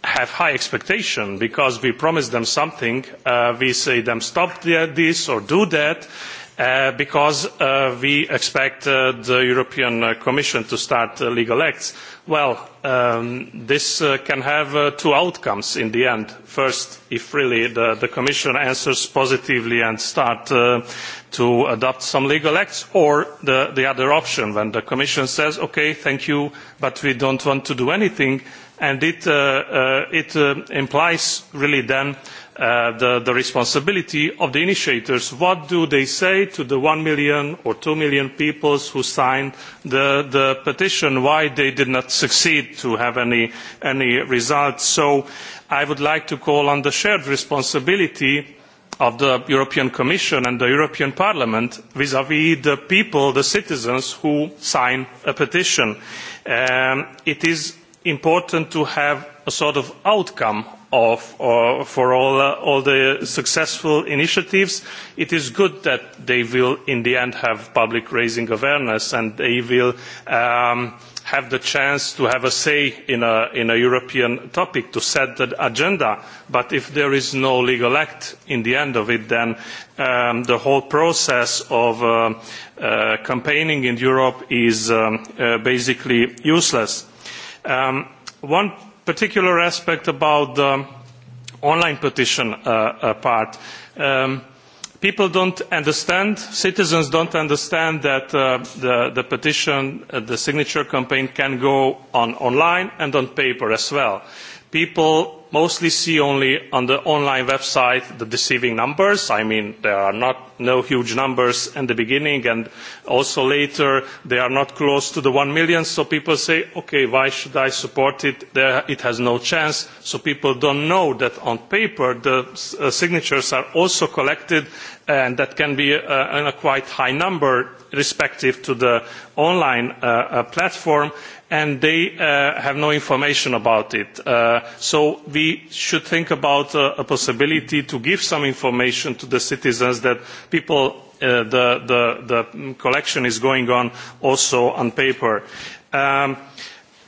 have high expectations because we promise them something, uh, we say them stop the, this or do that, uh, Uh, because uh, we expect uh, the European uh, Commission to start uh, legal acts. Well, um, this uh, can have two outcomes in the end. First, if really the, the Commission answers positively and start to adopt some legal acts, or the, the other option, when the Commission says, "Okay, thank you, but we don't want to do anything," and it, it implies really then uh, the, the responsibility of the initiators. What do they say to the 1 million or 2 million people who signed the, the petition, why they did not succeed to have any, any results? So I would like to call on the shared responsibility of the European Commission and the European Parliament vis-à-vis -vis the people, the citizens who sign a petition. Um, it is important to have a sort of outcome of, uh, for all, uh, all the successful initiatives. It is good that they will, in the end, have public raising awareness and they will um, have the chance to have a say in a, in a European topic, to set the agenda. But if there is no legal act in the end of it, then um, the whole process of uh, uh, campaigning in Europe is um, uh, basically useless. Um, one particular aspect about the online petition uh, uh, part. Um, people don't understand, citizens don't understand that uh, the, the petition, uh, the signature campaign can go on online and on paper as well. People mostly see only on the online website the deceiving numbers. I mean, there are not no huge numbers in the beginning, and also later they are not close to the one million. So people say, okay, why should I support it? There, it has no chance. So people don't know that on paper the uh, signatures are also collected, and that can be uh, in a quite high number respective to the online uh, uh, platform and they uh, have no information about it. Uh, so we should think about uh, a possibility to give some information to the citizens that people, uh, the, the, the collection is going on also on paper. Um, uh,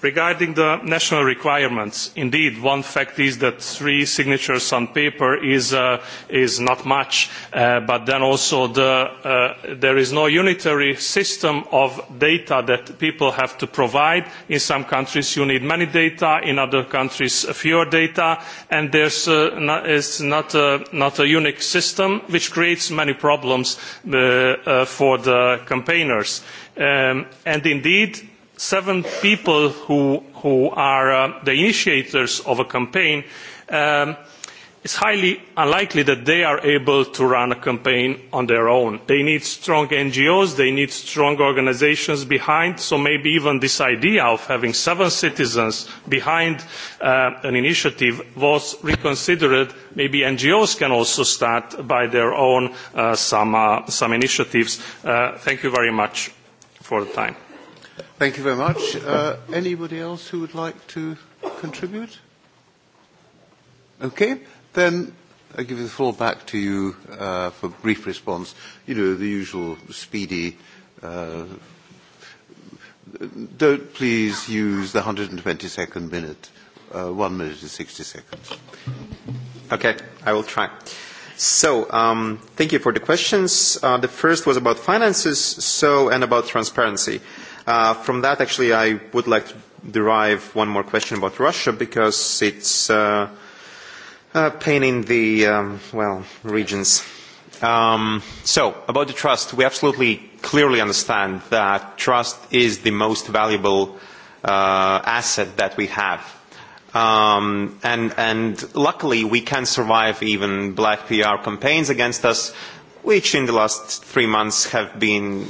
regarding the national requirements indeed one fact is that three signatures on paper is uh, is not much uh, but then also the uh, there is no unitary system of data that people have to provide in some countries you need many data in other countries fewer data and there's uh, not, it's not a, not a unique system which creates many problems uh, uh, for the campaigners um, and indeed seven people who, who are uh, the initiators of a campaign, um, it's highly unlikely that they are able to run a campaign on their own. They need strong NGOs, they need strong organizations behind, so maybe even this idea of having seven citizens behind uh, an initiative was reconsidered. Maybe NGOs can also start by their own uh, some, uh, some initiatives. Uh, thank you very much for the time. Thank you very much. Uh, anybody else who would like to contribute? Okay, then I give the floor back to you uh, for brief response. You know, the usual speedy. Uh, don't please use the 120 second minute. Uh, one minute and 60 seconds. Okay, I will try. So, um, thank you for the questions. Uh, the first was about finances, so, and about transparency. Uh, Uh, from that, actually, I would like to derive one more question about Russia because it's uh, uh, pain in the, um, well, regions. Um, so, about the trust, we absolutely clearly understand that trust is the most valuable uh, asset that we have. Um, and, and luckily, we can survive even black PR campaigns against us which in the last three months have been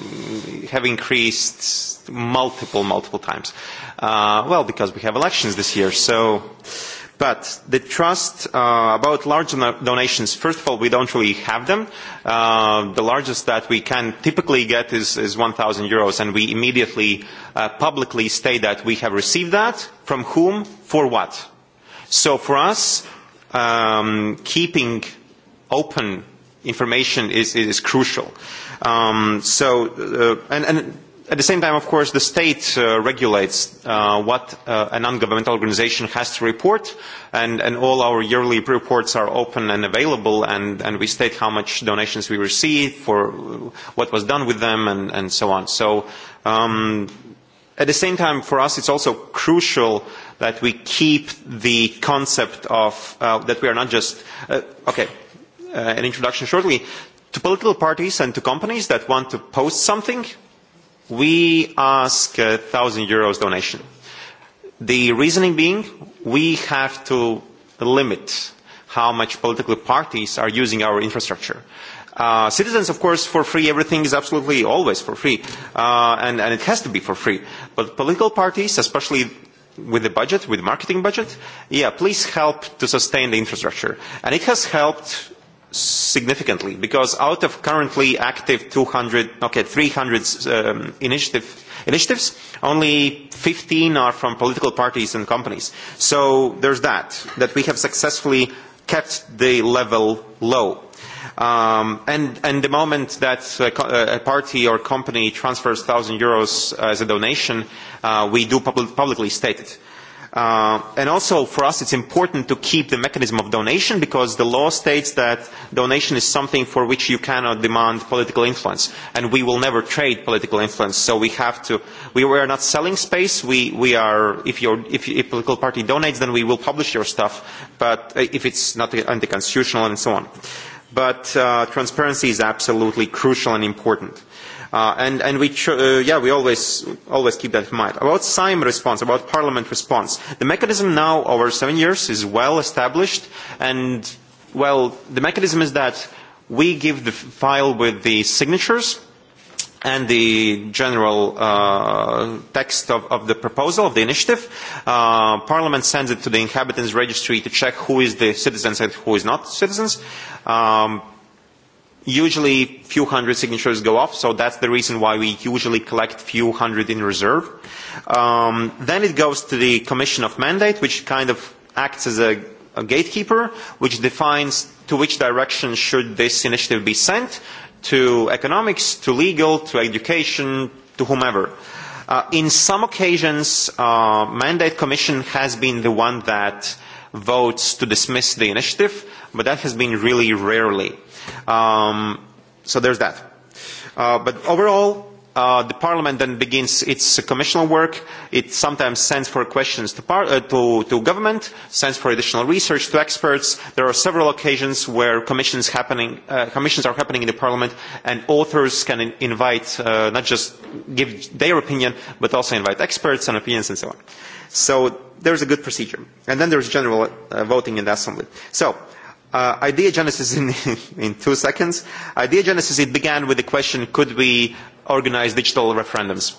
have increased multiple multiple times. Uh, well, because we have elections this year, so. But the trust uh, about large donations, first of all, we don't really have them. Uh, the largest that we can typically get is, is 1,000 euros, and we immediately uh, publicly state that we have received that, from whom, for what. So for us, um, keeping open information is, is crucial. Um, so, uh, and, and at the same time, of course, the state uh, regulates uh, what uh, a non-governmental organization has to report, and, and all our yearly reports are open and available, and, and we state how much donations we received, for what was done with them, and, and so on. So, um, at the same time, for us, it's also crucial that we keep the concept of uh, that we are not just uh, okay uh, an introduction shortly. To political parties and to companies that want to post something, we ask a thousand euros donation. The reasoning being we have to limit how much political parties are using our infrastructure. Uh, citizens, of course, for free, everything is absolutely always for free, uh, and, and it has to be for free. But political parties, especially with the budget, with the marketing budget, yeah, please help to sustain the infrastructure. And it has helped significantly because out of currently active 200, okay, 300 um, initiative, initiatives, only 15 are from political parties and companies. So there's that, that we have successfully kept the level low. Um, and, and the moment that a, uh, a party or company transfers 1,000 euros as a donation, uh, we do pub publicly state it. Uh, Uh, and also for us it's important to keep the mechanism of donation because the law states that donation is something for which you cannot demand political influence and we will never trade political influence so we have to we were not selling space we we are if your if a political party donates then we will publish your stuff but uh, if it's not anti-constitutional and so on but uh, transparency is absolutely crucial and important Uh, and and we, ch- uh, yeah, we always, always keep that in mind. About SIME response, about Parliament response, the mechanism now over seven years is well established. And, well, the mechanism is that we give the file with the signatures and the general uh, text of, of the proposal, of the initiative. Uh, Parliament sends it to the inhabitants registry to check who is the citizens and who is not citizens. Um, usually few hundred signatures go off, so that's the reason why we usually collect few hundred in reserve. Um, then it goes to the Commission of Mandate, which kind of acts as a, a gatekeeper, which defines to which direction should this initiative be sent, to economics, to legal, to education, to whomever. Uh, in some occasions, uh, Mandate Commission has been the one that votes to dismiss the initiative, but that has been really rarely. Uh, Um, so there's that. Uh, but overall, uh, the parliament then begins its commissioner work. It sometimes sends for questions to, par- uh, to, to government, sends for additional research to experts. There are several occasions where commissions, happening, uh, commissions are happening in the parliament, and authors can in- invite, uh, not just give their opinion, but also invite experts and opinions and so on. So there's a good procedure. And then there's general uh, voting in the assembly. So uh, idea genesis in, in two seconds. Idea genesis, it began with the question, could we organize digital referendums?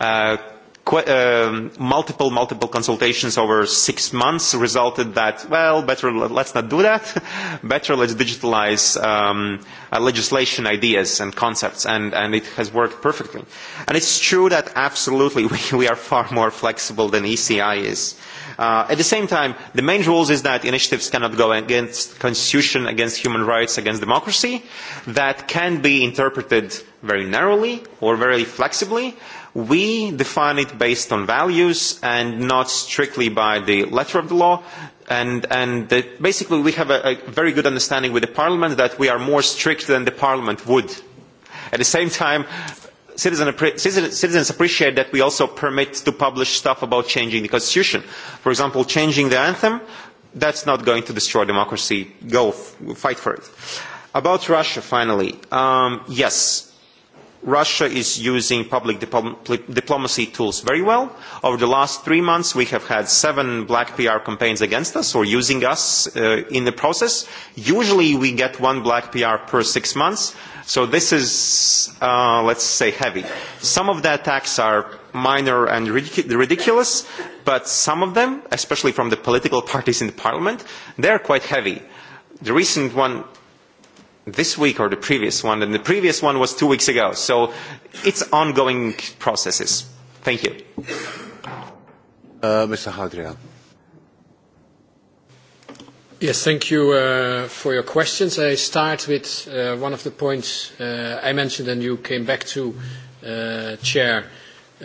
Uh, qu- uh, um, multiple, multiple consultations over six months resulted that, well, better let's not do that. better let's digitalize um, uh, legislation ideas and concepts. And, and it has worked perfectly. And it's true that absolutely we, we are far more flexible than ECI is. Uh, Uh, at the same time, the main rules is that initiatives cannot go against constitution, against human rights, against democracy, that can be interpreted very narrowly or very flexibly. We define it based on values and not strictly by the letter of the law. And, and the, basically, we have a, a very good understanding with the parliament that we are more strict than the parliament would. At the same time, citizen, citizens appreciate that we also permit to publish stuff about changing the constitution. For example, changing the anthem, that's not going to destroy democracy. Go, f- fight for it. About Russia, finally. Um, yes, Russia is using public dip diplomacy tools very well. Over the last three months, we have had seven black PR campaigns against us or using us uh, in the process. Usually, we get one black PR per six months. So this is, uh, let's say, heavy. Some of the attacks are minor and ridic ridiculous, but some of them, especially from the political parties in the parliament, they are quite heavy. The recent one this week or the previous one, and the previous one was two weeks ago. So it's ongoing processes. Thank you. Uh, Mr. Hadrian. Yes, thank you uh, for your questions. I start with uh, one of the points uh, I mentioned and you came back to, uh, Chair,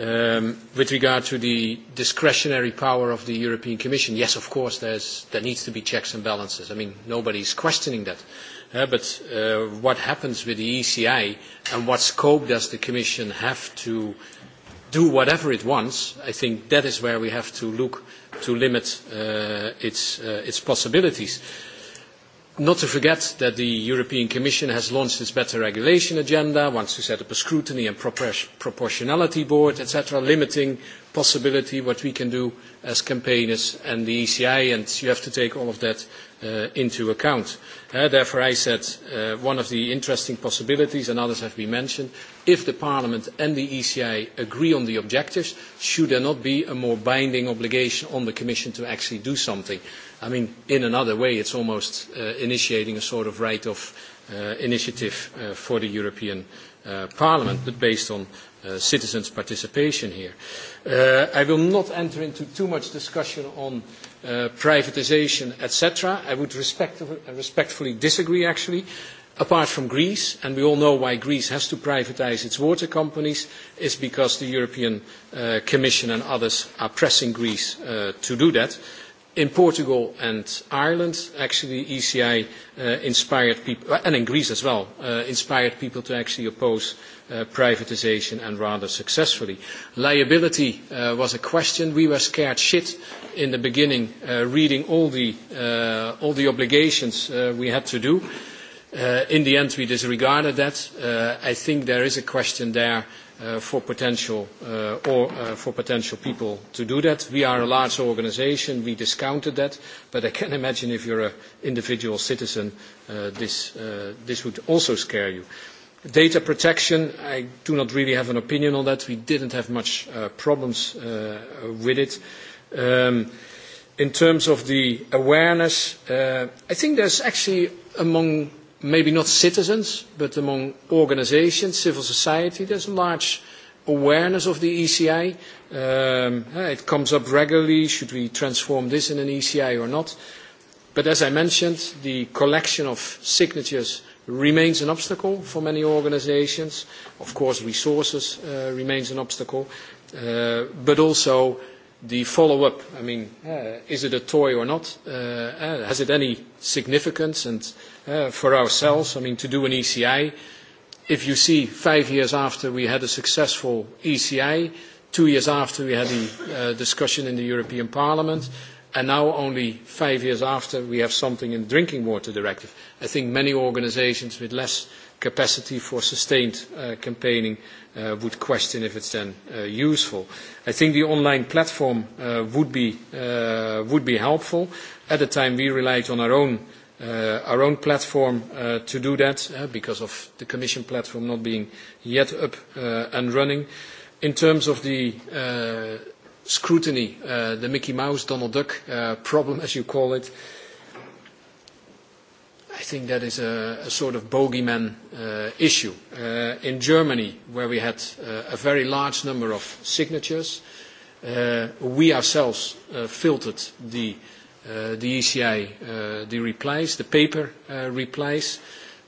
um, with regard to the discretionary power of the European Commission. Yes, of course, there's, there needs to be checks and balances. I mean, nobody's questioning that. Uh, Uh, but uh, what happens with the ECI and what scope does the Commission have to do whatever it wants, I think that is where we have to look to limit uh, its, uh, its possibilities. Not to forget that the European Commission has launched its better regulation agenda, wants to set up a scrutiny and proportionality board, etc., limiting possibility what we can do as campaigners and the ECI, and you have to take all of that uh, into account. Uh, therefore, I said uh, one of the interesting possibilities, and others have been mentioned, if the Parliament and the ECI agree on the objectives, should there not be a more binding obligation on the Commission to actually do something? I mean, in another way, it's almost uh, initiating a sort of right of uh, initiative uh, for the European uh, Parliament, but based on Uh, citizens' participation here. Uh, I will not enter into too much discussion on uh, privatization, etc. I would respect, respectfully disagree, actually. Apart from Greece, and we all know why Greece has to privatize its water companies, is because the European uh, Commission and others are pressing Greece uh, to do that. In Portugal and Ireland, actually, ECI uh, inspired people, and in Greece as well, uh, inspired people to actually oppose uh, uh, privatization and rather successfully. Liability uh, was a question. We were scared shit in the beginning, uh, reading all the, uh, all the obligations uh, we had to do. Uh, in the end, we disregarded that. Uh, I think there is a question there uh, for potential uh, or uh, for potential people to do that. We are a large organization. We discounted that, but I can imagine if you're an individual citizen, uh, this uh, this would also scare you. Uh, Data protection, I do not really have an opinion on that. We didn't have much uh, problems uh, with it. Um, in terms of the awareness, uh, I think there's actually among maybe not citizens, but among organizations, civil society, there's a large awareness of the ECI. Um, it comes up regularly, should we transform this in an ECI or not? But as I mentioned, the collection of signatures remains an obstacle for many organizations. Of course, resources uh, remains an obstacle, uh, but also the follow-up. I mean, uh, is it a toy or not? Uh, uh, has it any significance? And uh, for ourselves, I mean, to do an ECI, if you see five years after we had a successful ECI, two years after we had the uh, discussion in the European Parliament, mm-hmm And now, only five years after, we have something in the Drinking Water Directive. I think many organizations with less capacity for sustained uh, campaigning uh, would question if it's then uh, useful. I think the online platform uh, would, be, uh, would be helpful. At the time, we relied on our own uh, our own platform uh, to do that uh, because of the Commission platform not being yet up uh, and running. In terms of the uh, scrutiny, uh, the Mickey Mouse, Donald Duck uh, problem, as you call it. I think that is a, a sort of bogeyman uh, issue. Uh, in Germany, where we had uh, a very large number of signatures, uh, we ourselves uh, filtered the, uh, the ECI, uh, the replies, the paper uh, replies,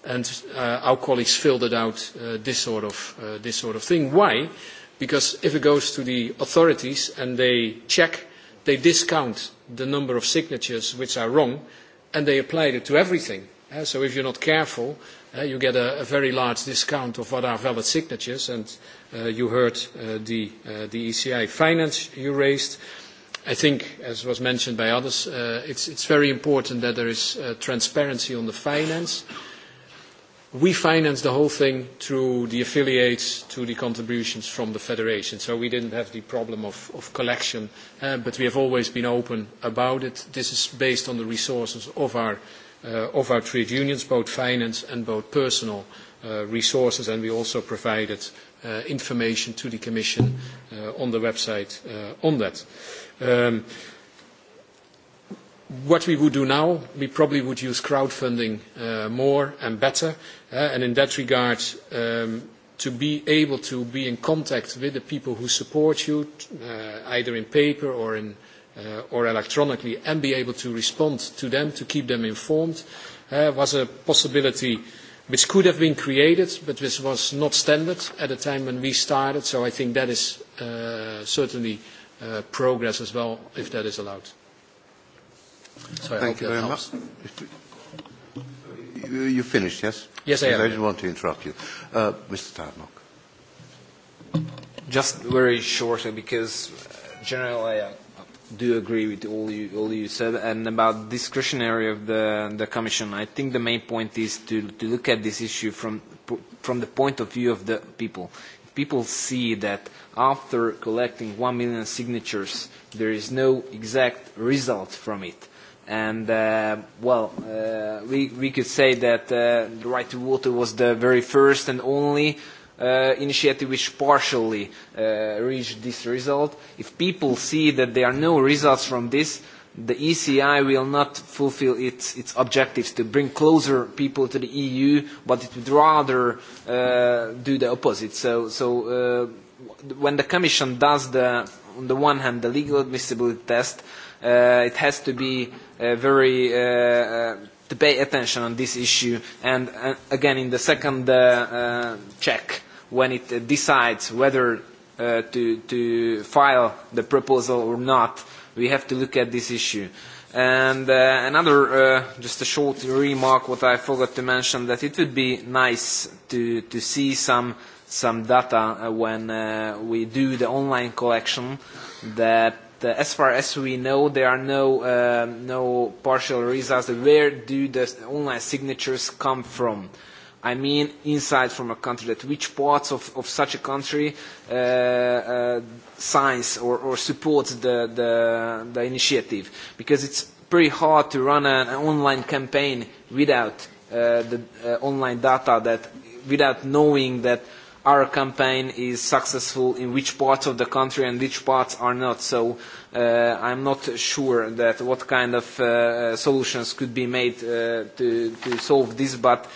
and uh, our colleagues filtered out uh, this, sort of, uh, this sort of thing. Why? Uh, Because if it goes to the authorities and they check, they discount the number of signatures which are wrong, and they apply it to everything. Uh, so if you're not careful, uh, you get a, a very large discount of what are valid signatures, and uh, you heard uh, the, uh, the ECI finance you raised. I think, as was mentioned by others, uh, it's, it's very important that there is uh, transparency on the finance. Uh, we financed the whole thing through the affiliates, to the contributions from the federation. So we didn't have the problem of, of collection, uh, but we have always been open about it. This is based on the resources of our, uh, of our trade unions, both finance and both personal uh, resources, and we also provided uh, information to the Commission uh, on the website uh, on that. Um, what we would do now, we probably would use crowdfunding uh, more and better. Uh, and in that regard, um, to be able to be in contact with the people who support you, uh, either in paper or, in, uh, or electronically, and be able to respond to them, to keep them informed, uh, was a possibility which could have been created, but which was not standard at the time when we started. So I think that is uh, certainly uh, progress as well, if that is allowed. Sorry, Thank you very helps. much. You, you finished, yes? Yes, I am. I didn't want to interrupt you. Uh, Mr. Tarnock. Just very shortly, because uh, generally I uh, do agree with all you, all you said, and about discretionary of the, the Commission, I think the main point is to, to look at this issue from, from the point of view of the people. People see that after collecting one million signatures, there is no exact result from it And, uh, well, uh, we, we could say that uh, the right to water was the very first and only uh, initiative which partially uh, reached this result. If people see that there are no results from this, the ECI will not fulfill its, its objectives to bring closer people to the EU, but it would rather uh, do the opposite. So, so uh, when the Commission does, the, on the one hand, the legal admissibility test, uh, uh, it has to be uh, very uh, uh, to pay attention on this issue and uh, again in the second uh, uh, check when it uh, decides whether uh, to, to file the proposal or not we have to look at this issue and uh, another uh, just a short remark what I forgot to mention that it would be nice to to see some some data uh, when uh, we do the online collection that uh, as far as we know, there are no uh, no partial results. Where do the online signatures come from? I mean, inside from a country. That which parts of, of such a country uh, uh, signs or, or supports the, the the initiative? Because it's pretty hard to run an, an online campaign without uh, the uh, online data that without knowing that our campaign is successful in which parts of the country and which parts are not. So uh, I'm not sure that what kind of uh, solutions could be made uh, to, to solve this, but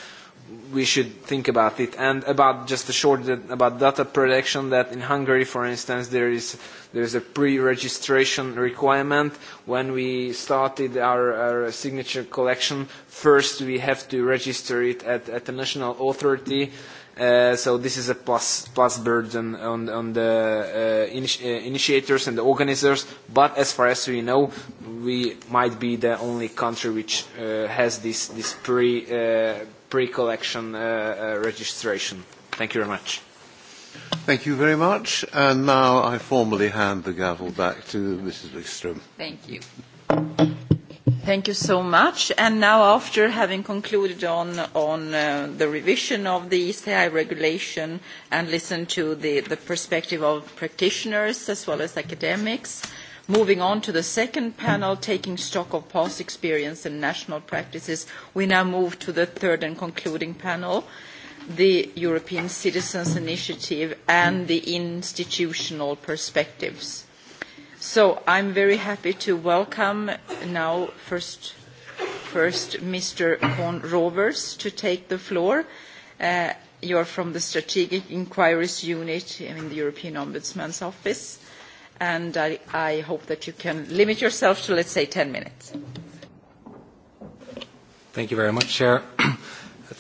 we should think about it. And about just a short about data protection, that in Hungary, for instance, there is there is a pre-registration requirement. When we started our, our signature collection, first we have to register it at, at the national authority. Mm-hmm Uh, so this is a plus plus burden on on the uh, initi uh, initiators and the organizers. But as far as we know, we might be the only country which uh, has this this pre uh, pre collection uh, uh, registration. Thank you very much. Thank you very much. And now I formally hand the gavel back to Mrs. Wickstrom. Thank you. Thank you so much. And now after having concluded on, on uh, the revision of the ECI regulation and listened to the, the perspective of practitioners as well as academics, moving on to the second panel, taking stock of past experience and national practices, we now move to the third and concluding panel, the European Citizens Initiative and the institutional perspectives. So I'm very happy to welcome now first, first Mr. Von Rovers to take the floor. Uh, you're from the Strategic Inquiries Unit in the European Ombudsman's Office, and I, I hope that you can limit yourself to, let's say, 10 minutes. Thank you very much, Chair.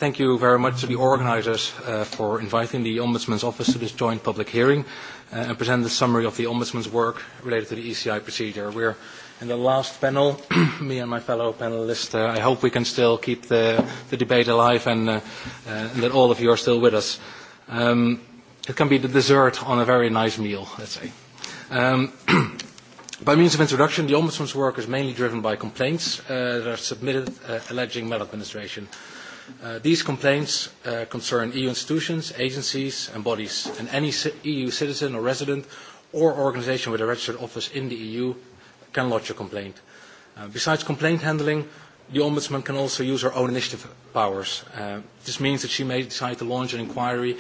Thank you very much to the organisers uh, for inviting the Ombudsman's Office to this joint public hearing. Uh, uh, and presented a summary of the Ombudsman's work related to the ECI procedure. We're in the last panel, me and my fellow panelists, uh, I hope we can still keep the, the debate alive and, uh, uh, and that all of you are still with us. Um, it can be the dessert on a very nice meal, let's say. Um, By means of introduction, the Ombudsman's work is mainly driven by complaints uh, that are submitted uh, alleging maladministration. administration Uh, these complaints uh, concern EU institutions, agencies and bodies, and any EU citizen or resident or organization with a registered office in the EU can lodge a complaint. Uh, besides complaint handling, the Ombudsman can also use her own initiative powers. Uh, this means that she may decide to launch an inquiry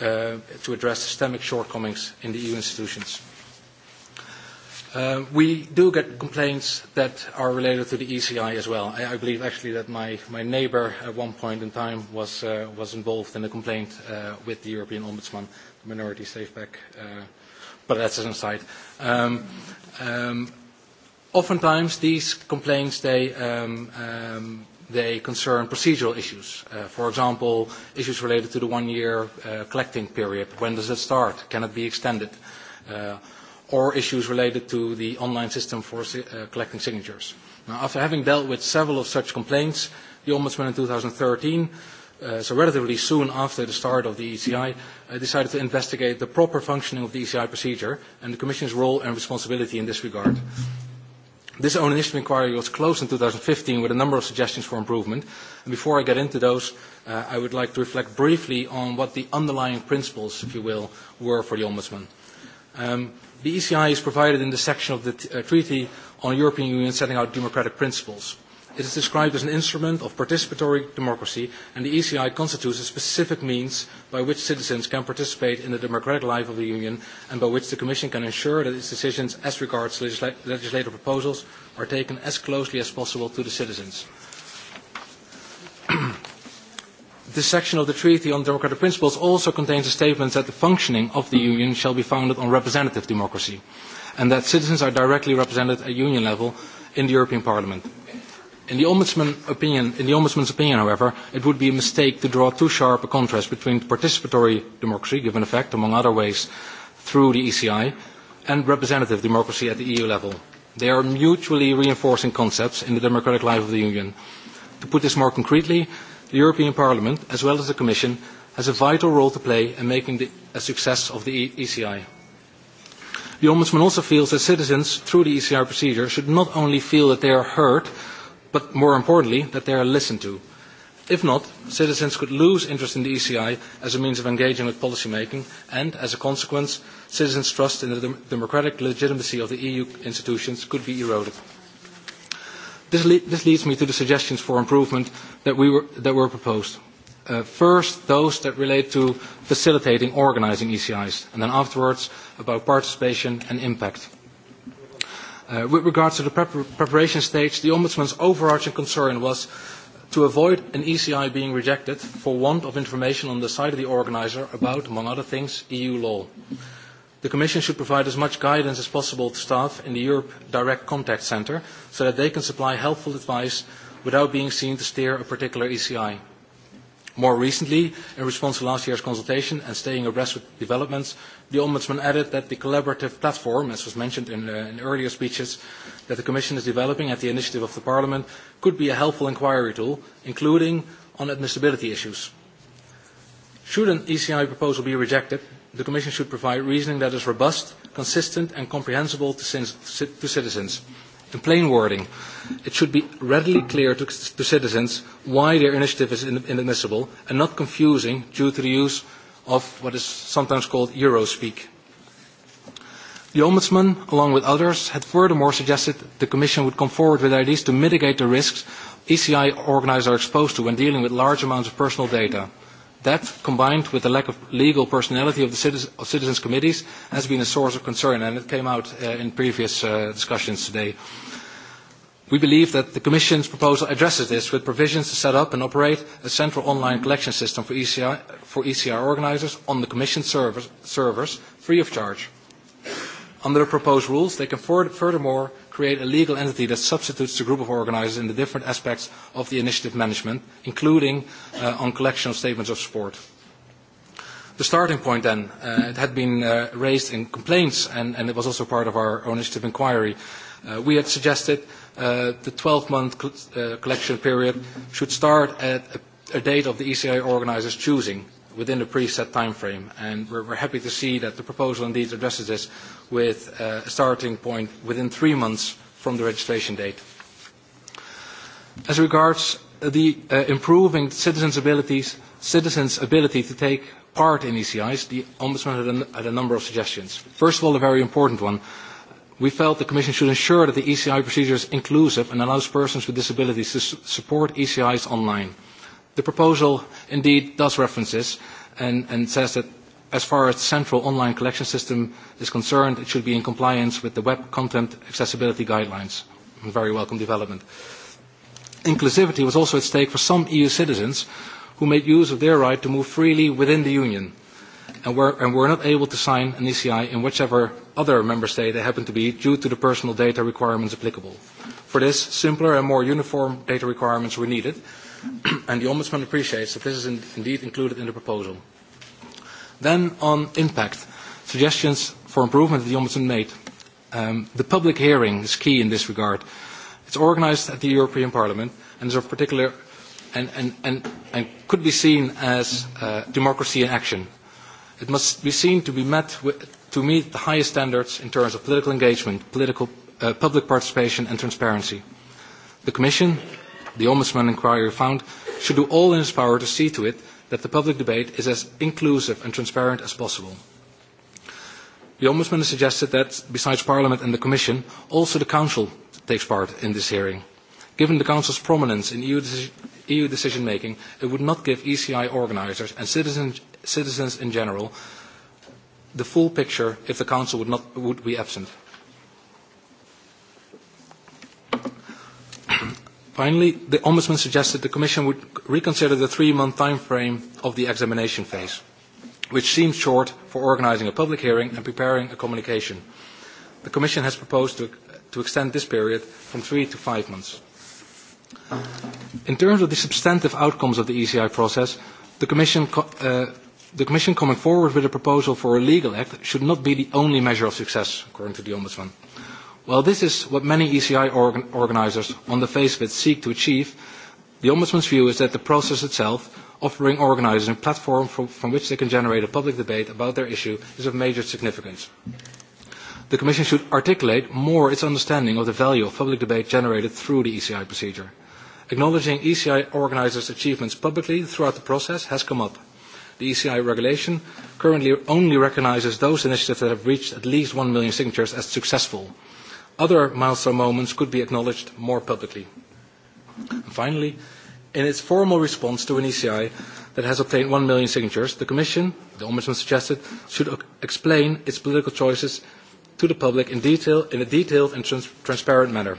uh, to address systemic shortcomings in the EU institutions. Uh, we do get complaints that are related to the ECI as well. I, I believe actually that my, my neighbor at one point in time was, uh, was involved in a complaint uh, with the European Ombudsman, the Minority Safeback, uh, but that's an aside. Um, um, oftentimes these complaints, they, um, um, they concern procedural issues. Uh, for example, issues related to the one-year uh, collecting period. When does it start? Can it be extended? Uh, or issues related to the online system for uh, collecting signatures. Now, after having dealt with several of such complaints, the Ombudsman in 2013, uh, so relatively soon after the start of the ECI, uh, decided to investigate the proper functioning of the ECI procedure and the Commission's role and responsibility in this regard. This own initiative inquiry was closed in 2015 with a number of suggestions for improvement. And before I get into those, uh, I would like to reflect briefly on what the underlying principles, if you will, were for the Ombudsman. Um, The ECI is provided in the section of the t- uh, Treaty on European Union setting out democratic principles. It is described as an instrument of participatory democracy, and the ECI constitutes a specific means by which citizens can participate in the democratic life of the Union and by which the Commission can ensure that its decisions as regards legisla- legislative proposals are taken as closely as possible to the citizens. this section of the Treaty on Democratic Principles also contains a statement that the functioning of the Union shall be founded on representative democracy, and that citizens are directly represented at Union level in the European Parliament. In the, Ombudsman opinion, in the Ombudsman's opinion, however, it would be a mistake to draw too sharp a contrast between participatory democracy, given effect, among other ways, through the ECI, and representative democracy at the EU level. They are mutually reinforcing concepts in the democratic life of the Union. To put this more concretely, the European Parliament, as well as the Commission, has a vital role to play in making the, a success of the ECI. E the Ombudsman also feels that citizens, through the ECI procedure, should not only feel that they are heard, but more importantly, that they are listened to. If not, citizens could lose interest in the ECI as a means of engaging with policymaking, and as a consequence, citizens' trust in the dem democratic legitimacy of the EU institutions could be eroded. This, le this leads me to the suggestions for improvement that, we were, that were proposed. Uh, first, those that relate to facilitating organizing ECIs, and then afterwards about participation and impact. Uh, with regards to the prep preparation stage, the Ombudsman's overarching concern was to avoid an ECI being rejected for want of information on the side of the organizer about, among other things, EU law. Uh, The Commission should provide as much guidance as possible to staff in the Europe Direct Contact Centre so that they can supply helpful advice without being seen to steer a particular ECI. More recently, in response to last year's consultation and staying abreast with developments, the Ombudsman added that the collaborative platform, as was mentioned in, uh, in earlier speeches, that the Commission is developing at the initiative of the Parliament could be a helpful inquiry tool, including on admissibility issues. Should an ECI proposal be rejected, the Commission should provide reasoning that is robust, consistent and comprehensible to, sin- to citizens. In plain wording, it should be readily clear to, to citizens why their initiative is inadmissible and not confusing due to the use of what is sometimes called Eurospeak. The Ombudsman, along with others, had furthermore suggested the Commission would come forward with ideas to mitigate the risks ECI organizers are exposed to when dealing with large amounts of personal data. That, combined with the lack of legal personality of the citizens, of citizens' committees, has been a source of concern, and it came out uh, in previous uh, discussions today. We believe that the Commission's proposal addresses this with provisions to set up and operate a central online collection system for ECR, for ECR organisers on the Commission servers, servers free of charge. Under the proposed rules, they can furthermore create a legal entity that substitutes the group of organizers in the different aspects of the initiative management, including uh, on collection of statements of support. The starting point then, uh, it had been uh, raised in complaints and, and it was also part of our own initiative inquiry. Uh, we had suggested uh, the 12-month cl- uh, collection period should start at a, a date of the ECI organizer's choosing, within a preset time frame. And we're, we're happy to see that the proposal indeed addresses this with uh, a starting point within three months from the registration date. As regards the uh, improving citizens' abilities, citizens' ability to take part in ECIs, the Ombudsman had a, had a number of suggestions. First of all, a very important one. We felt the Commission should ensure that the ECI procedure is inclusive and allows persons with disabilities to su support ECIs online. Uh, The proposal indeed does reference this and, and says that as far as the central online collection system is concerned, it should be in compliance with the Web Content Accessibility Guidelines. A very welcome development. Inclusivity was also at stake for some EU citizens who made use of their right to move freely within the Union and were, and were not able to sign an ECI in whichever other member state they happened to be due to the personal data requirements applicable. For this, simpler and more uniform data requirements were needed, and the Ombudsman appreciates that this is in, indeed included in the proposal. Then on impact, suggestions for improvement that the Ombudsman made. Um, the public hearing is key in this regard. It's organised at the European Parliament and is of particular and, and, and, and could be seen as uh, democracy in action. It must be seen to be met with, to meet the highest standards in terms of political engagement, political, uh, public participation and transparency. The Commission the Ombudsman inquiry found, should do all in its power to see to it that the public debate is as inclusive and transparent as possible. The Ombudsman has suggested that, besides Parliament and the Commission, also the Council takes part in this hearing. Given the Council's prominence in EU, deci EU decision-making, it would not give ECI organisers and citizens, citizens in general the full picture if the Council would, not, would be absent. Finally, the Ombudsman suggested the Commission would reconsider the three-month time frame of the examination phase, which seems short for organising a public hearing and preparing a communication. The Commission has proposed to, to extend this period from three to five months. In terms of the substantive outcomes of the ECI process, the Commission, co uh, the Commission coming forward with a proposal for a legal act should not be the only measure of success, according to the Ombudsman. Uh, Well, this is what many ECI organ organisers on the face of it seek to achieve. The Ombudsman's view is that the process itself, offering organisers a platform from, from which they can generate a public debate about their issue, is of major significance. The Commission should articulate more its understanding of the value of public debate generated through the ECI procedure. Acknowledging ECI organisers' achievements publicly throughout the process has come up. The ECI regulation currently only recognises those initiatives that have reached at least 1 million signatures as successful other milestone moments could be acknowledged more publicly. And finally, in its formal response to an ECI that has obtained 1 million signatures, the Commission, the Ombudsman suggested, should explain its political choices to the public in detail, in a detailed and trans transparent manner.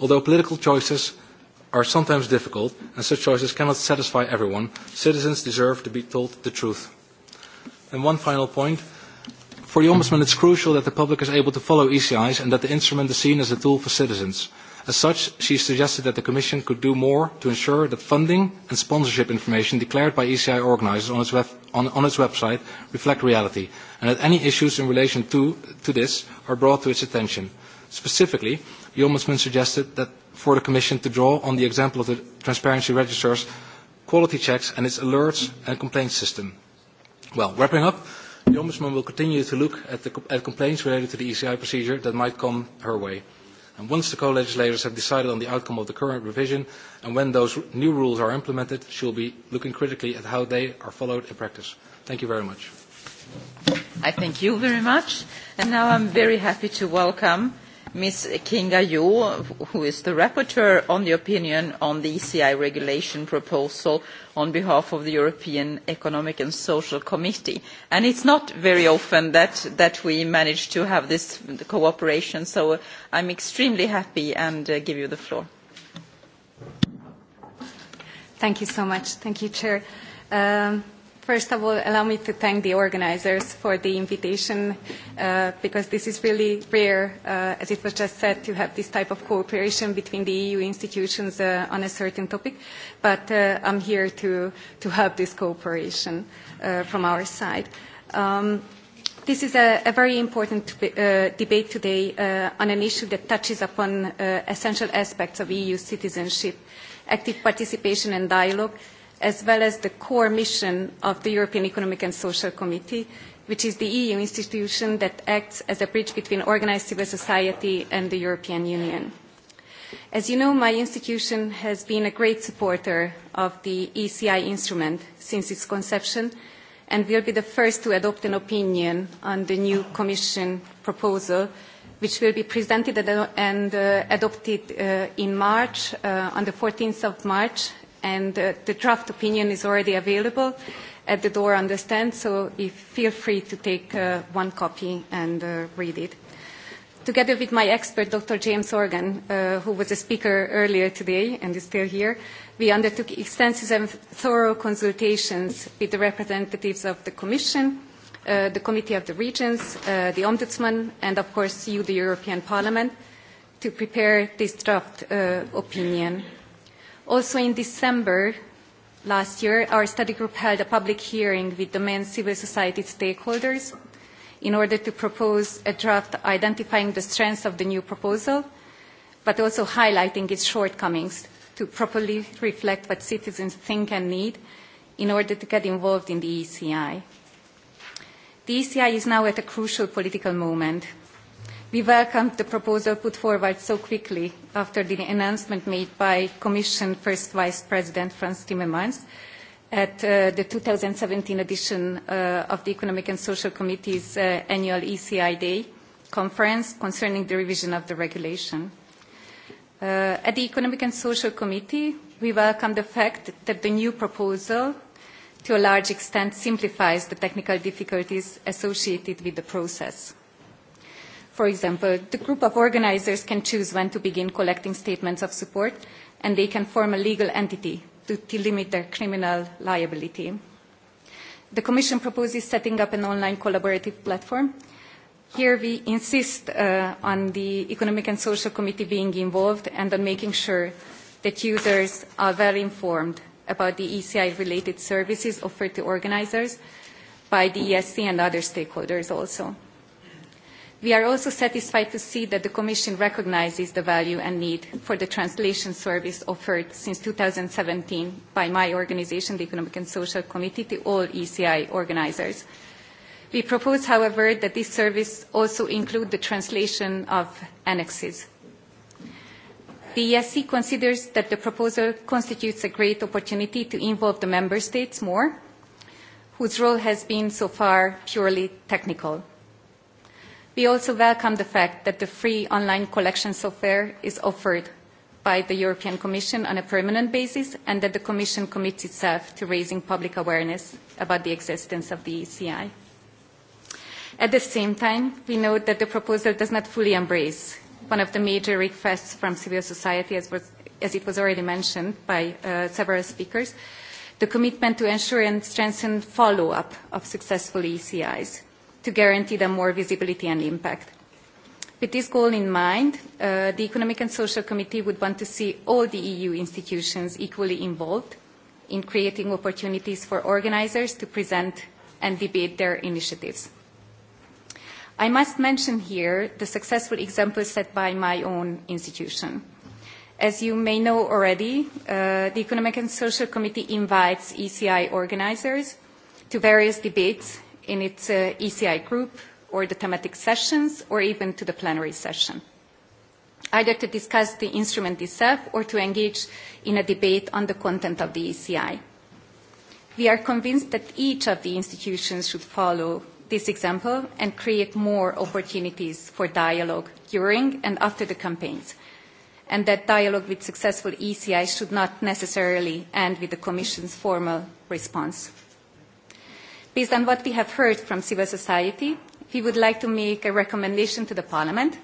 Although political choices are sometimes difficult, and such choices cannot satisfy everyone, citizens deserve to be told the truth. And one final point, For the Ombudsman, it's crucial that the public is able to follow ECIs and that the instrument is seen as a tool for citizens. As such, she suggested that the Commission could do more to ensure that funding and sponsorship information declared by ECI organisers on, its web, on, on its website reflect reality, and that any issues in relation to, to this are brought to its attention. Specifically, the Ombudsman suggested that for the Commission to draw on the example of the transparency registers, quality checks and its alerts and complaints system. Well, wrapping up, The Ombudsman will continue to look at, the, at complaints related to the ECI procedure that might come her way. And once the co-legislators have decided on the outcome of the current revision and when those new rules are implemented, she will be looking critically at how they are followed in practice. Thank you very much. I thank you very much. And now I'm very happy to welcome Ms. Kinga Yu, who is the rapporteur on the opinion on the ECI regulation proposal on behalf of the European Economic and Social Committee. And it's not very often that, that we manage to have this cooperation, so I'm extremely happy and uh, give you the floor. Thank you so much. Thank you, Chair. Um, First of all, allow me to thank the organizers for the invitation, uh, because this is really rare, uh, as it was just said, to have this type of cooperation between the EU institutions uh, on a certain topic. But uh, I'm here to, to help this cooperation uh, from our side. Um, This is a, a very important uh, debate today uh, on an issue that touches upon uh, essential aspects of EU citizenship, active participation and dialogue, as well as the core mission of the European Economic and Social Committee, which is the EU institution that acts as a bridge between organized civil society and the European Union. As you know, my institution has been a great supporter of the ECI instrument since its conception and will be the first to adopt an opinion on the new Commission proposal, which will be presented and uh, adopted uh, in March, uh, on the 14th of March and uh, the draft opinion is already available at the door on the stand, so if, feel free to take uh, one copy and uh, read it. Together with my expert, Dr. James Organ, uh, who was a speaker earlier today and is still here, we undertook extensive and thorough consultations with the representatives of the Commission, uh, the Committee of the Regions, uh, the Ombudsman, and of course you, the European Parliament, to prepare this draft uh, opinion. Also in December last year, our study group held a public hearing with the main civil society stakeholders in order to propose a draft identifying the strengths of the new proposal, but also highlighting its shortcomings to properly reflect what citizens think and need in order to get involved in the ECI. The ECI is now at a crucial political moment – we welcomed the proposal put forward so quickly after the announcement made by Commission First Vice President Franz Timmermans at uh, the 2017 edition uh, of the Economic and Social Committee's uh, annual ECI Day conference concerning the revision of the regulation. Uh, at the Economic and Social Committee, we welcome the fact that the new proposal to a large extent simplifies the technical difficulties associated with the process. For example, the group of organizers can choose when to begin collecting statements of support, and they can form a legal entity to delimit their criminal liability. The Commission proposes setting up an online collaborative platform. Here we insist uh, on the Economic and Social Committee being involved and on making sure that users are well informed about the ECI-related services offered to organizers by the ESC and other stakeholders also. We are also satisfied to see that the Commission recognizes the value and need for the translation service offered since 2017 by my organization, the Economic and Social Committee, to all ECI organizers. We propose, however, that this service also include the translation of annexes. The ESC considers that the proposal constitutes a great opportunity to involve the member states more, whose role has been so far purely technical. We also welcome the fact that the free online collection software is offered by the European Commission on a permanent basis and that the Commission commits itself to raising public awareness about the existence of the ECI. At the same time, we note that the proposal does not fully embrace one of the major requests from civil society, as, was, as it was already mentioned by uh, several speakers, the commitment to ensure and strengthen follow-up of successful ECIs to guarantee them more visibility and impact. With this goal in mind, uh, the Economic and Social Committee would want to see all the EU institutions equally involved in creating opportunities for organizers to present and debate their initiatives. I must mention here the successful example set by my own institution. As you may know already, uh, the Economic and Social Committee invites ECI organizers to various debates in its uh, ECI group or the thematic sessions or even to the plenary session, either to discuss the instrument itself or to engage in a debate on the content of the ECI. We are convinced that each of the institutions should follow this example and create more opportunities for dialogue during and after the campaigns, and that dialogue with successful ECI should not necessarily end with the Commission's formal response. Based on what we have heard from civil society, we would like to make a recommendation to the Parliament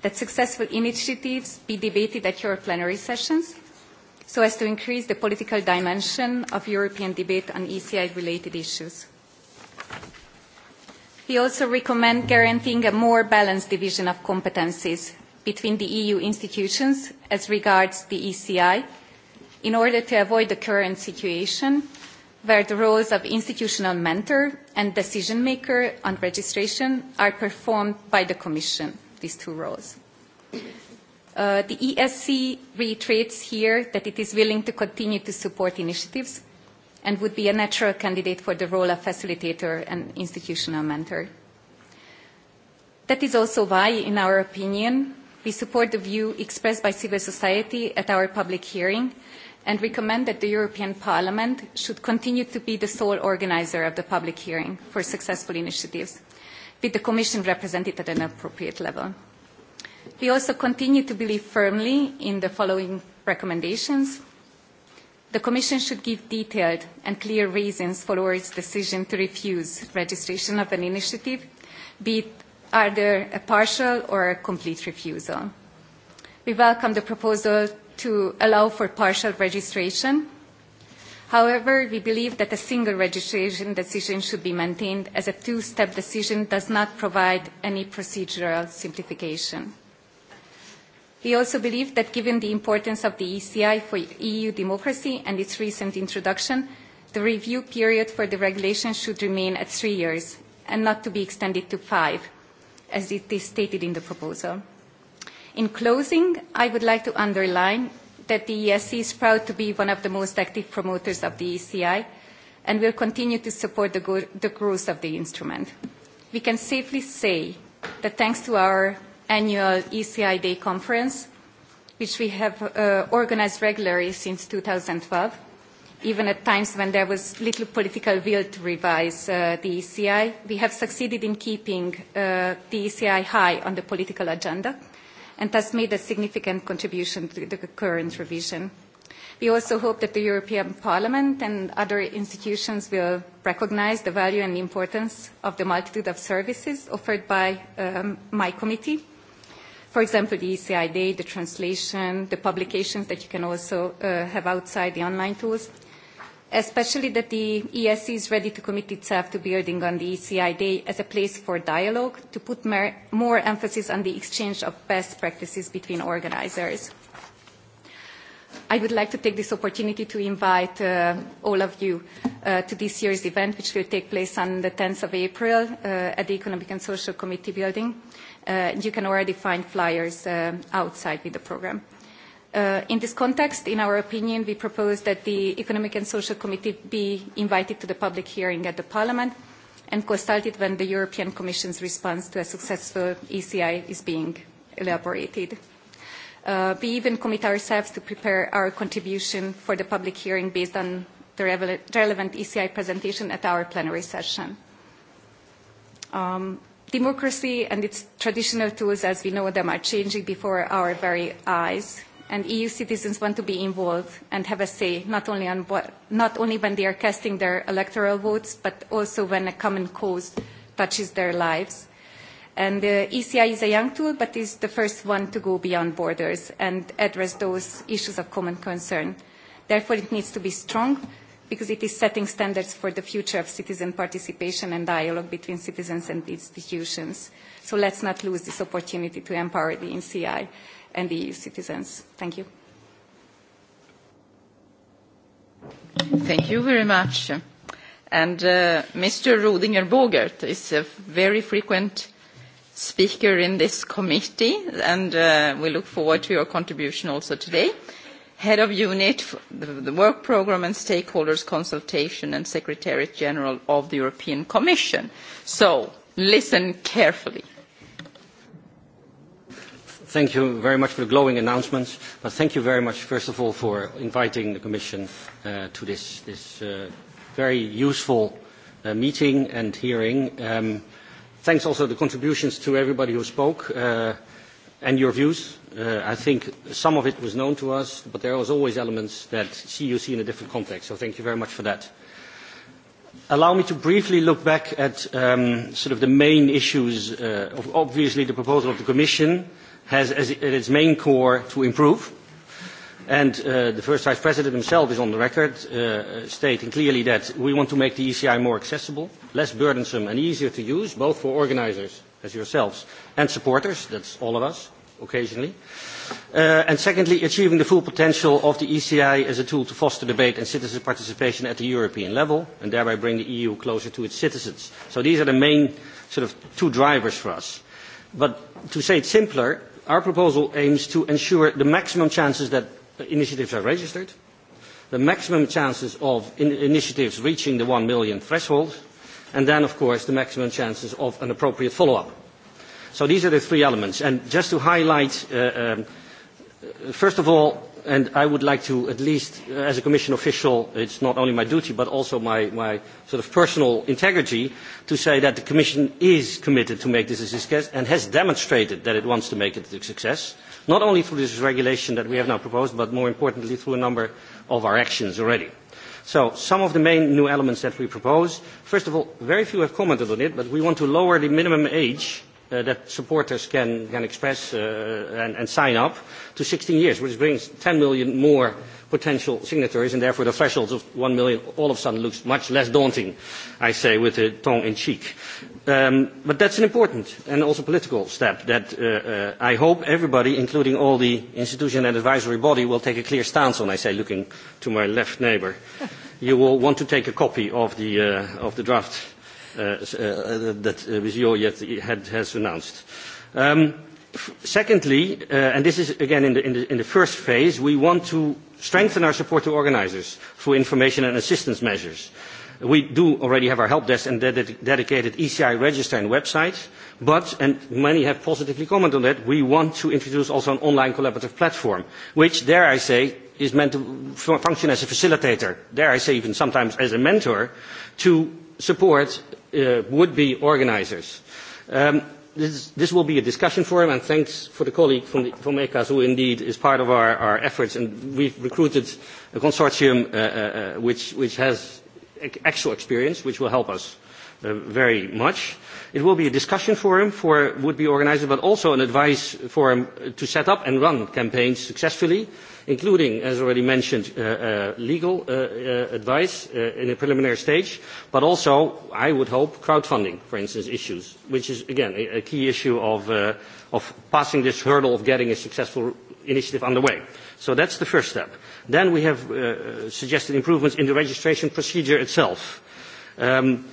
that successful initiatives be debated at your plenary sessions so as to increase the political dimension of European debate on ECI-related issues. We also recommend guaranteeing a more balanced division of competencies between the EU institutions as regards the ECI in order to avoid the current situation where the roles of institutional mentor and decision maker on registration are performed by the Commission, these two roles. Uh, the ESC reiterates here that it is willing to continue to support initiatives and would be a natural candidate for the role of facilitator and institutional mentor. That is also why, in our opinion, we support the view expressed by civil society at our public hearing and recommend that the European Parliament should continue to be the sole organizer of the public hearing for successful initiatives, with the Commission represented at an appropriate level. We also continue to believe firmly in the following recommendations. The Commission should give detailed and clear reasons for its decision to refuse registration of an initiative, be it either a partial or a complete refusal. We welcome the proposal to allow for partial registration. However, we believe that a single registration decision should be maintained as a two-step decision does not provide any procedural simplification. We also believe that given the importance of the ECI for EU democracy and its recent introduction, the review period for the regulation should remain at three years and not to be extended to five, as it is stated in the proposal. In closing, I would like to underline that the ESC is proud to be one of the most active promoters of the ECI and will continue to support the, go- the growth of the instrument. We can safely say that thanks to our annual ECI Day conference, which we have uh, organized regularly since 2012, even at times when there was little political will to revise uh, the ECI, we have succeeded in keeping uh, the ECI high on the political agenda and thus made a significant contribution to the current revision. We also hope that the European Parliament and other institutions will recognize the value and importance of the multitude of services offered by um, my committee. For example, the ECI Day, the translation, the publications that you can also uh, have outside the online tools, especially that the ESC is ready to commit itself to building on the ECI Day as a place for dialogue, to put mer- more emphasis on the exchange of best practices between organizers. I would like to take this opportunity to invite uh, all of you uh, to this year's event, which will take place on the 10th of April uh, at the Economic and Social Committee building. Uh, you can already find flyers uh, outside with the program. Uh, Uh, in this context, in our opinion, we propose that the Economic and Social Committee be invited to the public hearing at the Parliament and consulted when the European Commission's response to a successful ECI is being elaborated. Uh, we even commit ourselves to prepare our contribution for the public hearing based on the re relevant ECI presentation at our plenary session. Um, democracy and its traditional tools as we know them are changing before our very eyes and EU citizens want to be involved and have a say, not only, on what, not only when they are casting their electoral votes, but also when a common cause touches their lives. And the uh, e ECI is a young tool, but is the first one to go beyond borders and address those issues of common concern. Therefore, it needs to be strong because it is setting standards for the future of citizen participation and dialogue between citizens and institutions. So let's not lose this opportunity to empower the ECI and the EU citizens. Thank you. Thank you very much. And uh, Mr. Rodinger Bogert is a very frequent speaker in this committee, and uh, we look forward to your contribution also today. Head of Unit, the, the Work Programme and Stakeholders Consultation and Secretariat General of the European Commission. So listen carefully thank you very much for the glowing announcements, but thank you very much, first of all, for inviting the Commission uh, to this, this uh, very useful uh, meeting and hearing. Um, thanks also the contributions to everybody who spoke uh, and your views. Uh, I think some of it was known to us, but there was always elements that see you see in a different context, so thank you very much for that. Allow me to briefly look back at um, sort of the main issues uh, of obviously the proposal of the Commission, uh, has as at its main core to improve. And uh, the first vice president himself is on the record uh, stating clearly that we want to make the ECI more accessible, less burdensome and easier to use, both for organizers, as yourselves, and supporters, that's all of us, occasionally. Uh, and secondly, achieving the full potential of the ECI as a tool to foster debate and citizen participation at the European level, and thereby bring the EU closer to its citizens. So these are the main sort of two drivers for us. But to say it simpler, Our proposal aims to ensure the maximum chances that initiatives are registered, the maximum chances of in initiatives reaching the 1 million threshold, and then, of course, the maximum chances of an appropriate follow-up. So these are the three elements. And just to highlight, uh, um, uh, first of all, and I would like to at least, uh, as a commission official, it's not only my duty but also my, my sort of personal integrity to say that the commission is committed to make this a success and has demonstrated that it wants to make it a success, not only through this regulation that we have now proposed but more importantly through a number of our actions already. So some of the main new elements that we propose, first of all, very few have commented on it, but we want to lower the minimum age uh, that supporters can, can express uh, and, and sign up to 16 years, which brings 10 million more potential signatories, and therefore the threshold of 1 million all of a sudden looks much less daunting, I say, with a tongue in cheek. Um, but that's an important and also political step that uh, uh, I hope everybody, including all the institution and advisory body, will take a clear stance on, I say, looking to my left neighbor. you will want to take a copy of the, uh, of the draft Uh, uh, uh, that Ms. Joyet had, has announced. Um, secondly, uh, and this is again in the, in, the, in the first phase, we want to strengthen our support to organizers through information and assistance measures. We do already have our help desk and ded dedicated ECI register and website, but, and many have positively commented on that, we want to introduce also an online collaborative platform, which, dare I say, is meant to function as a facilitator, dare I say even sometimes as a mentor, to support uh, would-be organizers. Um, this, this will be a discussion forum, and thanks for the colleague from, the, from ECAS, who indeed is part of our, our efforts. And we've recruited a consortium uh, uh, uh which, which has actual experience, which will help us uh, very much. It will be a discussion forum for would-be organizers, but also an advice forum to set up and run campaigns successfully. Uh, including, as already mentioned, uh, uh, legal uh, uh, advice uh, in a preliminary stage, but also, I would hope, crowdfunding, for instance, issues, which is, again, a, a key issue of, uh, of passing this hurdle of getting a successful initiative underway. So that's the first step. Then we have uh, suggested improvements in the registration procedure itself. Um,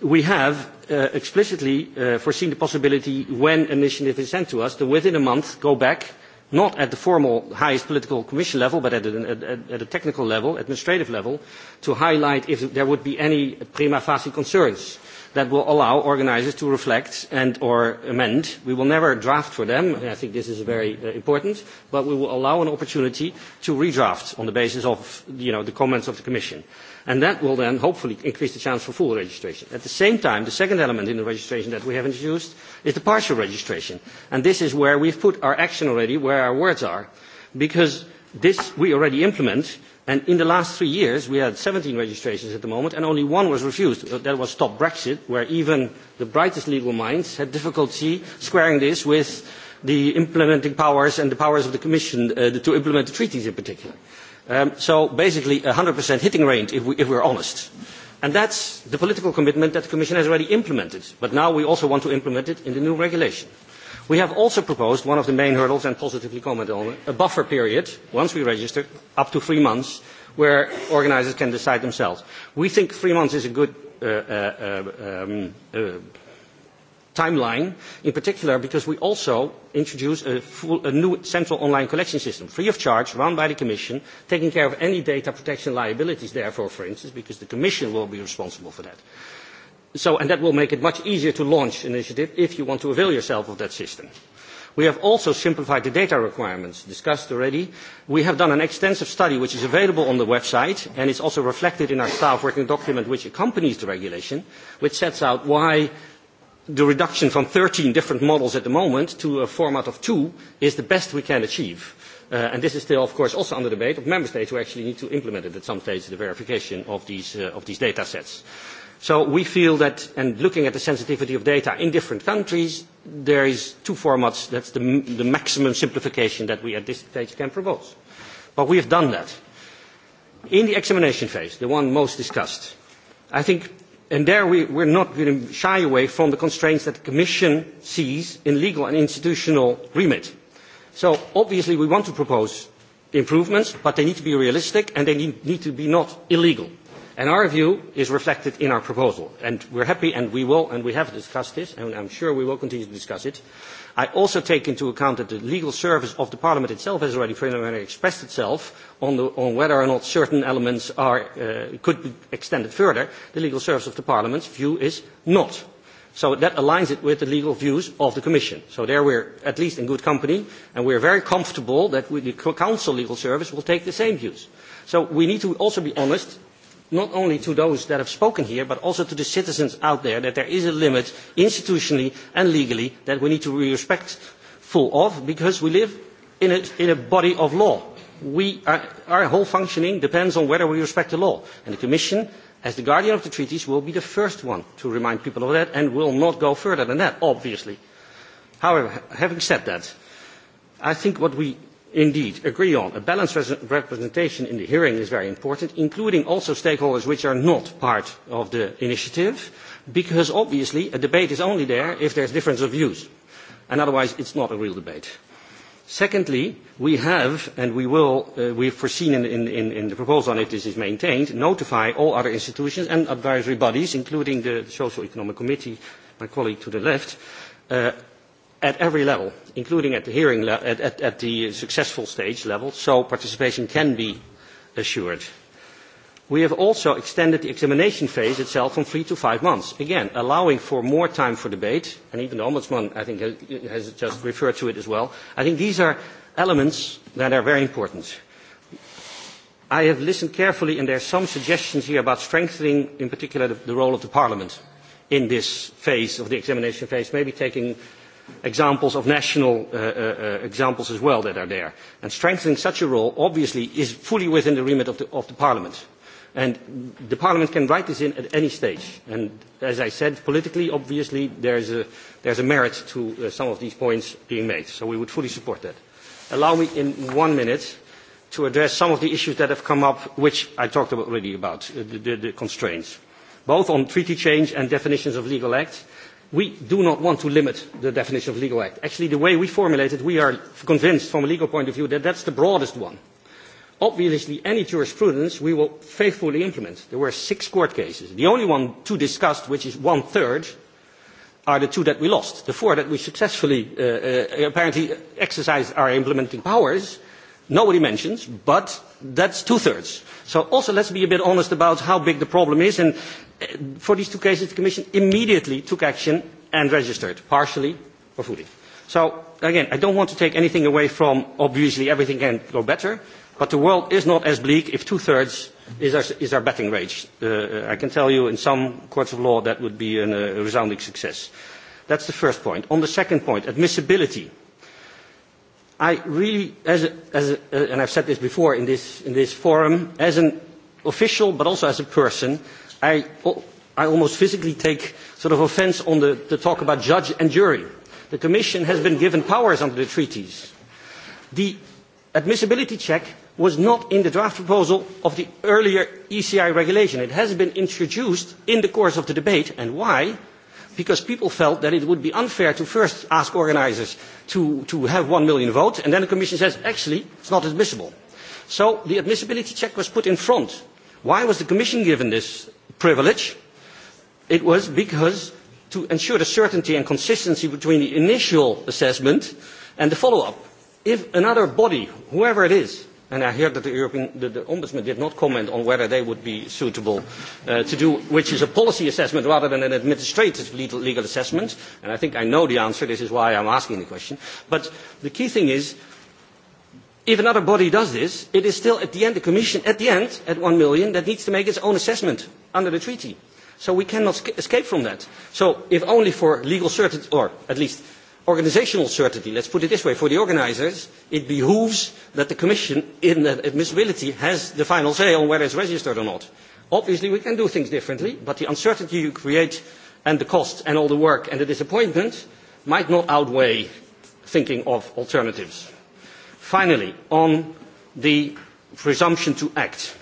we have uh, explicitly uh, foreseen the possibility when an initiative is sent to us to within a month go back not at the formal highest political commission level, but at a, at a technical level, administrative level, to highlight if there would be any prima facie concerns that will allow organizers to reflect and or amend. We will never draft for them, and I think this is very uh, important, but we will allow an opportunity to redraft on the basis of you know, the comments of the Commission. Uh, And that will then hopefully increase the chance for full registration. At the same time, the second element in the registration that we have introduced is the partial registration. And this is where we've put our action already, where our words are. Because this we already implement, and in the last three years we had 17 registrations at the moment, and only one was refused. That was Stop Brexit, where even the brightest legal minds had difficulty squaring this with the implementing powers and the powers of the Commission uh, to implement the treaties in particular. Uh, Um, so basically 100% hitting range if, we, if we're honest. And that's the political commitment that the Commission has already implemented. But now we also want to implement it in the new regulation. We have also proposed one of the main hurdles and positively commented on it, a buffer period, once we register, up to three months, where organisers can decide themselves. We think three months is a good uh, uh, uh um, uh, timeline, in particular because we also introduce a, full, a new central online collection system, free of charge, run by the Commission, taking care of any data protection liabilities, therefore, for instance, because the Commission will be responsible for that. So, and that will make it much easier to launch an initiative if you want to avail yourself of that system. We have also simplified the data requirements discussed already. We have done an extensive study which is available on the website and it's also reflected in our staff working document which accompanies the regulation, which sets out why the reduction from 13 different models at the moment to a format of two is the best we can achieve. Uh, and this is still, of course, also under debate of member states who actually need to implement it at some stage, the verification of these, uh, of these data sets. So we feel that, and looking at the sensitivity of data in different countries, there is two formats. That's the, the maximum simplification that we at this stage can propose. But we have done that. In the examination phase, the one most discussed, I think and there we, we're not going to shy away from the constraints that the Commission sees in legal and institutional remit. So obviously we want to propose improvements, but they need to be realistic and they need, need to be not illegal. And our view is reflected in our proposal. And we're happy, and we will, and we have discussed this, and I'm sure we will continue to discuss it. I also take into account that the legal service of the Parliament itself has already preliminarily expressed itself on, the, on whether or not certain elements are, uh, could be extended further. The legal service of the Parliament's view is not. So that aligns it with the legal views of the Commission. So there we're at least in good company, and we're very comfortable that we, the Council legal service will take the same views. So we need to also be honest not only to those that have spoken here, but also to the citizens out there, that there is a limit institutionally and legally that we need to be respectful of because we live in a, in a body of law. We are, our whole functioning depends on whether we respect the law. And the Commission, as the guardian of the treaties, will be the first one to remind people of that and will not go further than that, obviously. However, having said that, I think what we indeed agree on a balanced representation in the hearing is very important including also stakeholders which are not part of the initiative because obviously a debate is only there if there is difference of views and otherwise it's not a real debate. Secondly, we have, and we will, uh, we've foreseen in, in, in the proposal, and if this is maintained, notify all other institutions and advisory bodies, including the Social Economic Committee, my colleague to the left, uh, at every level, including at the hearing le- at, at, at the successful stage level, so participation can be assured. We have also extended the examination phase itself from three to five months, again, allowing for more time for debate, and even the Ombudsman, I think, has just referred to it as well. I think these are elements that are very important. I have listened carefully, and there are some suggestions here about strengthening, in particular, the, the role of the Parliament in this phase of the examination phase, maybe taking examples of national uh, uh, uh, examples as well that are there. And strengthening such a role obviously is fully within the remit of the, of the Parliament. And the Parliament can write this in at any stage. And as I said, politically, obviously, there's a, there's a merit to uh, some of these points being made. So we would fully support that. Allow me in one minute to address some of the issues that have come up, which I talked about already about, uh, the, the, the constraints, both on treaty change and definitions of legal acts we do not want to limit the definition of legal act. Actually, the way we formulate it, we are convinced from a legal point of view that that's the broadest one. Obviously, any jurisprudence we will faithfully implement. There were six court cases. The only one to discuss, which is one third, are the two that we lost. The four that we successfully uh, uh, apparently exercised our implementing powers, nobody mentions, but that's two thirds. So also let's be a bit honest about how big the problem is and Uh, for these two cases, the Commission immediately took action and registered, partially or fully. So, again, I don't want to take anything away from, obviously, everything can go better, but the world is not as bleak if two-thirds is our, is our betting range. Uh, I can tell you in some courts of law that would be an, uh, a resounding success. That's the first point. On the second point, admissibility. I really, as a, as a, uh, and I've said this before in this, in this forum, as an official but also as a person, I, I almost physically take sort of offense on the, the talk about judge and jury. The Commission has been given powers under the treaties. The admissibility check was not in the draft proposal of the earlier ECI regulation. It has been introduced in the course of the debate. And why? Because people felt that it would be unfair to first ask organizers to, to have one million votes, and then the Commission says, actually, it's not admissible. So the admissibility check was put in front. Why was the Commission given this privilege. It was because to ensure the certainty and consistency between the initial assessment and the follow-up. If another body, whoever it is, and I hear that the European the, the Ombudsman did not comment on whether they would be suitable uh, to do, which is a policy assessment rather than an administrative legal, legal assessment, and I think I know the answer, this is why I'm asking the question. But the key thing is if another body does this, it is still at the end the Commission, at the end, at 1 million, that needs to make its own assessment under the treaty. So we cannot escape from that. So if only for legal certainty, or at least organizational certainty, let's put it this way, for the organizers, it behooves that the Commission, in the admissibility, has the final say on whether it's registered or not. Obviously, we can do things differently, but the uncertainty you create and the cost and all the work and the disappointment might not outweigh thinking of alternatives. Finally, on the presumption to act.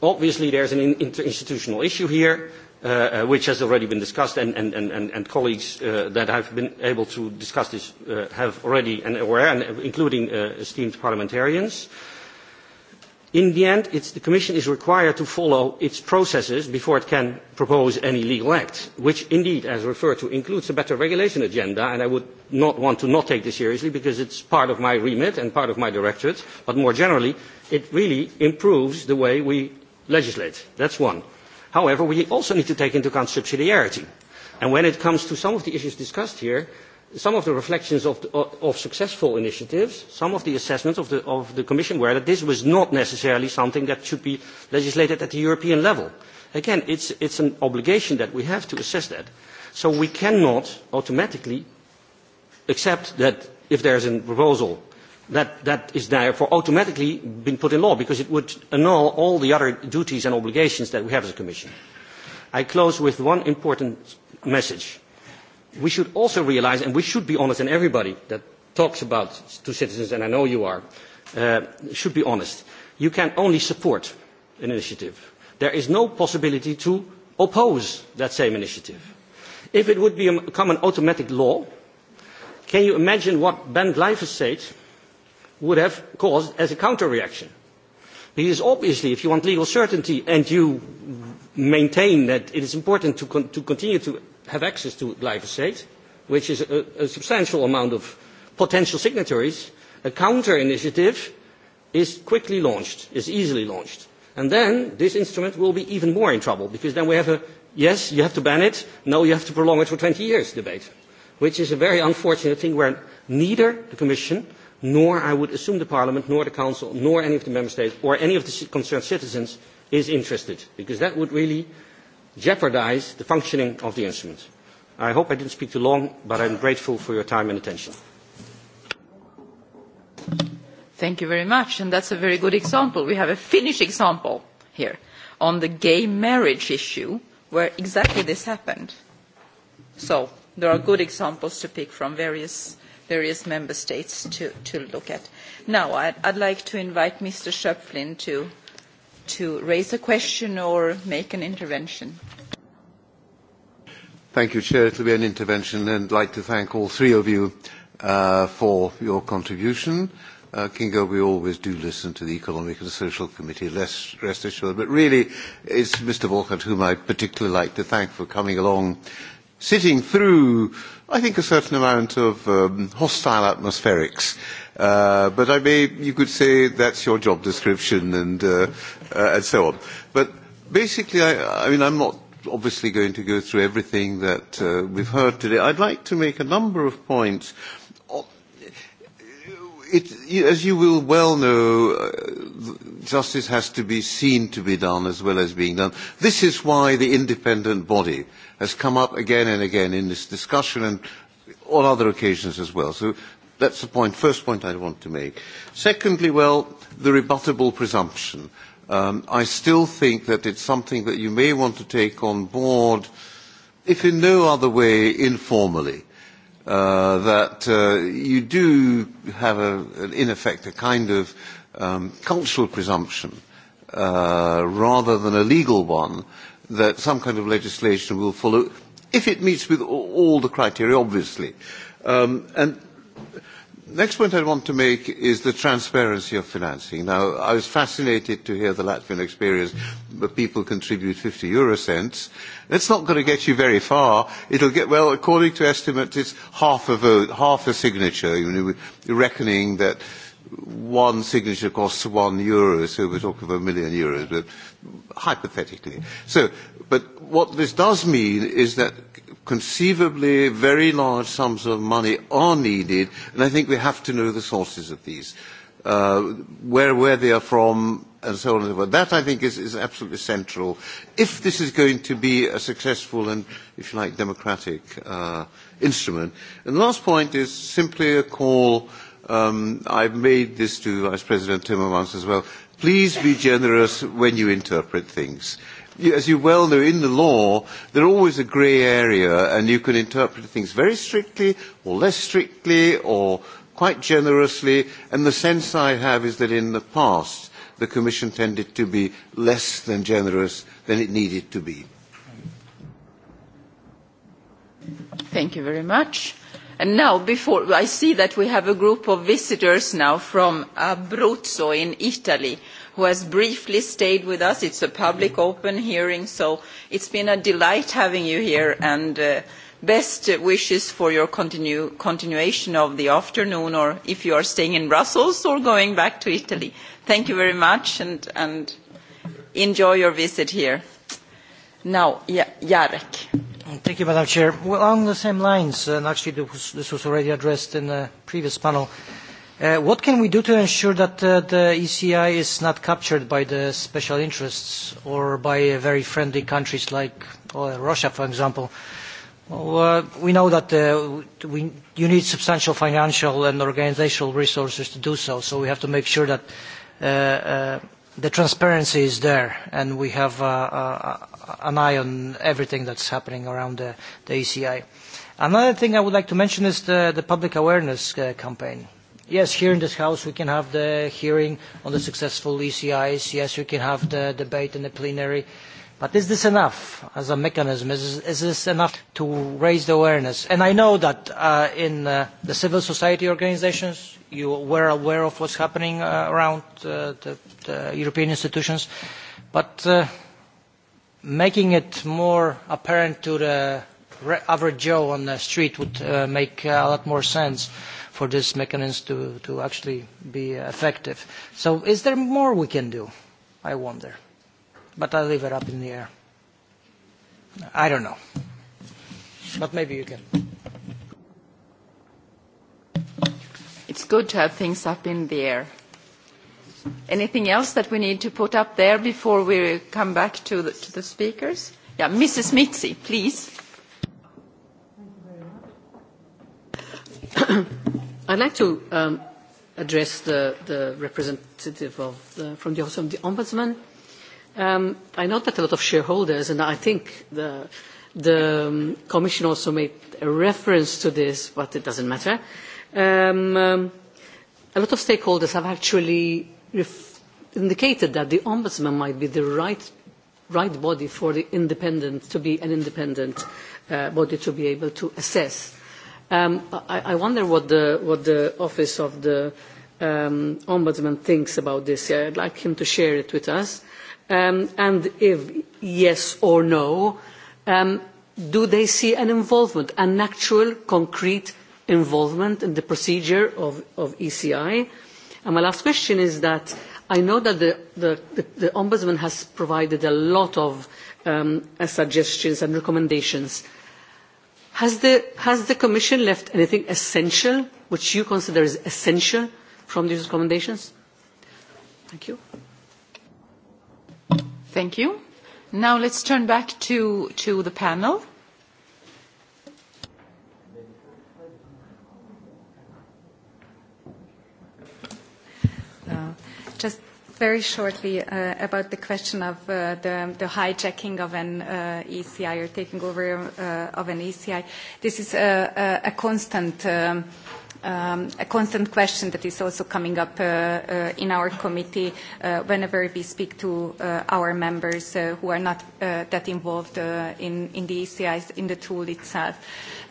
Obviously, there's an interinstitutional issue here, uh, uh, which has already been discussed, and, and, and, and colleagues uh, that have been able to discuss this uh, have already and aware, and including uh, esteemed parliamentarians. Uh, in the end the commission is required to follow its processes before it can propose any legal act which indeed as referred to includes a better regulation agenda and i would not want to not take this seriously because it is part of my remit and part of my directorate but more generally it really improves the way we legislate that is one. however we also need to take into account subsidiarity and when it comes to some of the issues discussed here some of the reflections of, the, of successful initiatives, some of the assessments of the, of the Commission were that this was not necessarily something that should be legislated at the European level. Again, it's, it's an obligation that we have to assess that. So we cannot automatically accept that if there is a proposal that, that is therefore automatically been put in law because it would annul all the other duties and obligations that we have as a Commission. I close with one important message we should also realize, and we should be honest, and everybody that talks about to citizens, and I know you are, uh, should be honest. You can only support an initiative. There is no possibility to oppose that same initiative. If it would be a, become an automatic law, can you imagine what ban glyphosate would have caused as a counter-reaction? Because obviously, if you want legal certainty and you maintain that it is important to, con to continue to have access to glyphosate, which is a, a substantial amount of potential signatories, a counter initiative is quickly launched, is easily launched. And then this instrument will be even more in trouble because then we have a yes, you have to ban it, no, you have to prolong it for 20 years debate, which is a very unfortunate thing where neither the Commission nor I would assume the Parliament, nor the Council, nor any of the Member States, or any of the concerned citizens is interested, because that would really jeopardize the functioning of the instrument. I hope I didn't speak too long, but I'm grateful for your time and attention. Thank you very much, and that's a very good example. We have a Finnish example here on the gay marriage issue where exactly this happened. So there are good examples to pick from various, various member states to, to look at. Now I'd, I'd like to invite Mr. Schöpflin to to raise a question or make an intervention. Thank you, Chair. It will be an intervention, and I'd like to thank all three of you uh, for your contribution. Uh, Kingo, we always do listen to the Economic and Social Committee, less rest assured. But really, it's Mr. Volkert whom I'd particularly like to thank for coming along, sitting through, I think, a certain amount of um, hostile atmospherics. Uh, but I may, you could say that's your job description, and uh, uh, and so on. But basically, I, I mean, I'm not obviously going to go through everything that uh, we've heard today. I'd like to make a number of points. Oh, it, as you will well know, uh, justice has to be seen to be done as well as being done. This is why the independent body has come up again and again in this discussion and on other occasions as well. So that's the point, first point I want to make. Secondly, well, the rebuttable presumption. Uh, Um, I still think that it's something that you may want to take on board, if in no other way, informally. Uh, that uh, you do have, a, in effect, a kind of um, cultural presumption uh, rather than a legal one that some kind of legislation will follow if it meets with all the criteria, obviously. Um, and next point I want to make is the transparency of financing. Now, I was fascinated to hear the Latvian experience, but people contribute 50 euro cents. That's not going to get you very far. It'll get, well, according to estimates, it's half a vote, half a signature, you know, reckoning that one signature costs one euro, so we're talking about a million euros, but hypothetically. So, but what this does mean is that conceivably very large sums of money are needed, and I think we have to know the sources of these, uh, where, where they are from, and so on and so forth. That, I think, is, is absolutely central. If this is going to be a successful and, if you like, democratic uh, instrument. And the last point is simply a call. Um, I've made this to Vice President Timmermans as well. Please be generous when you interpret things. Uh, as you well know, in the law, there's always a grey area, and you can interpret things very strictly or less strictly or quite generously. And the sense I have is that in the past, the Commission tended to be less than generous than it needed to be. Thank you very much. And now, before I see that we have a group of visitors now from Abruzzo in Italy who has briefly stayed with us. It's a public open hearing, so it's been a delight having you here, and uh, best wishes for your continu continuation of the afternoon, or if you are staying in Brussels or going back to Italy. Thank you very much, and, and enjoy your visit here. Now, ja Jarek. Thank you, Madam Chair. Well, along the same lines, uh, and actually this was already addressed in the previous panel, uh, Uh, what can we do to ensure that uh, the ECI is not captured by the special interests or by uh, very friendly countries like uh, Russia, for example? Well, uh, we know that uh, we, you need substantial financial and organizational resources to do so, so we have to make sure that uh, uh, the transparency is there and we have uh, uh, an eye on everything that's happening around the, the ECI. Another thing I would like to mention is the, the public awareness uh, campaign. Yes, here in this House we can have the hearing on the successful ECIs. Yes, we can have the debate in the plenary. But is this enough as a mechanism? Is, is this enough to raise the awareness? And I know that uh, in uh, the civil society organizations, you were aware of what's happening uh, around uh, the, the European institutions. But uh, making it more apparent to the average Joe on the street would uh, make uh, a lot more sense. Uh, for this mechanism to, to actually be effective. So is there more we can do? I wonder. But I leave it up in the air. I don't know. But maybe you can. It's good to have things up in the air. Anything else that we need to put up there before we come back to the, to the speakers? Yeah, Mrs. Mitzi, please. I'd like to um, address the, the representative of the, from the Office of the Ombudsman. Um, I know that a lot of shareholders, and I think the, the um, Commission also made a reference to this, but it doesn't matter. Um, um, a lot of stakeholders have actually ref- indicated that the Ombudsman might be the right, right body for the independent, to be an independent uh, body to be able to assess Um, I, I wonder what the, what the office of the um, ombudsman thinks about this. Yeah, I'd like him to share it with us. Um, and if yes or no, um, do they see an involvement, an actual concrete involvement in the procedure of, of ECI? And my last question is that I know that the, the, the, the Ombudsman has provided a lot of um, uh, suggestions and recommendations Has the, has the Commission left anything essential, which you consider is essential, from these recommendations? Thank you. Thank you. Now let's turn back to, to the panel. very shortly uh, about the question of uh, the, the hijacking of an uh, ECI or taking over uh, of an ECI. This is a, a, a constant. Um, um, a constant question that is also coming up uh, uh, in our committee uh, whenever we speak to uh, our members uh, who are not uh, that involved uh, in, in the ECIs, in the tool itself.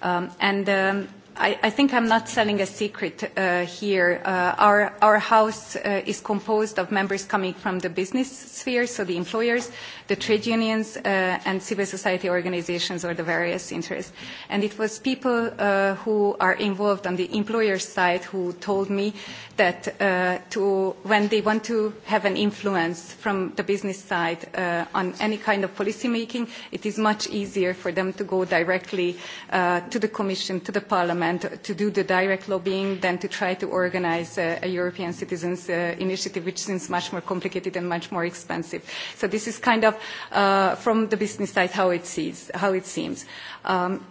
Um, and um, I, I think I'm not selling a secret uh, here. Uh, our, our house uh, is composed of members coming from the business sphere, so the employers, the trade unions uh, and civil society organizations or the various interests. And it was people uh, who are involved on the employer side who told me that uh, to, when they want to have an influence from the business side uh, on any kind of policy making, it is much easier for them to go directly uh, to the Commission, to the Parliament, to do the direct lobbying than to try to organize uh, a European Citizens uh, Initiative, which seems much more complicated and much more expensive. So this is kind of have uh, from the business side how it, sees, how it seems. Um,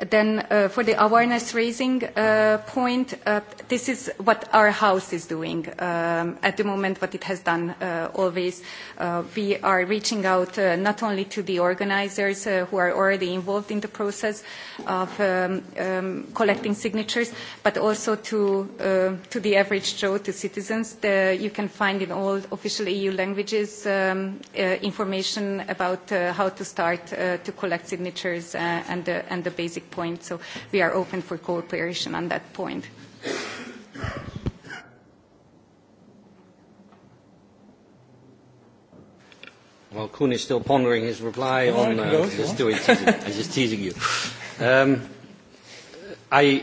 Then uh, for the awareness raising uh, point, uh, this is what our house is doing um, at the moment, what it has done uh, always. Uh, we are reaching out uh, not only to the organizers uh, who are already involved in the process of um, um, collecting signatures, but also to, uh, to the average Joe, to citizens. The, you can find in all official EU languages um, uh, information about uh, how to start uh, to collect signatures uh, and, the, and the basic point. So we are open for cooperation on that point. Well, Kuhn is still pondering his reply no, on. Uh, go, just doing teasing. I'm just teasing you. Um, I,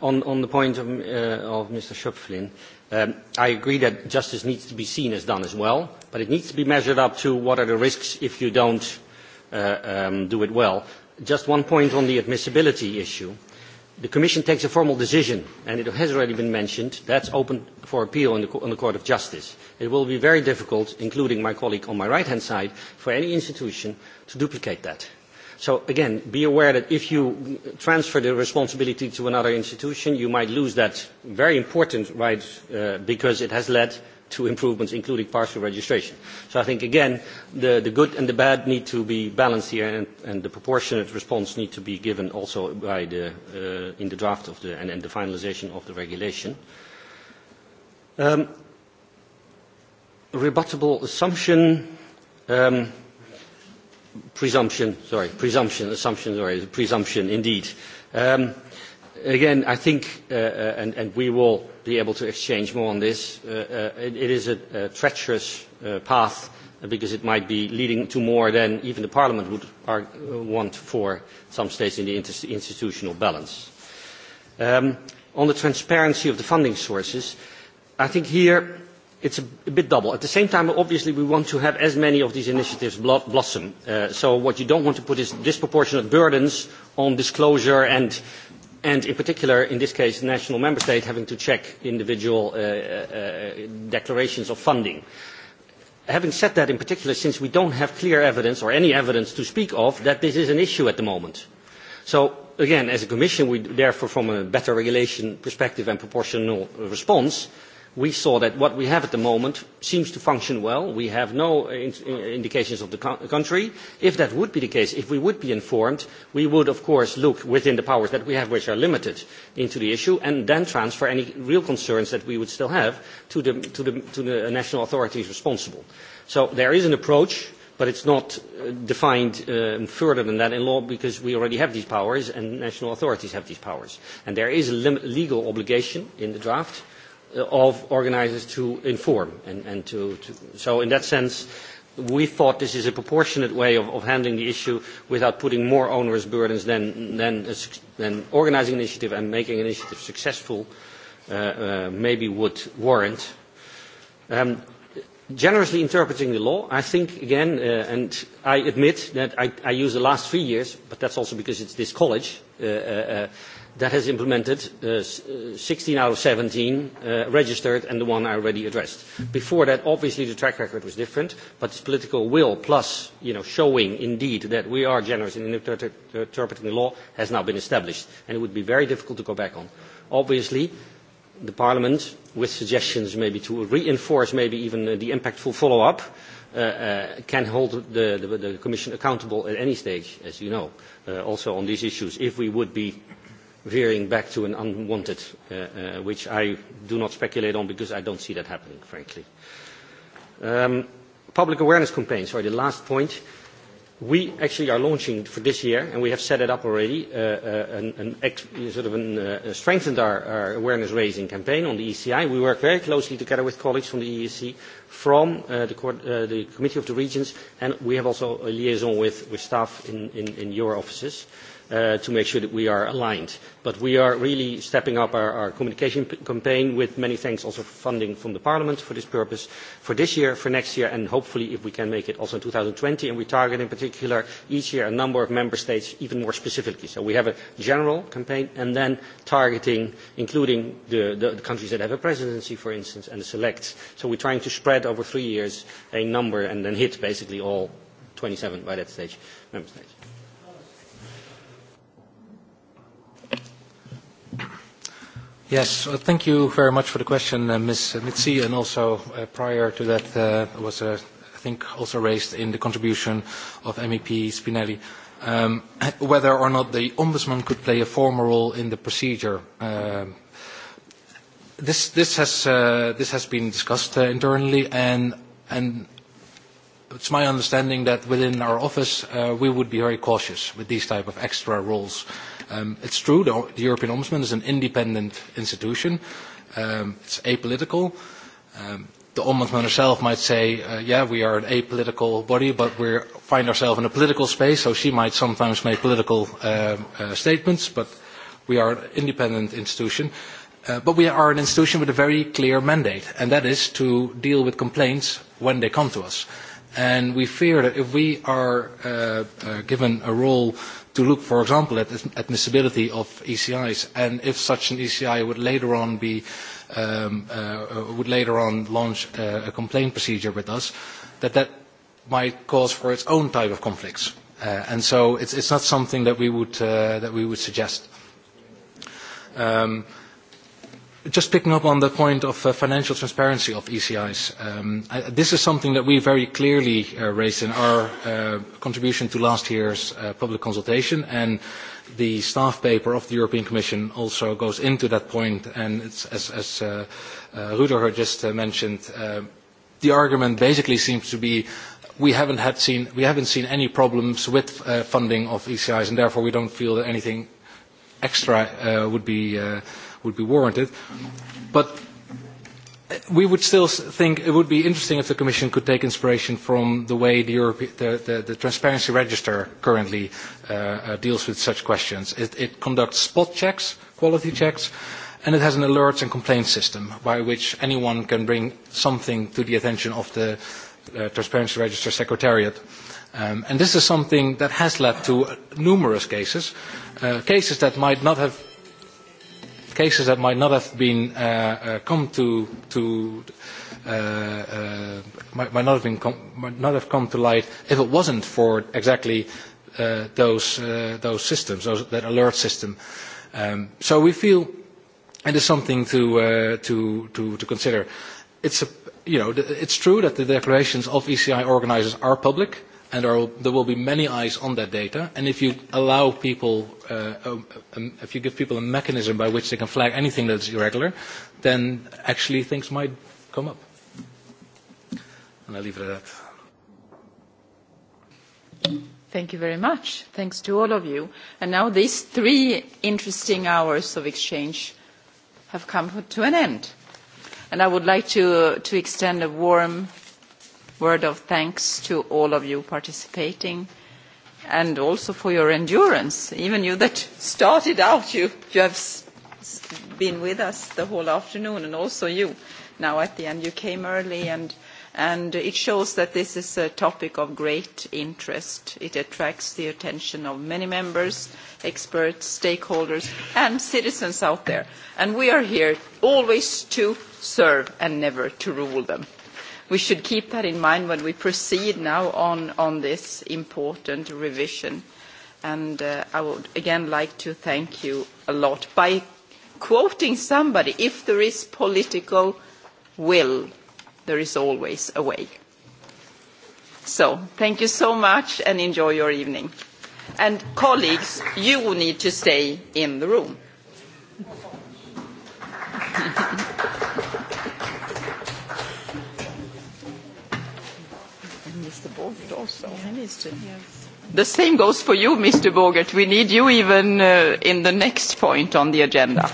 uh, on, on the point of, uh, of Mr. Schöpflin, um, I agree that justice needs to be seen as done as well, but it needs to be measured up to what are the risks if you don't uh, um, do it well just one point on the admissibility issue. The Commission takes a formal decision, and it has already been mentioned. That's open for appeal in the, in the Court of Justice. It will be very difficult, including my colleague on my right-hand side, for any institution to duplicate that. So again, be aware that if you transfer the responsibility to another institution, you might lose that very important right uh, because it has led to improvements, including partial registration. So I think, again, the, the good and the bad need to be balanced here, and, and the proportionate response need to be given also by the, uh, in the draft of the, and, and the finalization of the regulation. Um, rebuttable assumption, um, presumption, sorry, presumption, assumption, sorry, presumption, indeed. Um, again, I think, uh, uh, and, and we will be able to exchange more on this, uh, uh, it, it is a, a treacherous uh, path uh, because it might be leading to more than even the Parliament would are, uh, want for some states in the inter institutional balance. Um, on the transparency of the funding sources, I think here it's a, a bit double. At the same time, obviously, we want to have as many of these initiatives bl blossom. Uh, so what you don't want to put is disproportionate burdens on disclosure and uh, and in particular, in this case, the national member state having to check individual uh, uh, uh, declarations of funding. Having said that, in particular, since we don't have clear evidence or any evidence to speak of that this is an issue at the moment. So again, as a Commission, we therefore, from a better regulation perspective and proportional response, uh, we saw that what we have at the moment seems to function well. We have no uh, in, in, uh, indications of the co country. If that would be the case, if we would be informed, we would of course look within the powers that we have, which are limited, into the issue, and then transfer any real concerns that we would still have to the, to the, to the national authorities responsible. So there is an approach, but it's not uh, defined um, further than that in law because we already have these powers and national authorities have these powers. And there is a legal obligation in the draft of organizers to inform. And, and to, to, so in that sense, we thought this is a proportionate way of, of handling the issue without putting more onerous burdens than, than, than organizing an initiative and making an initiative successful uh, uh, maybe would warrant. Um, generously interpreting the law, I think, again, uh, and I admit that I, I use the last three years, but that's also because it's this college, uh, uh, uh that has implemented uh, 16 uh, out of 17 uh, registered and the one I already addressed. Before that, obviously the track record was different, but this political will plus you know, showing indeed that we are generous in inter interpreting the law has now been established, and it would be very difficult to go back on. Obviously, the Parliament, with suggestions maybe to reinforce maybe even the impactful follow-up, uh, uh, can hold the, the, the Commission accountable at any stage, as you know, uh, also on these issues, if we would be veering back to an unwanted, uh, uh, which I do not speculate on because I don't see that happening, frankly. Um, public awareness campaign, sorry, the last point. We actually are launching for this year, and we have set it up already, uh, uh, an, an ex, sort of an, uh, strengthened our, our awareness-raising campaign on the ECI. We work very closely together with colleagues from the EEC, from uh, the, court, uh, the Committee of the Regions, and we have also a liaison with, with staff in, in, in your offices. Uh, uh, to make sure that we are aligned. But we are really stepping up our, our communication p- campaign with many thanks also for funding from the Parliament for this purpose for this year, for next year, and hopefully if we can make it also in 2020. And we target in particular each year a number of member states even more specifically. So we have a general campaign and then targeting, including the, the, the countries that have a presidency, for instance, and the selects. So we're trying to spread over three years a number and then hit basically all 27 by that stage member states. Yes. Well, thank you very much for the question, uh, Ms. Mizzi, and also uh, prior to that uh, was, uh, I think, also raised in the contribution of MEP Spinelli, um, whether or not the ombudsman could play a formal role in the procedure. Um, this, this, has, uh, this has been discussed uh, internally, and, and it's my understanding that within our office, we would be very cautious with these type of extra roles. Um, it's true, the, the European Ombudsman is an independent institution. Um, it's apolitical. Um, the ombudsman herself might say, uh, yeah, we are an apolitical body, but we find ourselves in a political space, so she might sometimes make political uh, uh, statements, but we are an independent institution. Uh, but we are an institution with a very clear mandate, and that is to deal with complaints when they come to us. And we fear that if we are uh, uh, given a role to look, for example, at admissibility of ECIs, and if such an ECI would later on be um, uh, would later on launch uh, a complaint procedure with us, that that might cause for its own type of conflicts, uh, and so it's it's not something that we would uh, that we would suggest. Um, Just picking up on the point of uh, financial transparency of ECIs, um, I, this is something that we very clearly uh, raised in our uh, contribution to last year's uh, public consultation, and the staff paper of the European Commission also goes into that point, and it's, as, as uh, uh, Rudiger just uh, mentioned, uh, the argument basically seems to be we haven't, had seen, we haven't seen any problems with uh, funding of ECIs, and therefore we don't feel that anything extra uh, would be uh, would be warranted. But we would still think it would be interesting if the Commission could take inspiration from the way the, Europe, the, the, the Transparency Register currently uh, uh, deals with such questions. It, it conducts spot checks, quality checks, and it has an alerts and complaints system by which anyone can bring something to the attention of the uh, Transparency Register Secretariat. Um, and this is something that has led to numerous cases, uh, cases that might not have cases that might not have been uh, uh, come to, to uh, uh, might, might, not have been com- might not have come to light if it wasn't for exactly uh, those uh, those systems, those, that alert system. Um, so we feel it is something to uh, to, to to consider. It's a you know it's true that the declarations of ECI organisers are public. Uh, and there will, there will be many eyes on that data. And if you allow people, uh, um, um, if you give people a mechanism by which they can flag anything that's irregular, then actually things might come up. And I'll leave it at that. Thank you very much. Thanks to all of you. And now these three interesting hours of exchange have come to an end. And I would like to, to extend a warm word of thanks to all of you participating and also for your endurance. Even you that started out, you, you have been with us the whole afternoon, and also you now at the end. You came early, and, and it shows that this is a topic of great interest. It attracts the attention of many members, experts, stakeholders, and citizens out there. And we are here always to serve and never to rule them we should keep that in mind when we proceed now on, on this important revision. And uh, I would again like to thank you a lot by quoting somebody, if there is political will, there is always a way. So thank you so much and enjoy your evening. And colleagues, you need to stay in the room. Borgert also. Yeah, Mr. Yes. The same goes for you, Mr. Borgert. We need you even uh, in the next point on the agenda.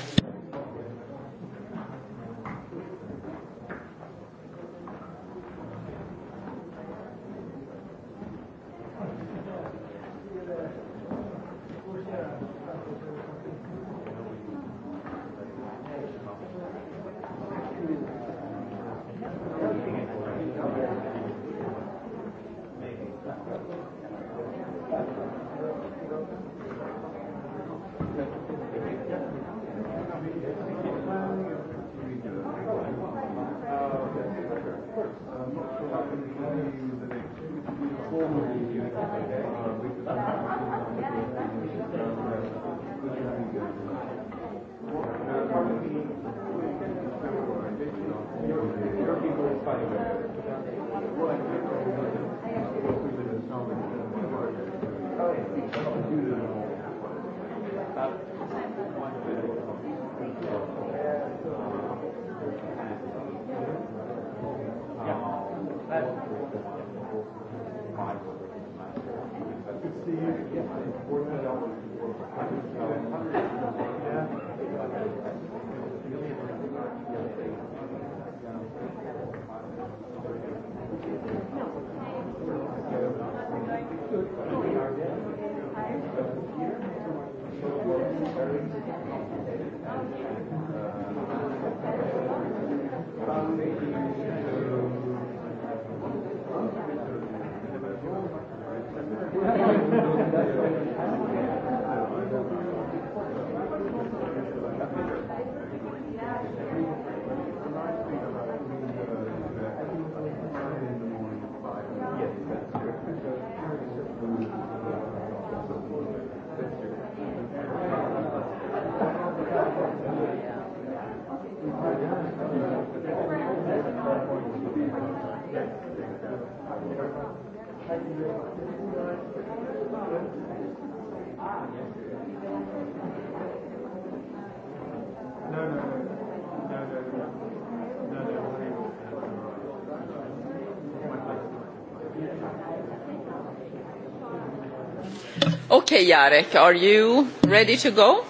Okay, Jarek, are you ready to go?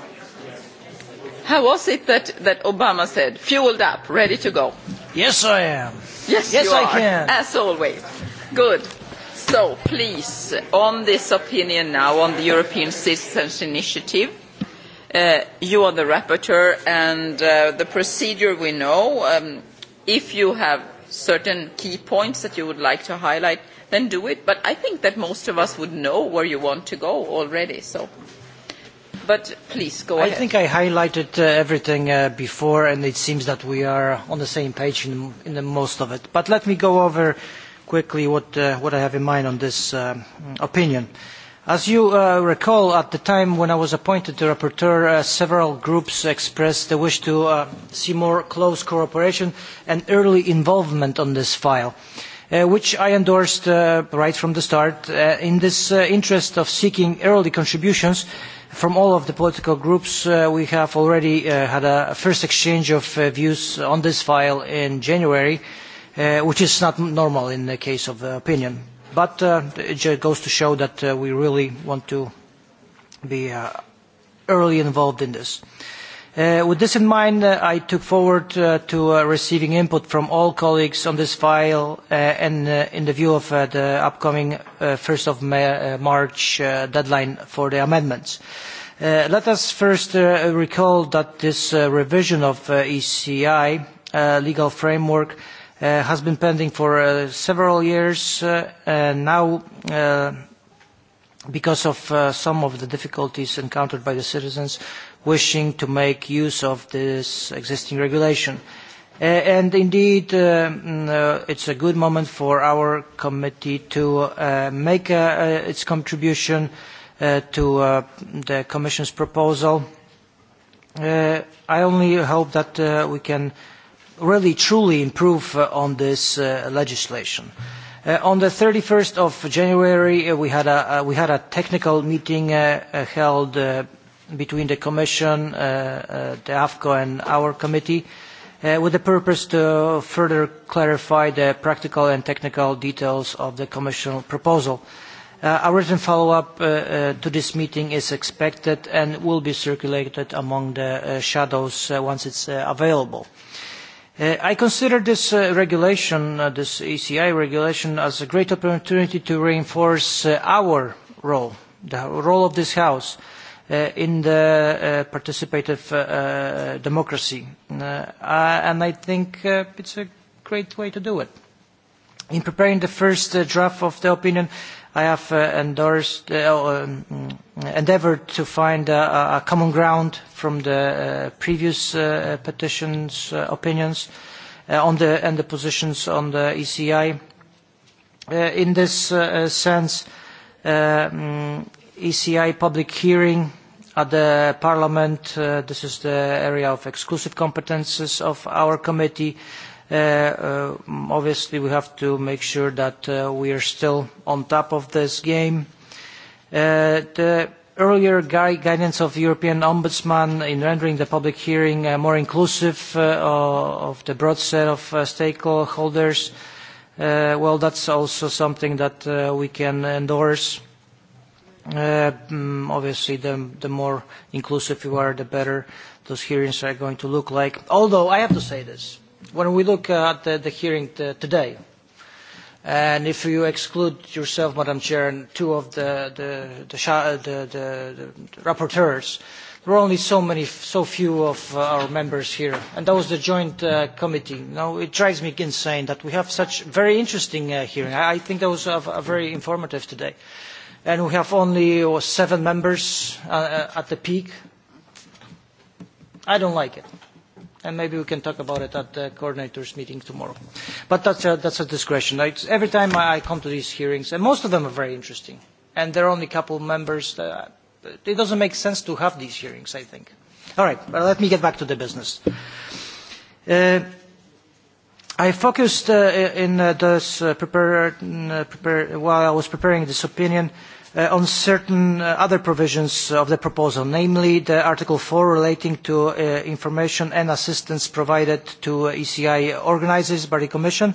How was it that, that Obama said, fueled up, ready to go? Yes, I am. Yes, yes you I are, can. As always. Good. So, please, on this opinion now, on the European Citizens Initiative, uh, you are the rapporteur, and uh, the procedure we know, um, if you have certain key points that you would like to highlight, then do it. But I think that most of us would know where you want to go already. So. But please go I ahead. I think I highlighted uh, everything uh, before, and it seems that we are on the same page in, in the most of it. But let me go over quickly what, uh, what I have in mind on this uh, opinion. As you uh, recall, at the time when I was appointed the rapporteur, uh, several groups expressed the wish to uh, see more close cooperation and early involvement on this file. Uh, uh, which I endorsed uh, right from the start uh, in this uh, interest of seeking early contributions from all of the political groups. Uh, we have already uh, had a first exchange of uh, views on this file in January, uh, which is not normal in the case of the uh, opinion. But uh, it just goes to show that uh, we really want to be uh, early involved in this. Uh, Uh, with this in mind, uh, I took forward uh, to uh, receiving input from all colleagues on this file uh, and uh, in the view of uh, the upcoming uh, 1st of May, uh, March uh, deadline for the amendments. Uh, let us first uh, recall that this uh, revision of uh, ECI uh, legal framework uh, has been pending for uh, several years uh, and now uh, because of uh, some of the difficulties encountered by the citizens wishing to make use of this existing regulation. Uh, and indeed, uh, mm, uh, it's a good moment for our committee to uh, make uh, uh, its contribution uh, to uh, the Commission's proposal. Uh, I only hope that uh, we can really truly improve uh, on this uh, legislation. Uh, on the 31st of January, uh, we, had a, uh, we had a technical meeting uh, uh, held uh, between the Commission, uh, uh, the AFCO and our committee uh, with the purpose to further clarify the practical and technical details of the Commission proposal. Uh, a written follow-up uh, uh, to this meeting is expected and will be circulated among the uh, shadows uh, once it's uh, available. Uh, I consider this uh, regulation, uh, this ECI regulation, as a great opportunity to reinforce uh, our role, the role of this House, uh, Uh, in the uh, participative uh, democracy. And I think it's a great way to do it. In preparing the first draft of the opinion, I have endorsed, oh, um, mm, endeavored to find a, a common ground from the previous petitions, opinions, on the, and the positions on the ECI. Uh, in this uh, sense, uh, um, mm, ECI public hearing at the Parliament. Uh, this is the area of exclusive competences of our committee. Uh, uh, obviously, we have to make sure that uh, we are still on top of this game. Uh, the earlier gui guidance of the European Ombudsman in rendering the public hearing uh, more inclusive uh, of the broad set of uh, stakeholders, uh, well, that's also something that uh, we can endorse. Uh, Uh, mm, obviously, the, the more inclusive you are, the better those hearings are going to look like. Although, I have to say this. When we look uh, at the, the hearing t- today, and if you exclude yourself, Madam Chair, and two of the, the, the, uh, the, the, the rapporteurs, there were only so many, so few of uh, our members here, and that was the joint uh, committee. Now it drives me insane that we have such very interesting uh, hearing. I, I think that was uh, very informative today. Uh, and we have only or oh, seven members uh, uh, at the peak. I don't like it. And maybe we can talk about it at the coordinators' meeting tomorrow. But that's a, that's a discretion. I, every time I come to these hearings, and most of them are very interesting, and there are only a couple members, that, uh, it doesn't make sense to have these hearings, I think. All right, well, let me get back to the business. Uh, I focused uh, in uh, this uh, prepare, uh, prepare, while I was preparing this opinion uh, uh, on certain uh, other provisions of the proposal, namely the Article 4 relating to uh, information and assistance provided to uh, e ECI organizers by the Commission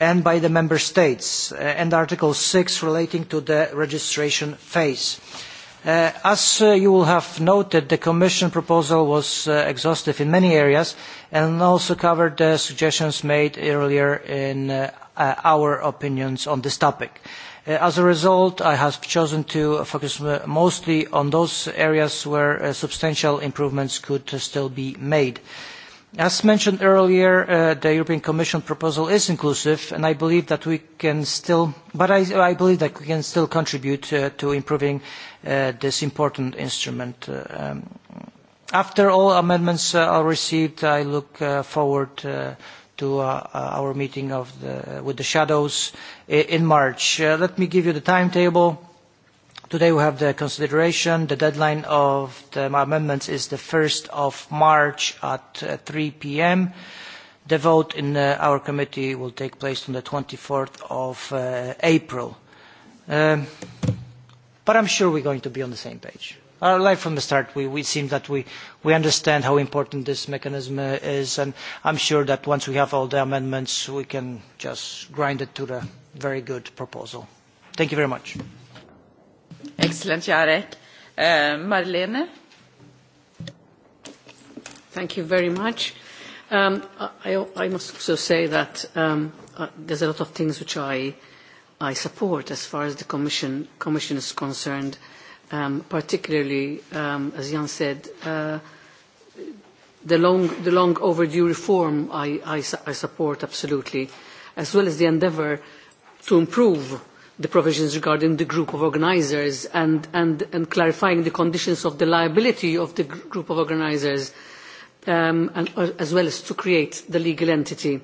and by the Member States, uh, and Article 6 relating to the registration phase. Uh, as uh, you will have noted, the Commission proposal was uh, exhaustive in many areas and also covered the suggestions made earlier in uh, uh, our opinions on this topic. Uh, Uh, as a result, I have chosen to focus mostly on those areas where uh, substantial improvements could still be made. As mentioned earlier, uh, the European Commission proposal is inclusive, and I believe that we can still, but I, I believe that we can still contribute uh, to improving uh, this important instrument. Uh, um, after all amendments are received, I look forward to uh, uh, our meeting of the, with the shadows in March. Uh, let me give you the timetable. Today we have the consideration. The deadline of the amendments is the 1st of March at uh, 3 p.m. The vote in uh, our committee will take place on the 24th of uh, April. Um, but I'm sure we're going to be on the same page uh, right from the start, we, we seem that we, we understand how important this mechanism uh, is, and I'm sure that once we have all the amendments, we can just grind it to the very good proposal. Thank you very much. Excellent, Jarek. Uh, Marlene? Thank you very much. Um, I, I must also say that um, uh, there's a lot of things which I, I support as far as the Commission, commission is concerned. Uh, um, particularly, um, as Jan said, uh, the, long, the long overdue reform I, I, su I support absolutely, as well as the endeavour to improve the provisions regarding the group of organisers and, and, and clarifying the conditions of the liability of the group of organisers, um, and, uh, as well as to create the legal entity.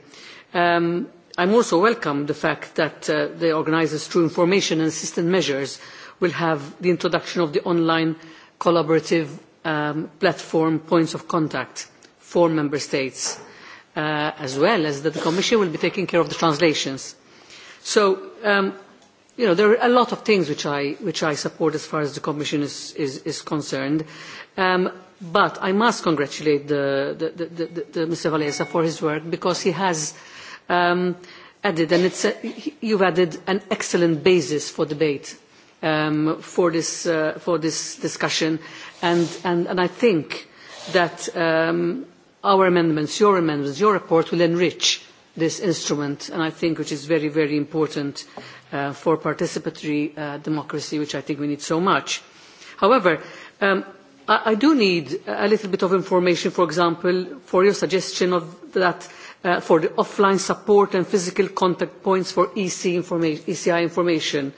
Um, I also welcome the fact that uh, the organisers, through information and assistance measures, uh, will have the introduction of the online collaborative um, platform points of contact for member states, uh, as well as that the Commission will be taking care of the translations. So, um, you know, there are a lot of things which I, which I support as far as the Commission is, is, is concerned. Um, but I must congratulate the, the, the, the, the Mr. Valesa for his work because he has um, added, and it's a, you've added an excellent basis for debate um, for, this, uh, for this discussion. And, and, and I think that um, our amendments, your amendments, your report will enrich this instrument, and I think which is very, very important uh, for participatory uh, democracy, which I think we need so much. However, um, I, I do need a little bit of information, for example, for your suggestion of that Uh, for the offline support and physical contact points for EC informa ECI information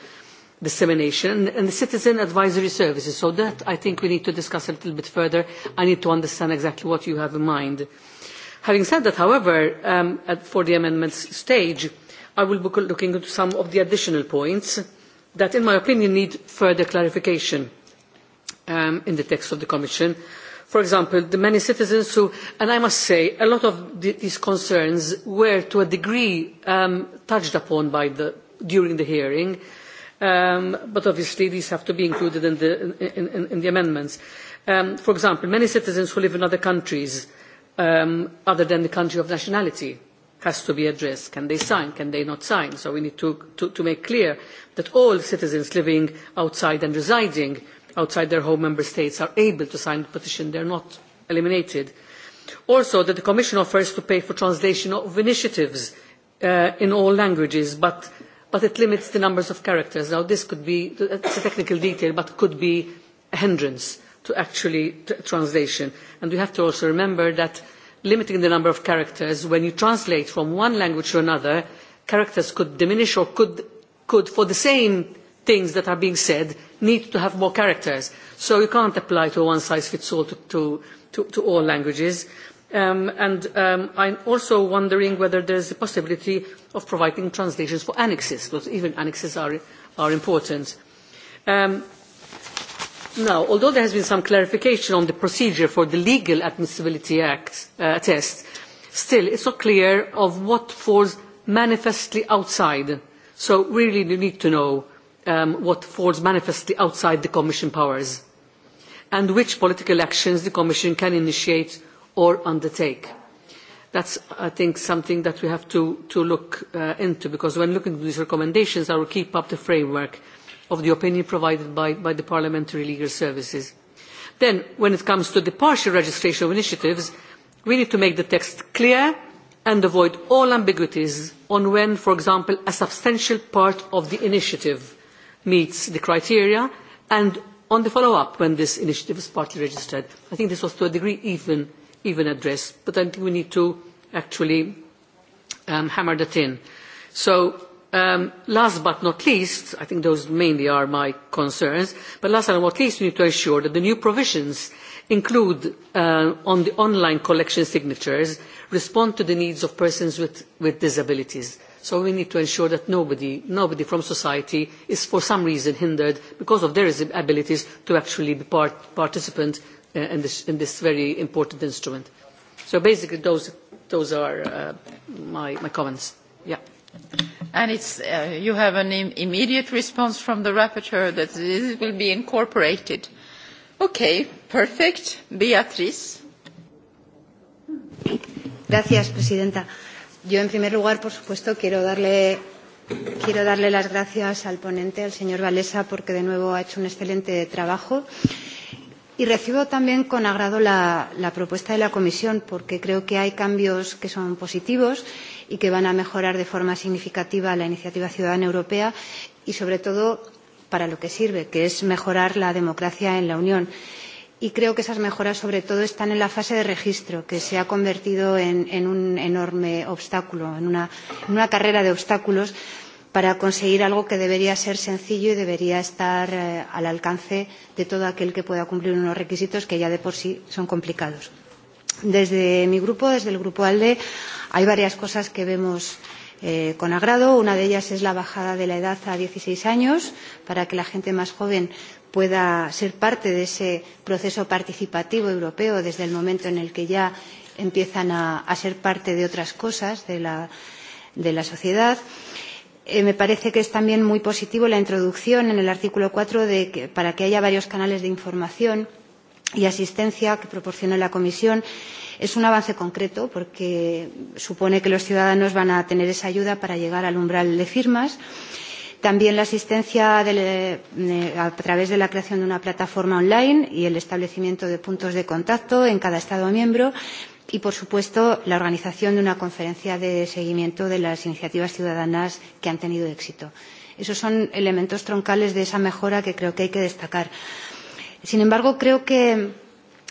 dissemination and the citizen advisory services. So that I think we need to discuss a little bit further. I need to understand exactly what you have in mind. Having said that, however, um, at, for the amendments stage, I will be looking at some of the additional points that, in my opinion, need further clarification um, in the text of the Commission. For example, the many citizens who, and I must say, a lot of the, these concerns were to a degree um, touched upon by the, during the hearing, uh, um, but obviously these have to be included in the, in, in, in the amendments. Um, for example, many citizens who live in other countries um, other than the country of nationality has to be addressed. Can they sign? Can they not sign? So we need to, to, to make clear that all citizens living outside and residing outside their home member states are able to sign the petition. They're not eliminated. Also, that the Commission offers to pay for translation of initiatives uh, in all languages, but but it limits the numbers of characters. Now, this could be, it's a technical detail, but could be a hindrance to actually t- translation. And we have to also remember that limiting the number of characters, when you translate from one language to another, characters could diminish or could, could for the same things that are being said, need to have more characters. So you can't apply to a one-size-fits-all to, to, to, to all languages. Uh, Um, and um, I'm also wondering whether there's a possibility of providing translations for annexes, because even annexes are, are important. Um, now, although there has been some clarification on the procedure for the legal admissibility act uh, test, still it's not clear of what falls manifestly outside. So really you need to know um, what falls manifestly outside the Commission powers and which political actions the Commission can initiate or undertake. That's, I think, something that we have to, to look uh, into, because when looking at these recommendations, I will keep up the framework of the opinion provided by, by the Parliamentary Legal Services. Then, when it comes to the partial registration of initiatives, we need to make the text clear and avoid all ambiguities on when, for example, a substantial part of the initiative meets the criteria and on the follow-up when this initiative is partly registered. I think this was to a degree even even address, but I think we need to actually um, hammer that in. So um, last but not least, I think those mainly are my concerns, but last but not least, we need to ensure that the new provisions include uh, on the online collection signatures respond to the needs of persons with, with disabilities. So we need to ensure that nobody, nobody from society is for some reason hindered because of their abilities to actually be part, participant Uh, in this, in this very important instrument. So basically those, those are uh, my, my comments. Yeah. And it's, uh, you have an Im immediate response from the rapporteur that this will be incorporated. Okay, perfect. Beatriz. Gracias, Presidenta. Yo, en primer lugar, por supuesto, quiero darle Quiero darle las gracias al ponente, al señor Valesa, porque de nuevo ha hecho un excelente trabajo. Y recibo también con agrado la, la propuesta de la Comisión, porque creo que hay cambios que son positivos y que van a mejorar de forma significativa la iniciativa ciudadana europea y, sobre todo, para lo que sirve, que es mejorar la democracia en la Unión. Y creo que esas mejoras, sobre todo, están en la fase de registro, que se ha convertido en, en un enorme obstáculo, en una, en una carrera de obstáculos para conseguir algo que debería ser sencillo y debería estar eh, al alcance de todo aquel que pueda cumplir unos requisitos que ya de por sí son complicados. Desde mi grupo, desde el Grupo ALDE, hay varias cosas que vemos eh, con agrado. Una de ellas es la bajada de la edad a 16 años para que la gente más joven pueda ser parte de ese proceso participativo europeo desde el momento en el que ya empiezan a, a ser parte de otras cosas de la, de la sociedad. Eh, Eh, me parece que es también muy positivo la introducción en el artículo 4 de que, para que haya varios canales de información y asistencia que proporcione la Comisión. Es un avance concreto porque supone que los ciudadanos van a tener esa ayuda para llegar al umbral de firmas. También la asistencia eh, de, eh, a través de la creación de una plataforma online y el establecimiento de puntos de contacto en cada Estado miembro y, por supuesto, la organización de una conferencia de seguimiento de las iniciativas ciudadanas que han tenido éxito. Esos son elementos troncales de esa mejora que creo que hay que destacar. Sin embargo, creo que,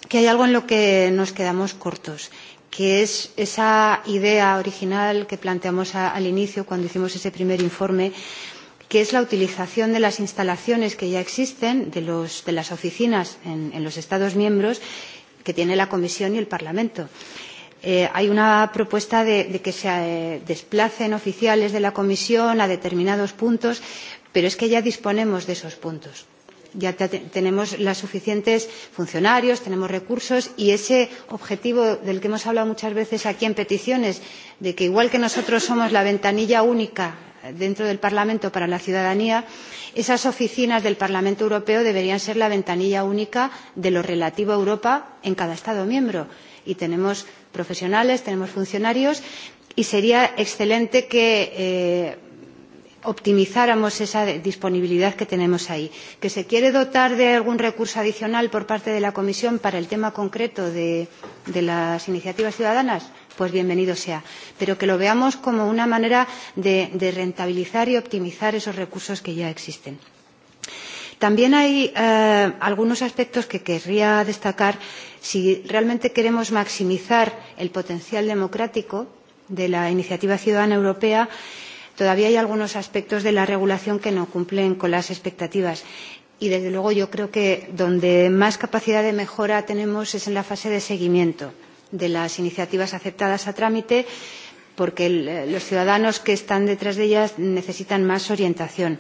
que hay algo en lo que nos quedamos cortos que es esa idea original que planteamos a, al inicio cuando hicimos ese primer informe, que es la utilización de las instalaciones que ya existen, de, los, de las oficinas en, en los Estados miembros, que tiene la Comisión y el Parlamento. Eh, hay una propuesta de, de que se eh, desplacen oficiales de la Comisión a determinados puntos, pero es que ya disponemos de esos puntos. Ya te, tenemos los suficientes funcionarios, tenemos recursos y ese objetivo del que hemos hablado muchas veces aquí en peticiones, de que igual que nosotros somos la ventanilla única dentro del Parlamento para la ciudadanía, esas oficinas del Parlamento Europeo deberían ser la ventanilla única de lo relativo a Europa en cada Estado miembro. Y tenemos profesionales, tenemos funcionarios, y sería excelente que. Eh, optimizáramos esa disponibilidad que tenemos ahí. ¿Que se quiere dotar de algún recurso adicional por parte de la Comisión para el tema concreto de, de las iniciativas ciudadanas? Pues bienvenido sea. Pero que lo veamos como una manera de, de rentabilizar y optimizar esos recursos que ya existen. También hay eh, algunos aspectos que querría destacar. Si realmente queremos maximizar el potencial democrático de la iniciativa ciudadana europea, eh, todavía hay algunos aspectos de la regulación que no cumplen con las expectativas. Y desde luego yo creo que donde más capacidad de mejora tenemos es en la fase de seguimiento de las iniciativas aceptadas a trámite, porque el, eh, los ciudadanos que están detrás de ellas necesitan más orientación.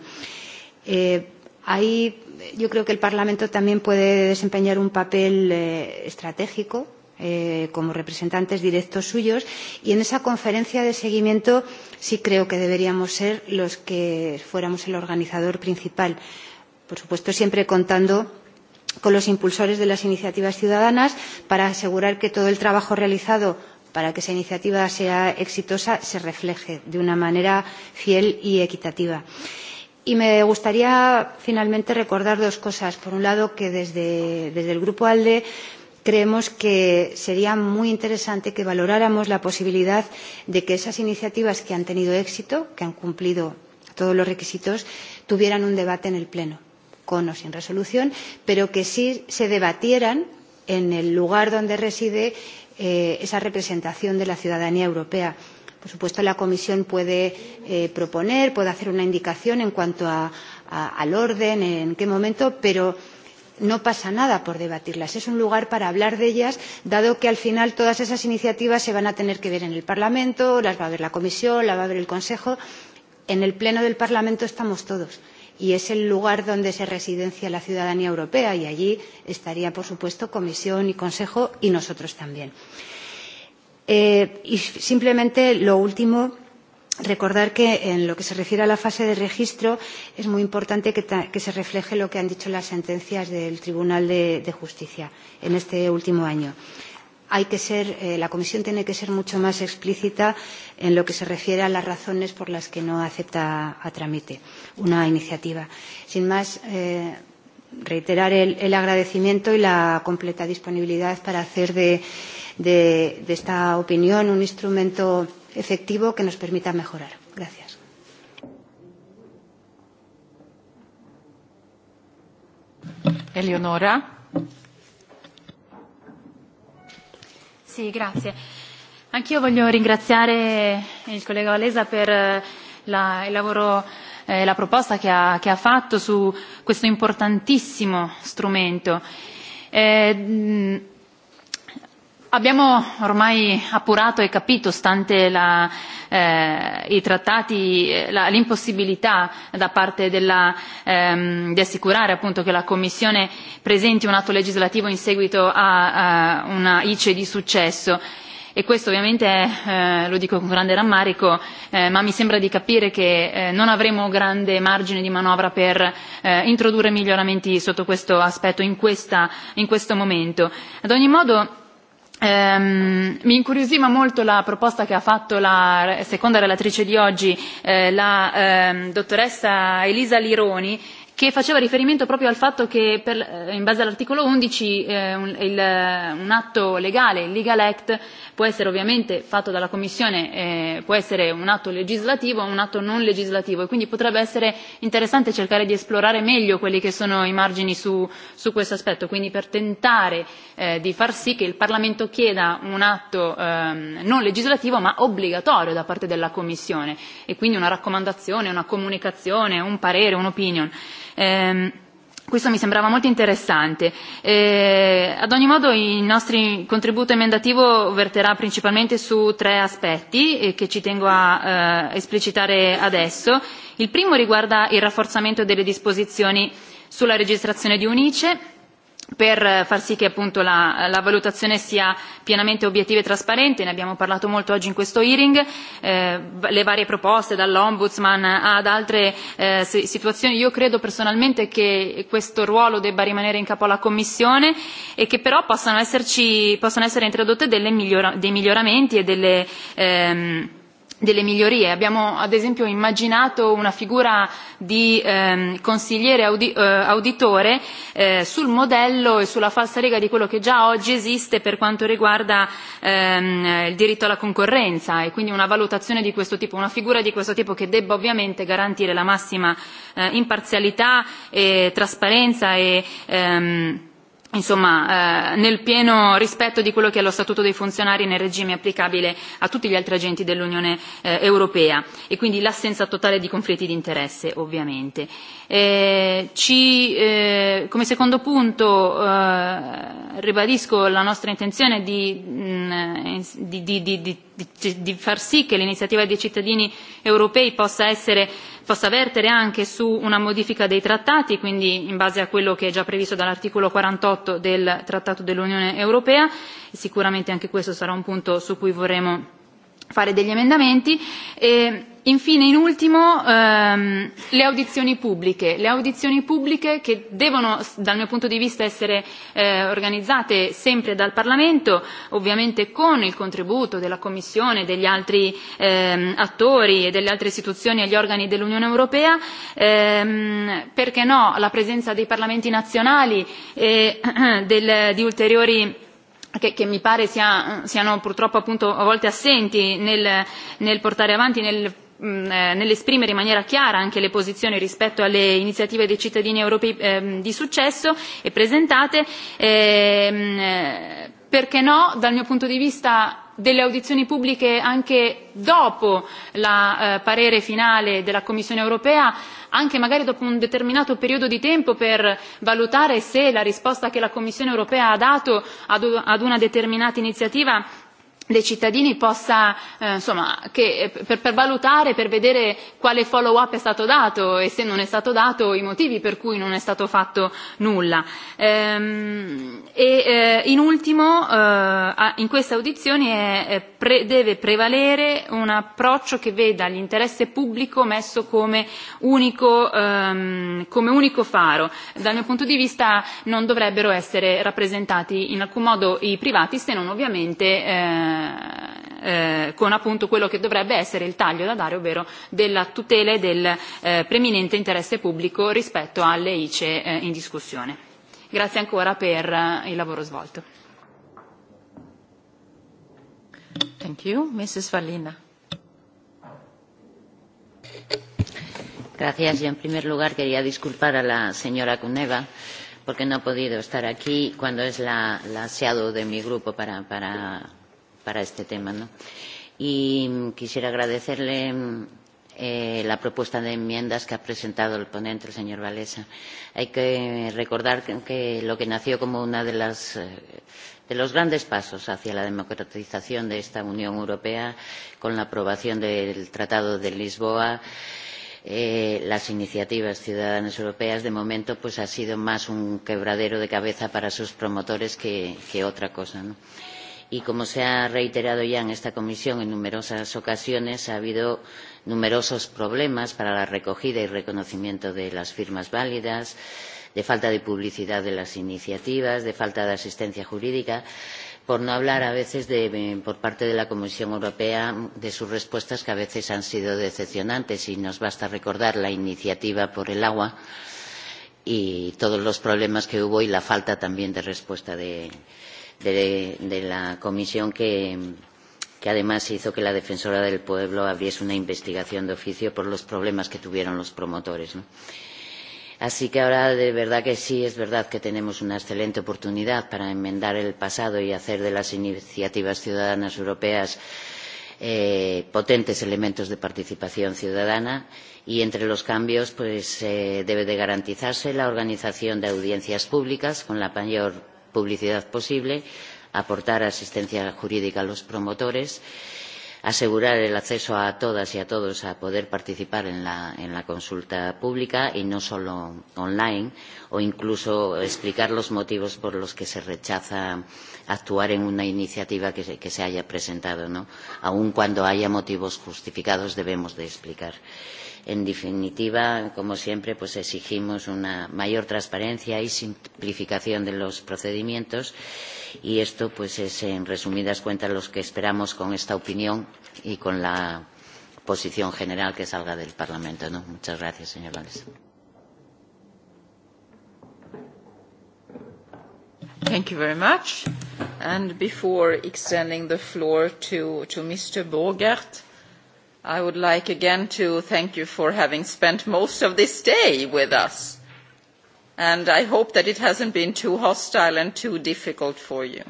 Eh, ahí eh, yo creo que el Parlamento también puede desempeñar un papel eh, estratégico eh, como representantes directos suyos. Y en esa conferencia de seguimiento sí creo que deberíamos ser los que fuéramos el organizador principal. Por supuesto, siempre contando con los impulsores de las iniciativas ciudadanas para asegurar que todo el trabajo realizado para que esa iniciativa sea exitosa se refleje de una manera fiel y equitativa. Y me gustaría finalmente recordar dos cosas. Por un lado, que desde, desde el Grupo ALDE creemos que sería muy interesante que valoráramos la posibilidad de que esas iniciativas que han tenido éxito, que han cumplido todos los requisitos, tuvieran un debate en el Pleno, con o sin resolución, pero que sí se debatieran en el lugar donde reside eh, esa representación de la ciudadanía europea. Por supuesto, la Comisión puede eh, proponer, puede hacer una indicación en cuanto a, a, al orden, en qué momento, pero no pasa nada por debatirlas. Es un lugar para hablar de ellas, dado que al final todas esas iniciativas se van a tener que ver en el Parlamento, las va a ver la Comisión, las va a ver el Consejo. En el Pleno del Parlamento estamos todos y es el lugar donde se residencia la ciudadanía europea y allí estaría, por supuesto, Comisión y Consejo y nosotros también. Eh, y simplemente lo último recordar que en lo que se refiere a la fase de registro es muy importante que, ta, que se refleje lo que han dicho las sentencias del Tribunal de, de Justicia en este último año. Hay que ser, eh, la Comisión tiene que ser mucho más explícita en lo que se refiere a las razones por las que no acepta a trámite una iniciativa. Sin más, eh, reiterar el, el agradecimiento y la completa disponibilidad para hacer de, de, de esta opinión un instrumento efectivo que nos permita mejorar. Gracias. Eleonora. Sì, grazie. Anch'io voglio ringraziare il collega Valesa per eh, la, il lavoro eh, la proposta che ha, che ha fatto su questo importantissimo strumento. Eh, Abbiamo ormai appurato e capito, stante la, eh, i trattati, eh, la, l'impossibilità da parte della, ehm, di assicurare appunto che la Commissione presenti un atto legislativo in seguito a, a una ICE di successo e questo ovviamente eh, lo dico con grande rammarico eh, ma mi sembra di capire che eh, non avremo grande margine di manovra per eh, introdurre miglioramenti sotto questo aspetto in, questa, in questo momento. ad ogni modo Ehm, mi incuriosiva molto la proposta che ha fatto la seconda relatrice di oggi, eh, la ehm, dottoressa Elisa Lironi, che faceva riferimento proprio al fatto che per, eh, in base all'articolo 11 eh, un, il, eh, un atto legale, il Legal Act, può essere ovviamente fatto dalla Commissione, eh, può essere un atto legislativo o un atto non legislativo e quindi potrebbe essere interessante cercare di esplorare meglio quelli che sono i margini su, su questo aspetto, quindi per tentare eh, di far sì che il Parlamento chieda un atto ehm, non legislativo ma obbligatorio da parte della Commissione e quindi una raccomandazione, una comunicazione, un parere, un'opinion. Ehm, questo mi sembrava molto interessante. Eh, ad ogni modo il nostro contributo emendativo verterà principalmente su tre aspetti eh, che ci tengo a eh, esplicitare adesso. Il primo riguarda il rafforzamento delle disposizioni sulla registrazione di UNICE per far sì che appunto la, la valutazione sia pienamente obiettiva e trasparente, ne abbiamo parlato molto oggi in questo hearing, eh, le varie proposte dall'Ombudsman ad altre eh, situazioni. Io credo personalmente che questo ruolo debba rimanere in capo alla Commissione e che però possano, esserci, possano essere introdotte delle migliora, dei miglioramenti e delle... Ehm, delle migliorie. Abbiamo ad esempio immaginato una figura di ehm, consigliere audi- eh, auditore eh, sul modello e sulla falsariga di quello che già oggi esiste per quanto riguarda ehm, il diritto alla concorrenza e quindi una valutazione di questo tipo, una figura di questo tipo che debba ovviamente garantire la massima eh, imparzialità e trasparenza e ehm, insomma eh, nel pieno rispetto di quello che è lo statuto dei funzionari nel regime applicabile a tutti gli altri agenti dell'Unione eh, europea e quindi l'assenza totale di conflitti di interesse ovviamente. Eh, ci, eh, come secondo punto eh, ribadisco la nostra intenzione di, mh, mm, di, di, di, di, di far sì che l'iniziativa dei cittadini europei possa essere possa vertere anche su una modifica dei trattati, quindi in base a quello che è già previsto dall'articolo 48 del Trattato dell'Unione Europea, e sicuramente anche questo sarà un punto su cui vorremo fare degli emendamenti e infine in ultimo ehm, le audizioni pubbliche le audizioni pubbliche che devono dal mio punto di vista essere eh, organizzate sempre dal Parlamento ovviamente con il contributo della Commissione degli altri ehm, attori e delle altre istituzioni e gli organi dell'Unione Europea ehm, perché no la presenza dei parlamenti nazionali e eh, del, di ulteriori che, che mi pare sia, siano purtroppo appunto a volte assenti nel, nel portare avanti, nel mm, eh, nell'esprimere in maniera chiara anche le posizioni rispetto alle iniziative dei cittadini europei eh, di successo e presentate, eh, perché no, dal mio punto di vista delle audizioni pubbliche anche dopo il eh, parere finale della Commissione europea anche magari dopo un determinato periodo di tempo per valutare se la risposta che la Commissione europea ha dato ad una determinata iniziativa dei cittadini possa, eh, insomma, che, eh, per, per valutare, per vedere quale follow up è stato dato e se non è stato dato i motivi per cui non è stato fatto nulla. Ehm, e eh, in ultimo, eh, in queste audizioni è, pre, deve prevalere un approccio che veda l'interesse pubblico messo come unico, ehm, come unico faro. Dal mio punto di vista non dovrebbero essere rappresentati in alcun modo i privati se non ovviamente eh, eh, con appunto quello che dovrebbe essere il taglio da dare, ovvero della tutela e del eh, preminente interesse pubblico rispetto alle ICE eh, in discussione. Grazie ancora per eh, il lavoro svolto. Thank you. Mrs. Vallina. Gracias. Yo, en primer lugar, quería disculpar a la señora Cuneva porque no ha podido estar aquí cuando es la, la SEADO de mi grupo para, para para este tema. ¿no? Y quisiera agradecerle eh, la propuesta de enmiendas que ha presentado el ponente, el señor Valesa. Hay que recordar que, que lo que nació como una de las. Eh, de los grandes pasos hacia la democratización de esta Unión Europea con la aprobación del Tratado de Lisboa eh, las iniciativas ciudadanas europeas de momento pues ha sido más un quebradero de cabeza para sus promotores que, que otra cosa. ¿no? Eh, y como se ha reiterado ya en esta comisión en numerosas ocasiones, ha habido numerosos problemas para la recogida y reconocimiento de las firmas válidas, de falta de publicidad de las iniciativas, de falta de asistencia jurídica, por no hablar a veces de, eh, por parte de la Comisión Europea de sus respuestas que a veces han sido decepcionantes y nos basta recordar la iniciativa por el agua y todos los problemas que hubo y la falta también de respuesta de, de, de la comisión que, que además hizo que la defensora del pueblo abriese una investigación de oficio por los problemas que tuvieron los promotores. ¿no? Así que ahora de verdad que sí, es verdad que tenemos una excelente oportunidad para enmendar el pasado y hacer de las iniciativas ciudadanas europeas eh, potentes elementos de participación ciudadana y entre los cambios pues, eh, debe de garantizarse la organización de audiencias públicas con la mayor publicidad posible, aportar asistencia jurídica a los promotores, asegurar el acceso a todas y a todos a poder participar en la, en la consulta pública y no solo online, o incluso explicar los motivos por los que se rechaza actuar en una iniciativa que se, que se haya presentado. ¿no? Aun cuando haya motivos justificados debemos de explicar. Eh, En definitiva, como siempre, pues exigimos una mayor transparencia y simplificación de los procedimientos y esto pues es en resumidas cuentas lo que esperamos con esta opinión y con la posición general que salga del Parlamento. ¿no? Muchas gracias, señor Valles. Thank you very much. And before extending the floor to, to Mr. Borgert, I would like again to thank you for having spent most of this day with us. And I hope that it hasn't been too hostile and too difficult for you.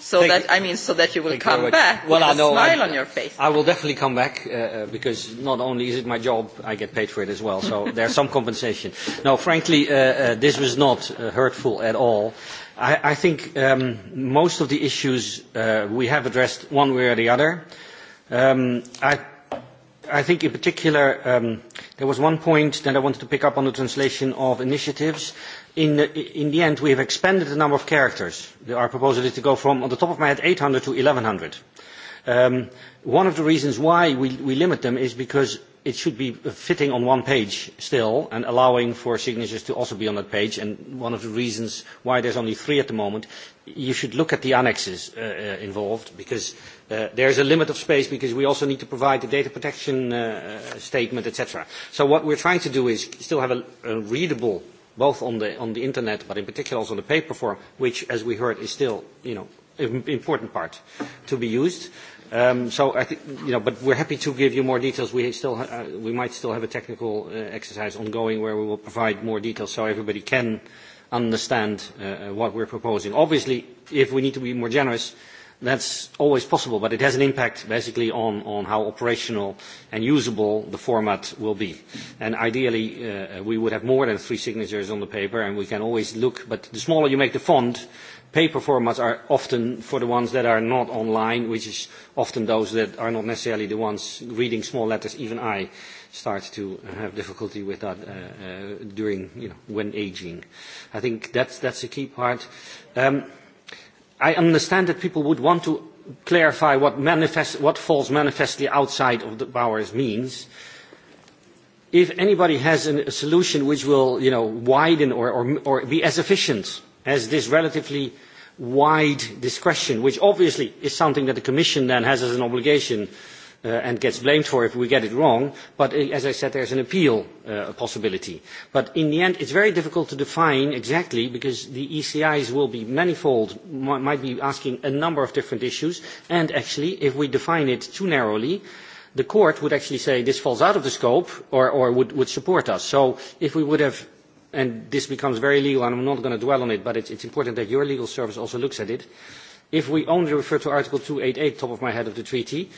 So thank that you. I mean, so that you will thank come you back well, with I a know, smile I, on your face. I will definitely come back uh, uh, because not only is it my job, I get paid for it as well. So there's some compensation. No, frankly, uh, uh, this was not uh, hurtful at all. I, I think um, most of the issues uh, we have addressed one way or the other. Um, I I think in particular um, there was one point that I wanted to pick up on the translation of initiatives. In the, in the end we have expanded the number of characters. Our proposal is to go from, on the top of my head, 800 to 1100. Um, one of the reasons why we, we limit them is because it should be fitting on one page still and allowing for signatures to also be on that page. And one of the reasons why there's only three at the moment, you should look at the annexes uh, uh involved because Uh, there's a limit of space because we also need to provide the data protection uh, uh statement, etc. So what we're trying to do is still have a, a readable, both on the on the internet, but in particular also on the paper form, which, as we heard, is still you know important part to be used. Um, so I think you know, but we're happy to give you more details. We still ha- uh, we might still have a technical uh, exercise ongoing where we will provide more details so everybody can understand uh, uh what we're proposing. Obviously, if we need to be more generous That's always possible, but it has an impact basically on, on how operational and usable the format will be. And ideally, uh, we would have more than three signatures on the paper, and we can always look. But the smaller you make the font, paper formats are often for the ones that are not online, which is often those that are not necessarily the ones reading small letters. Even I start to have difficulty with that uh, uh, during, you know, when aging. I think that's, that's a key part. Um, I understand that people would want to clarify what, manifest, what falls manifestly outside of the powers means. If anybody has an, a solution which will you know, widen or, or, or be as efficient as this relatively wide discretion, which obviously is something that the Commission then has as an obligation uh, uh, and gets blamed for if we get it wrong. But uh, as I said, there's an appeal uh, possibility. But in the end, it's very difficult to define exactly because the ECIs will be manifold, m- might be asking a number of different issues. And actually, if we define it too narrowly, the court would actually say this falls out of the scope or, or would, would support us. So if we would have and this becomes very legal, and I'm not going to dwell on it, but it's, it's important that your legal service also looks at it. If we only refer to Article 288, top of my head of the treaty,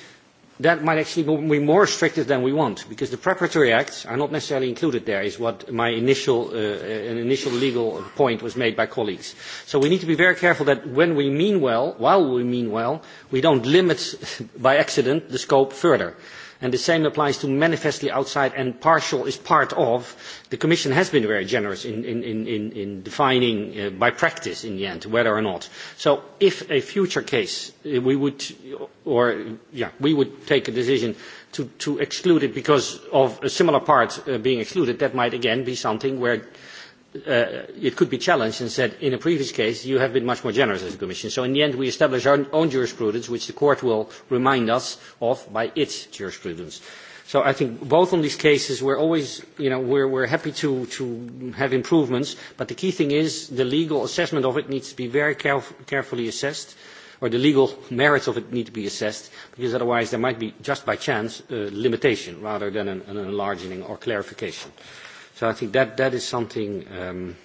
that might actually be more restrictive than we want, because the preparatory acts are not necessarily included there, is what my initial, uh, uh, an initial legal point was made by colleagues. So we need to be very careful that when we mean well, while we mean well, we don't limit by accident the scope further and the same applies to manifestly outside and partial is part of. The Commission has been very generous in, in, in, in defining uh, by practice in the end whether or not. So if a future case uh, we would, or yeah, we would take a decision to, to exclude it because of a similar part uh, being excluded, that might again be something where uh, it could be challenged and said, in a previous case, you have been much more generous as a Commission. So in the end, we establish our own jurisprudence, which the Court will remind us of by its jurisprudence. So I think both on these cases, we're always, you know, we're, we're happy to, to have improvements, but the key thing is the legal assessment of it needs to be very caref carefully assessed, or the legal merits of it need to be assessed, because otherwise there might be, just by chance, uh, limitation rather than an, an enlarging or clarification. Uh, So I think that, that is something um,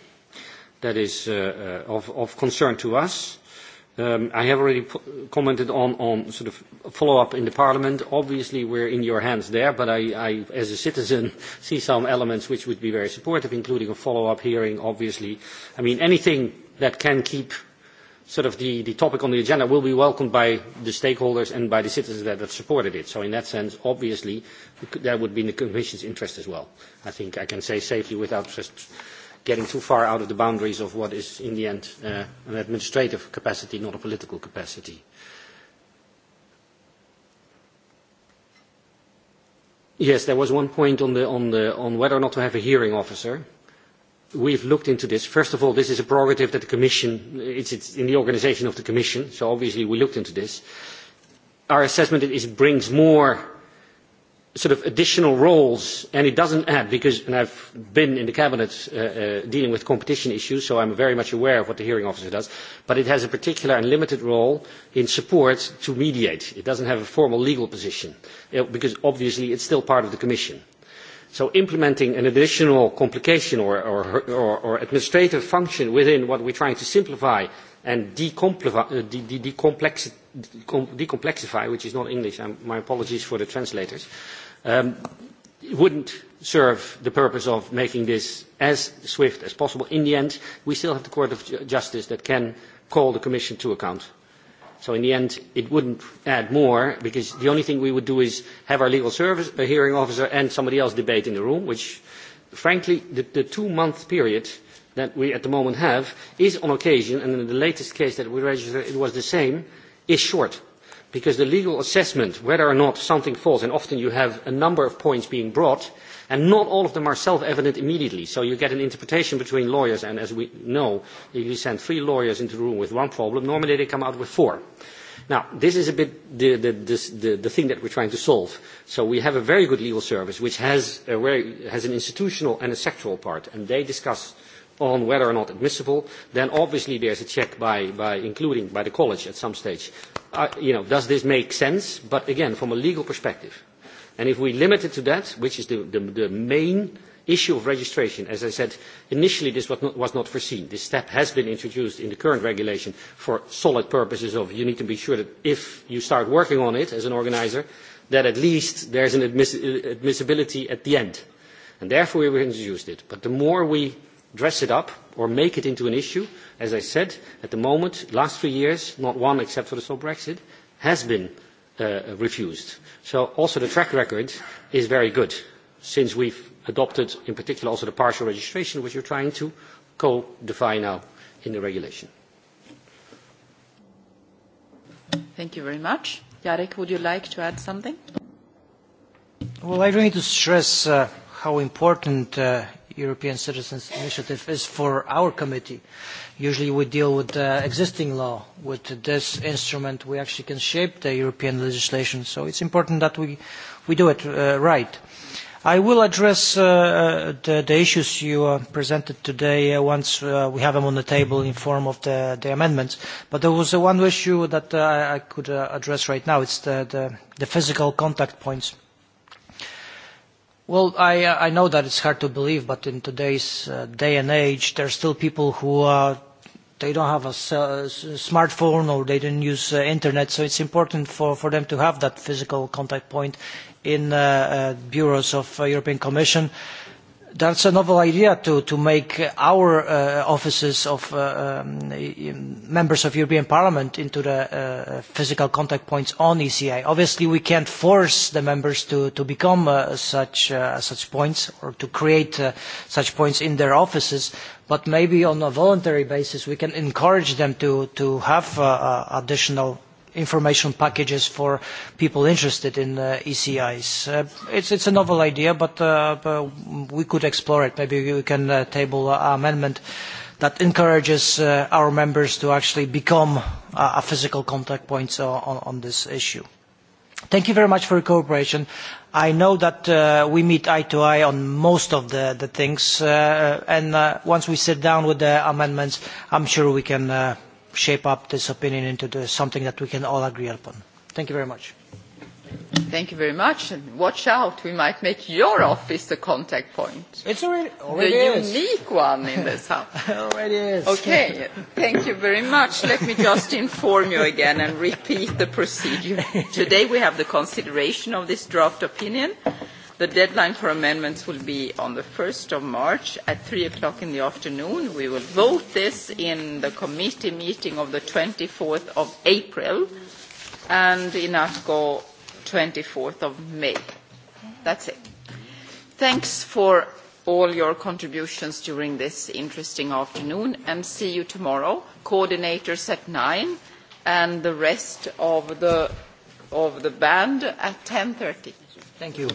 that is uh, uh of, of concern to us. Um, I have already commented on, on sort of follow-up in the parliament. Obviously, we're in your hands there, but I, I, as a citizen, see some elements which would be very supportive, including a follow-up hearing, obviously. I mean, anything that can keep sort of the, the topic on the agenda will be welcomed by the stakeholders and by the citizens that have supported it. So in that sense, obviously, that would be in the Commission's interest as well. I think I can say safely without just getting too far out of the boundaries of what is, in the end, uh, an administrative capacity, not a political capacity. Yes, there was one point on, the, on, the, on whether or not to have a hearing officer we've looked into this. First of all, this is a prerogative that the Commission, it's, it's in the organization of the Commission, so obviously we looked into this. Our assessment is it brings more sort of additional roles, and it doesn't add, because, and I've been in the Cabinet uh, uh, dealing with competition issues, so I'm very much aware of what the hearing officer does, but it has a particular and limited role in support to mediate. It doesn't have a formal legal position, it, uh, because obviously it's still part of the Commission So implementing an additional complication or, or, or, or administrative function within what we're trying to simplify and decomplexify, uh, de de decomplex decomplexify, which is not English, I'm, my apologies for the translators, um, wouldn't serve the purpose of making this as swift as possible. In the end, we still have the Court of Justice that can call the Commission to account So in the end, it wouldn't add more because the only thing we would do is have our legal service, a hearing officer, and somebody else debate in the room, which, frankly, the, the two-month period that we at the moment have is on occasion, and in the latest case that we registered, it was the same, is short. Because the legal assessment, whether or not something falls, and often you have a number of points being brought, uh, and not all of them are self-evident immediately. So you get an interpretation between lawyers, and as we know, if you send three lawyers into the room with one problem, normally they come out with four. Now, this is a bit the, the, this, the, the thing that we're trying to solve. So we have a very good legal service which has, a very, has an institutional and a sectoral part, and they discuss on whether or not admissible, then obviously there's a check by, by including by the college at some stage. Uh, you know, does this make sense? But again, from a legal perspective. And if we limit it to that, which is the, the, the main issue of registration, as I said, initially this was not, was not foreseen. This step has been introduced in the current regulation for solid purposes of you need to be sure that if you start working on it as an organizer, that at least there's an admiss admissibility at the end. And therefore we introduced it. But the more we dress it up or make it into an issue, as I said, at the moment, last three years, not one except for the so Brexit, has been uh, refused. So also the track record is very good since we've adopted in particular also the partial registration which you're trying to co-define now in the regulation. Thank you very much. Jarek, would you like to add something? Well, I really need to stress uh, how important uh, European Citizens Initiative is for our committee. Uh, usually we deal with uh, existing law. With this instrument, we actually can shape the European legislation. So it's important that we, we do it uh, right. I will address uh, uh, the, the issues you uh, presented today uh, once uh, we have them on the table in form of the, the amendments. But there was uh, one issue that uh, I could uh, address right now. It's the, the, the physical contact points. Well, I, uh, I know that it's hard to believe, but in today's uh, day and age, there are still people who uh, they don't have a uh, smartphone or they don't use uh, internet, so it's important for, for them to have that physical contact point in uh, uh, bureaus of uh, European Commission. Uh, that's a novel idea to, to make our uh, offices of uh, um, members of European Parliament into the uh, physical contact points on ECI. Obviously, we can't force the members to, to become uh, such, uh, such points or to create uh, such points in their offices, but maybe on a voluntary basis we can encourage them to, to have uh, uh additional information packages for people interested in uh, ECIs. Uh, it's, it's a novel idea, but uh, uh, we could explore it. Maybe we can uh, table uh, an amendment that encourages uh, our members to actually become uh, a physical contact point on, on this issue. Thank you very much for your cooperation. I know that uh, we meet eye to eye on most of the, the things, uh, and uh, once we sit down with the amendments, I'm sure we can uh, shape up this opinion into the, something that we can all agree upon. Thank you very much. Thank you very much. And watch out, we might make your office the contact point. It's already, already the is. unique one in this house. it already is. Okay, thank you very much. Let me just inform you again and repeat the procedure. Today we have the consideration of this draft opinion. The deadline for amendments will be on the 1st of March at 3 o'clock in the afternoon. We will vote this in the committee meeting of the 24th of April and in AFCO 24th of May. That's it. Thanks for all your contributions during this interesting afternoon and see you tomorrow. Coordinators at 9 and the rest of the, of the band at 10.30. Thank you.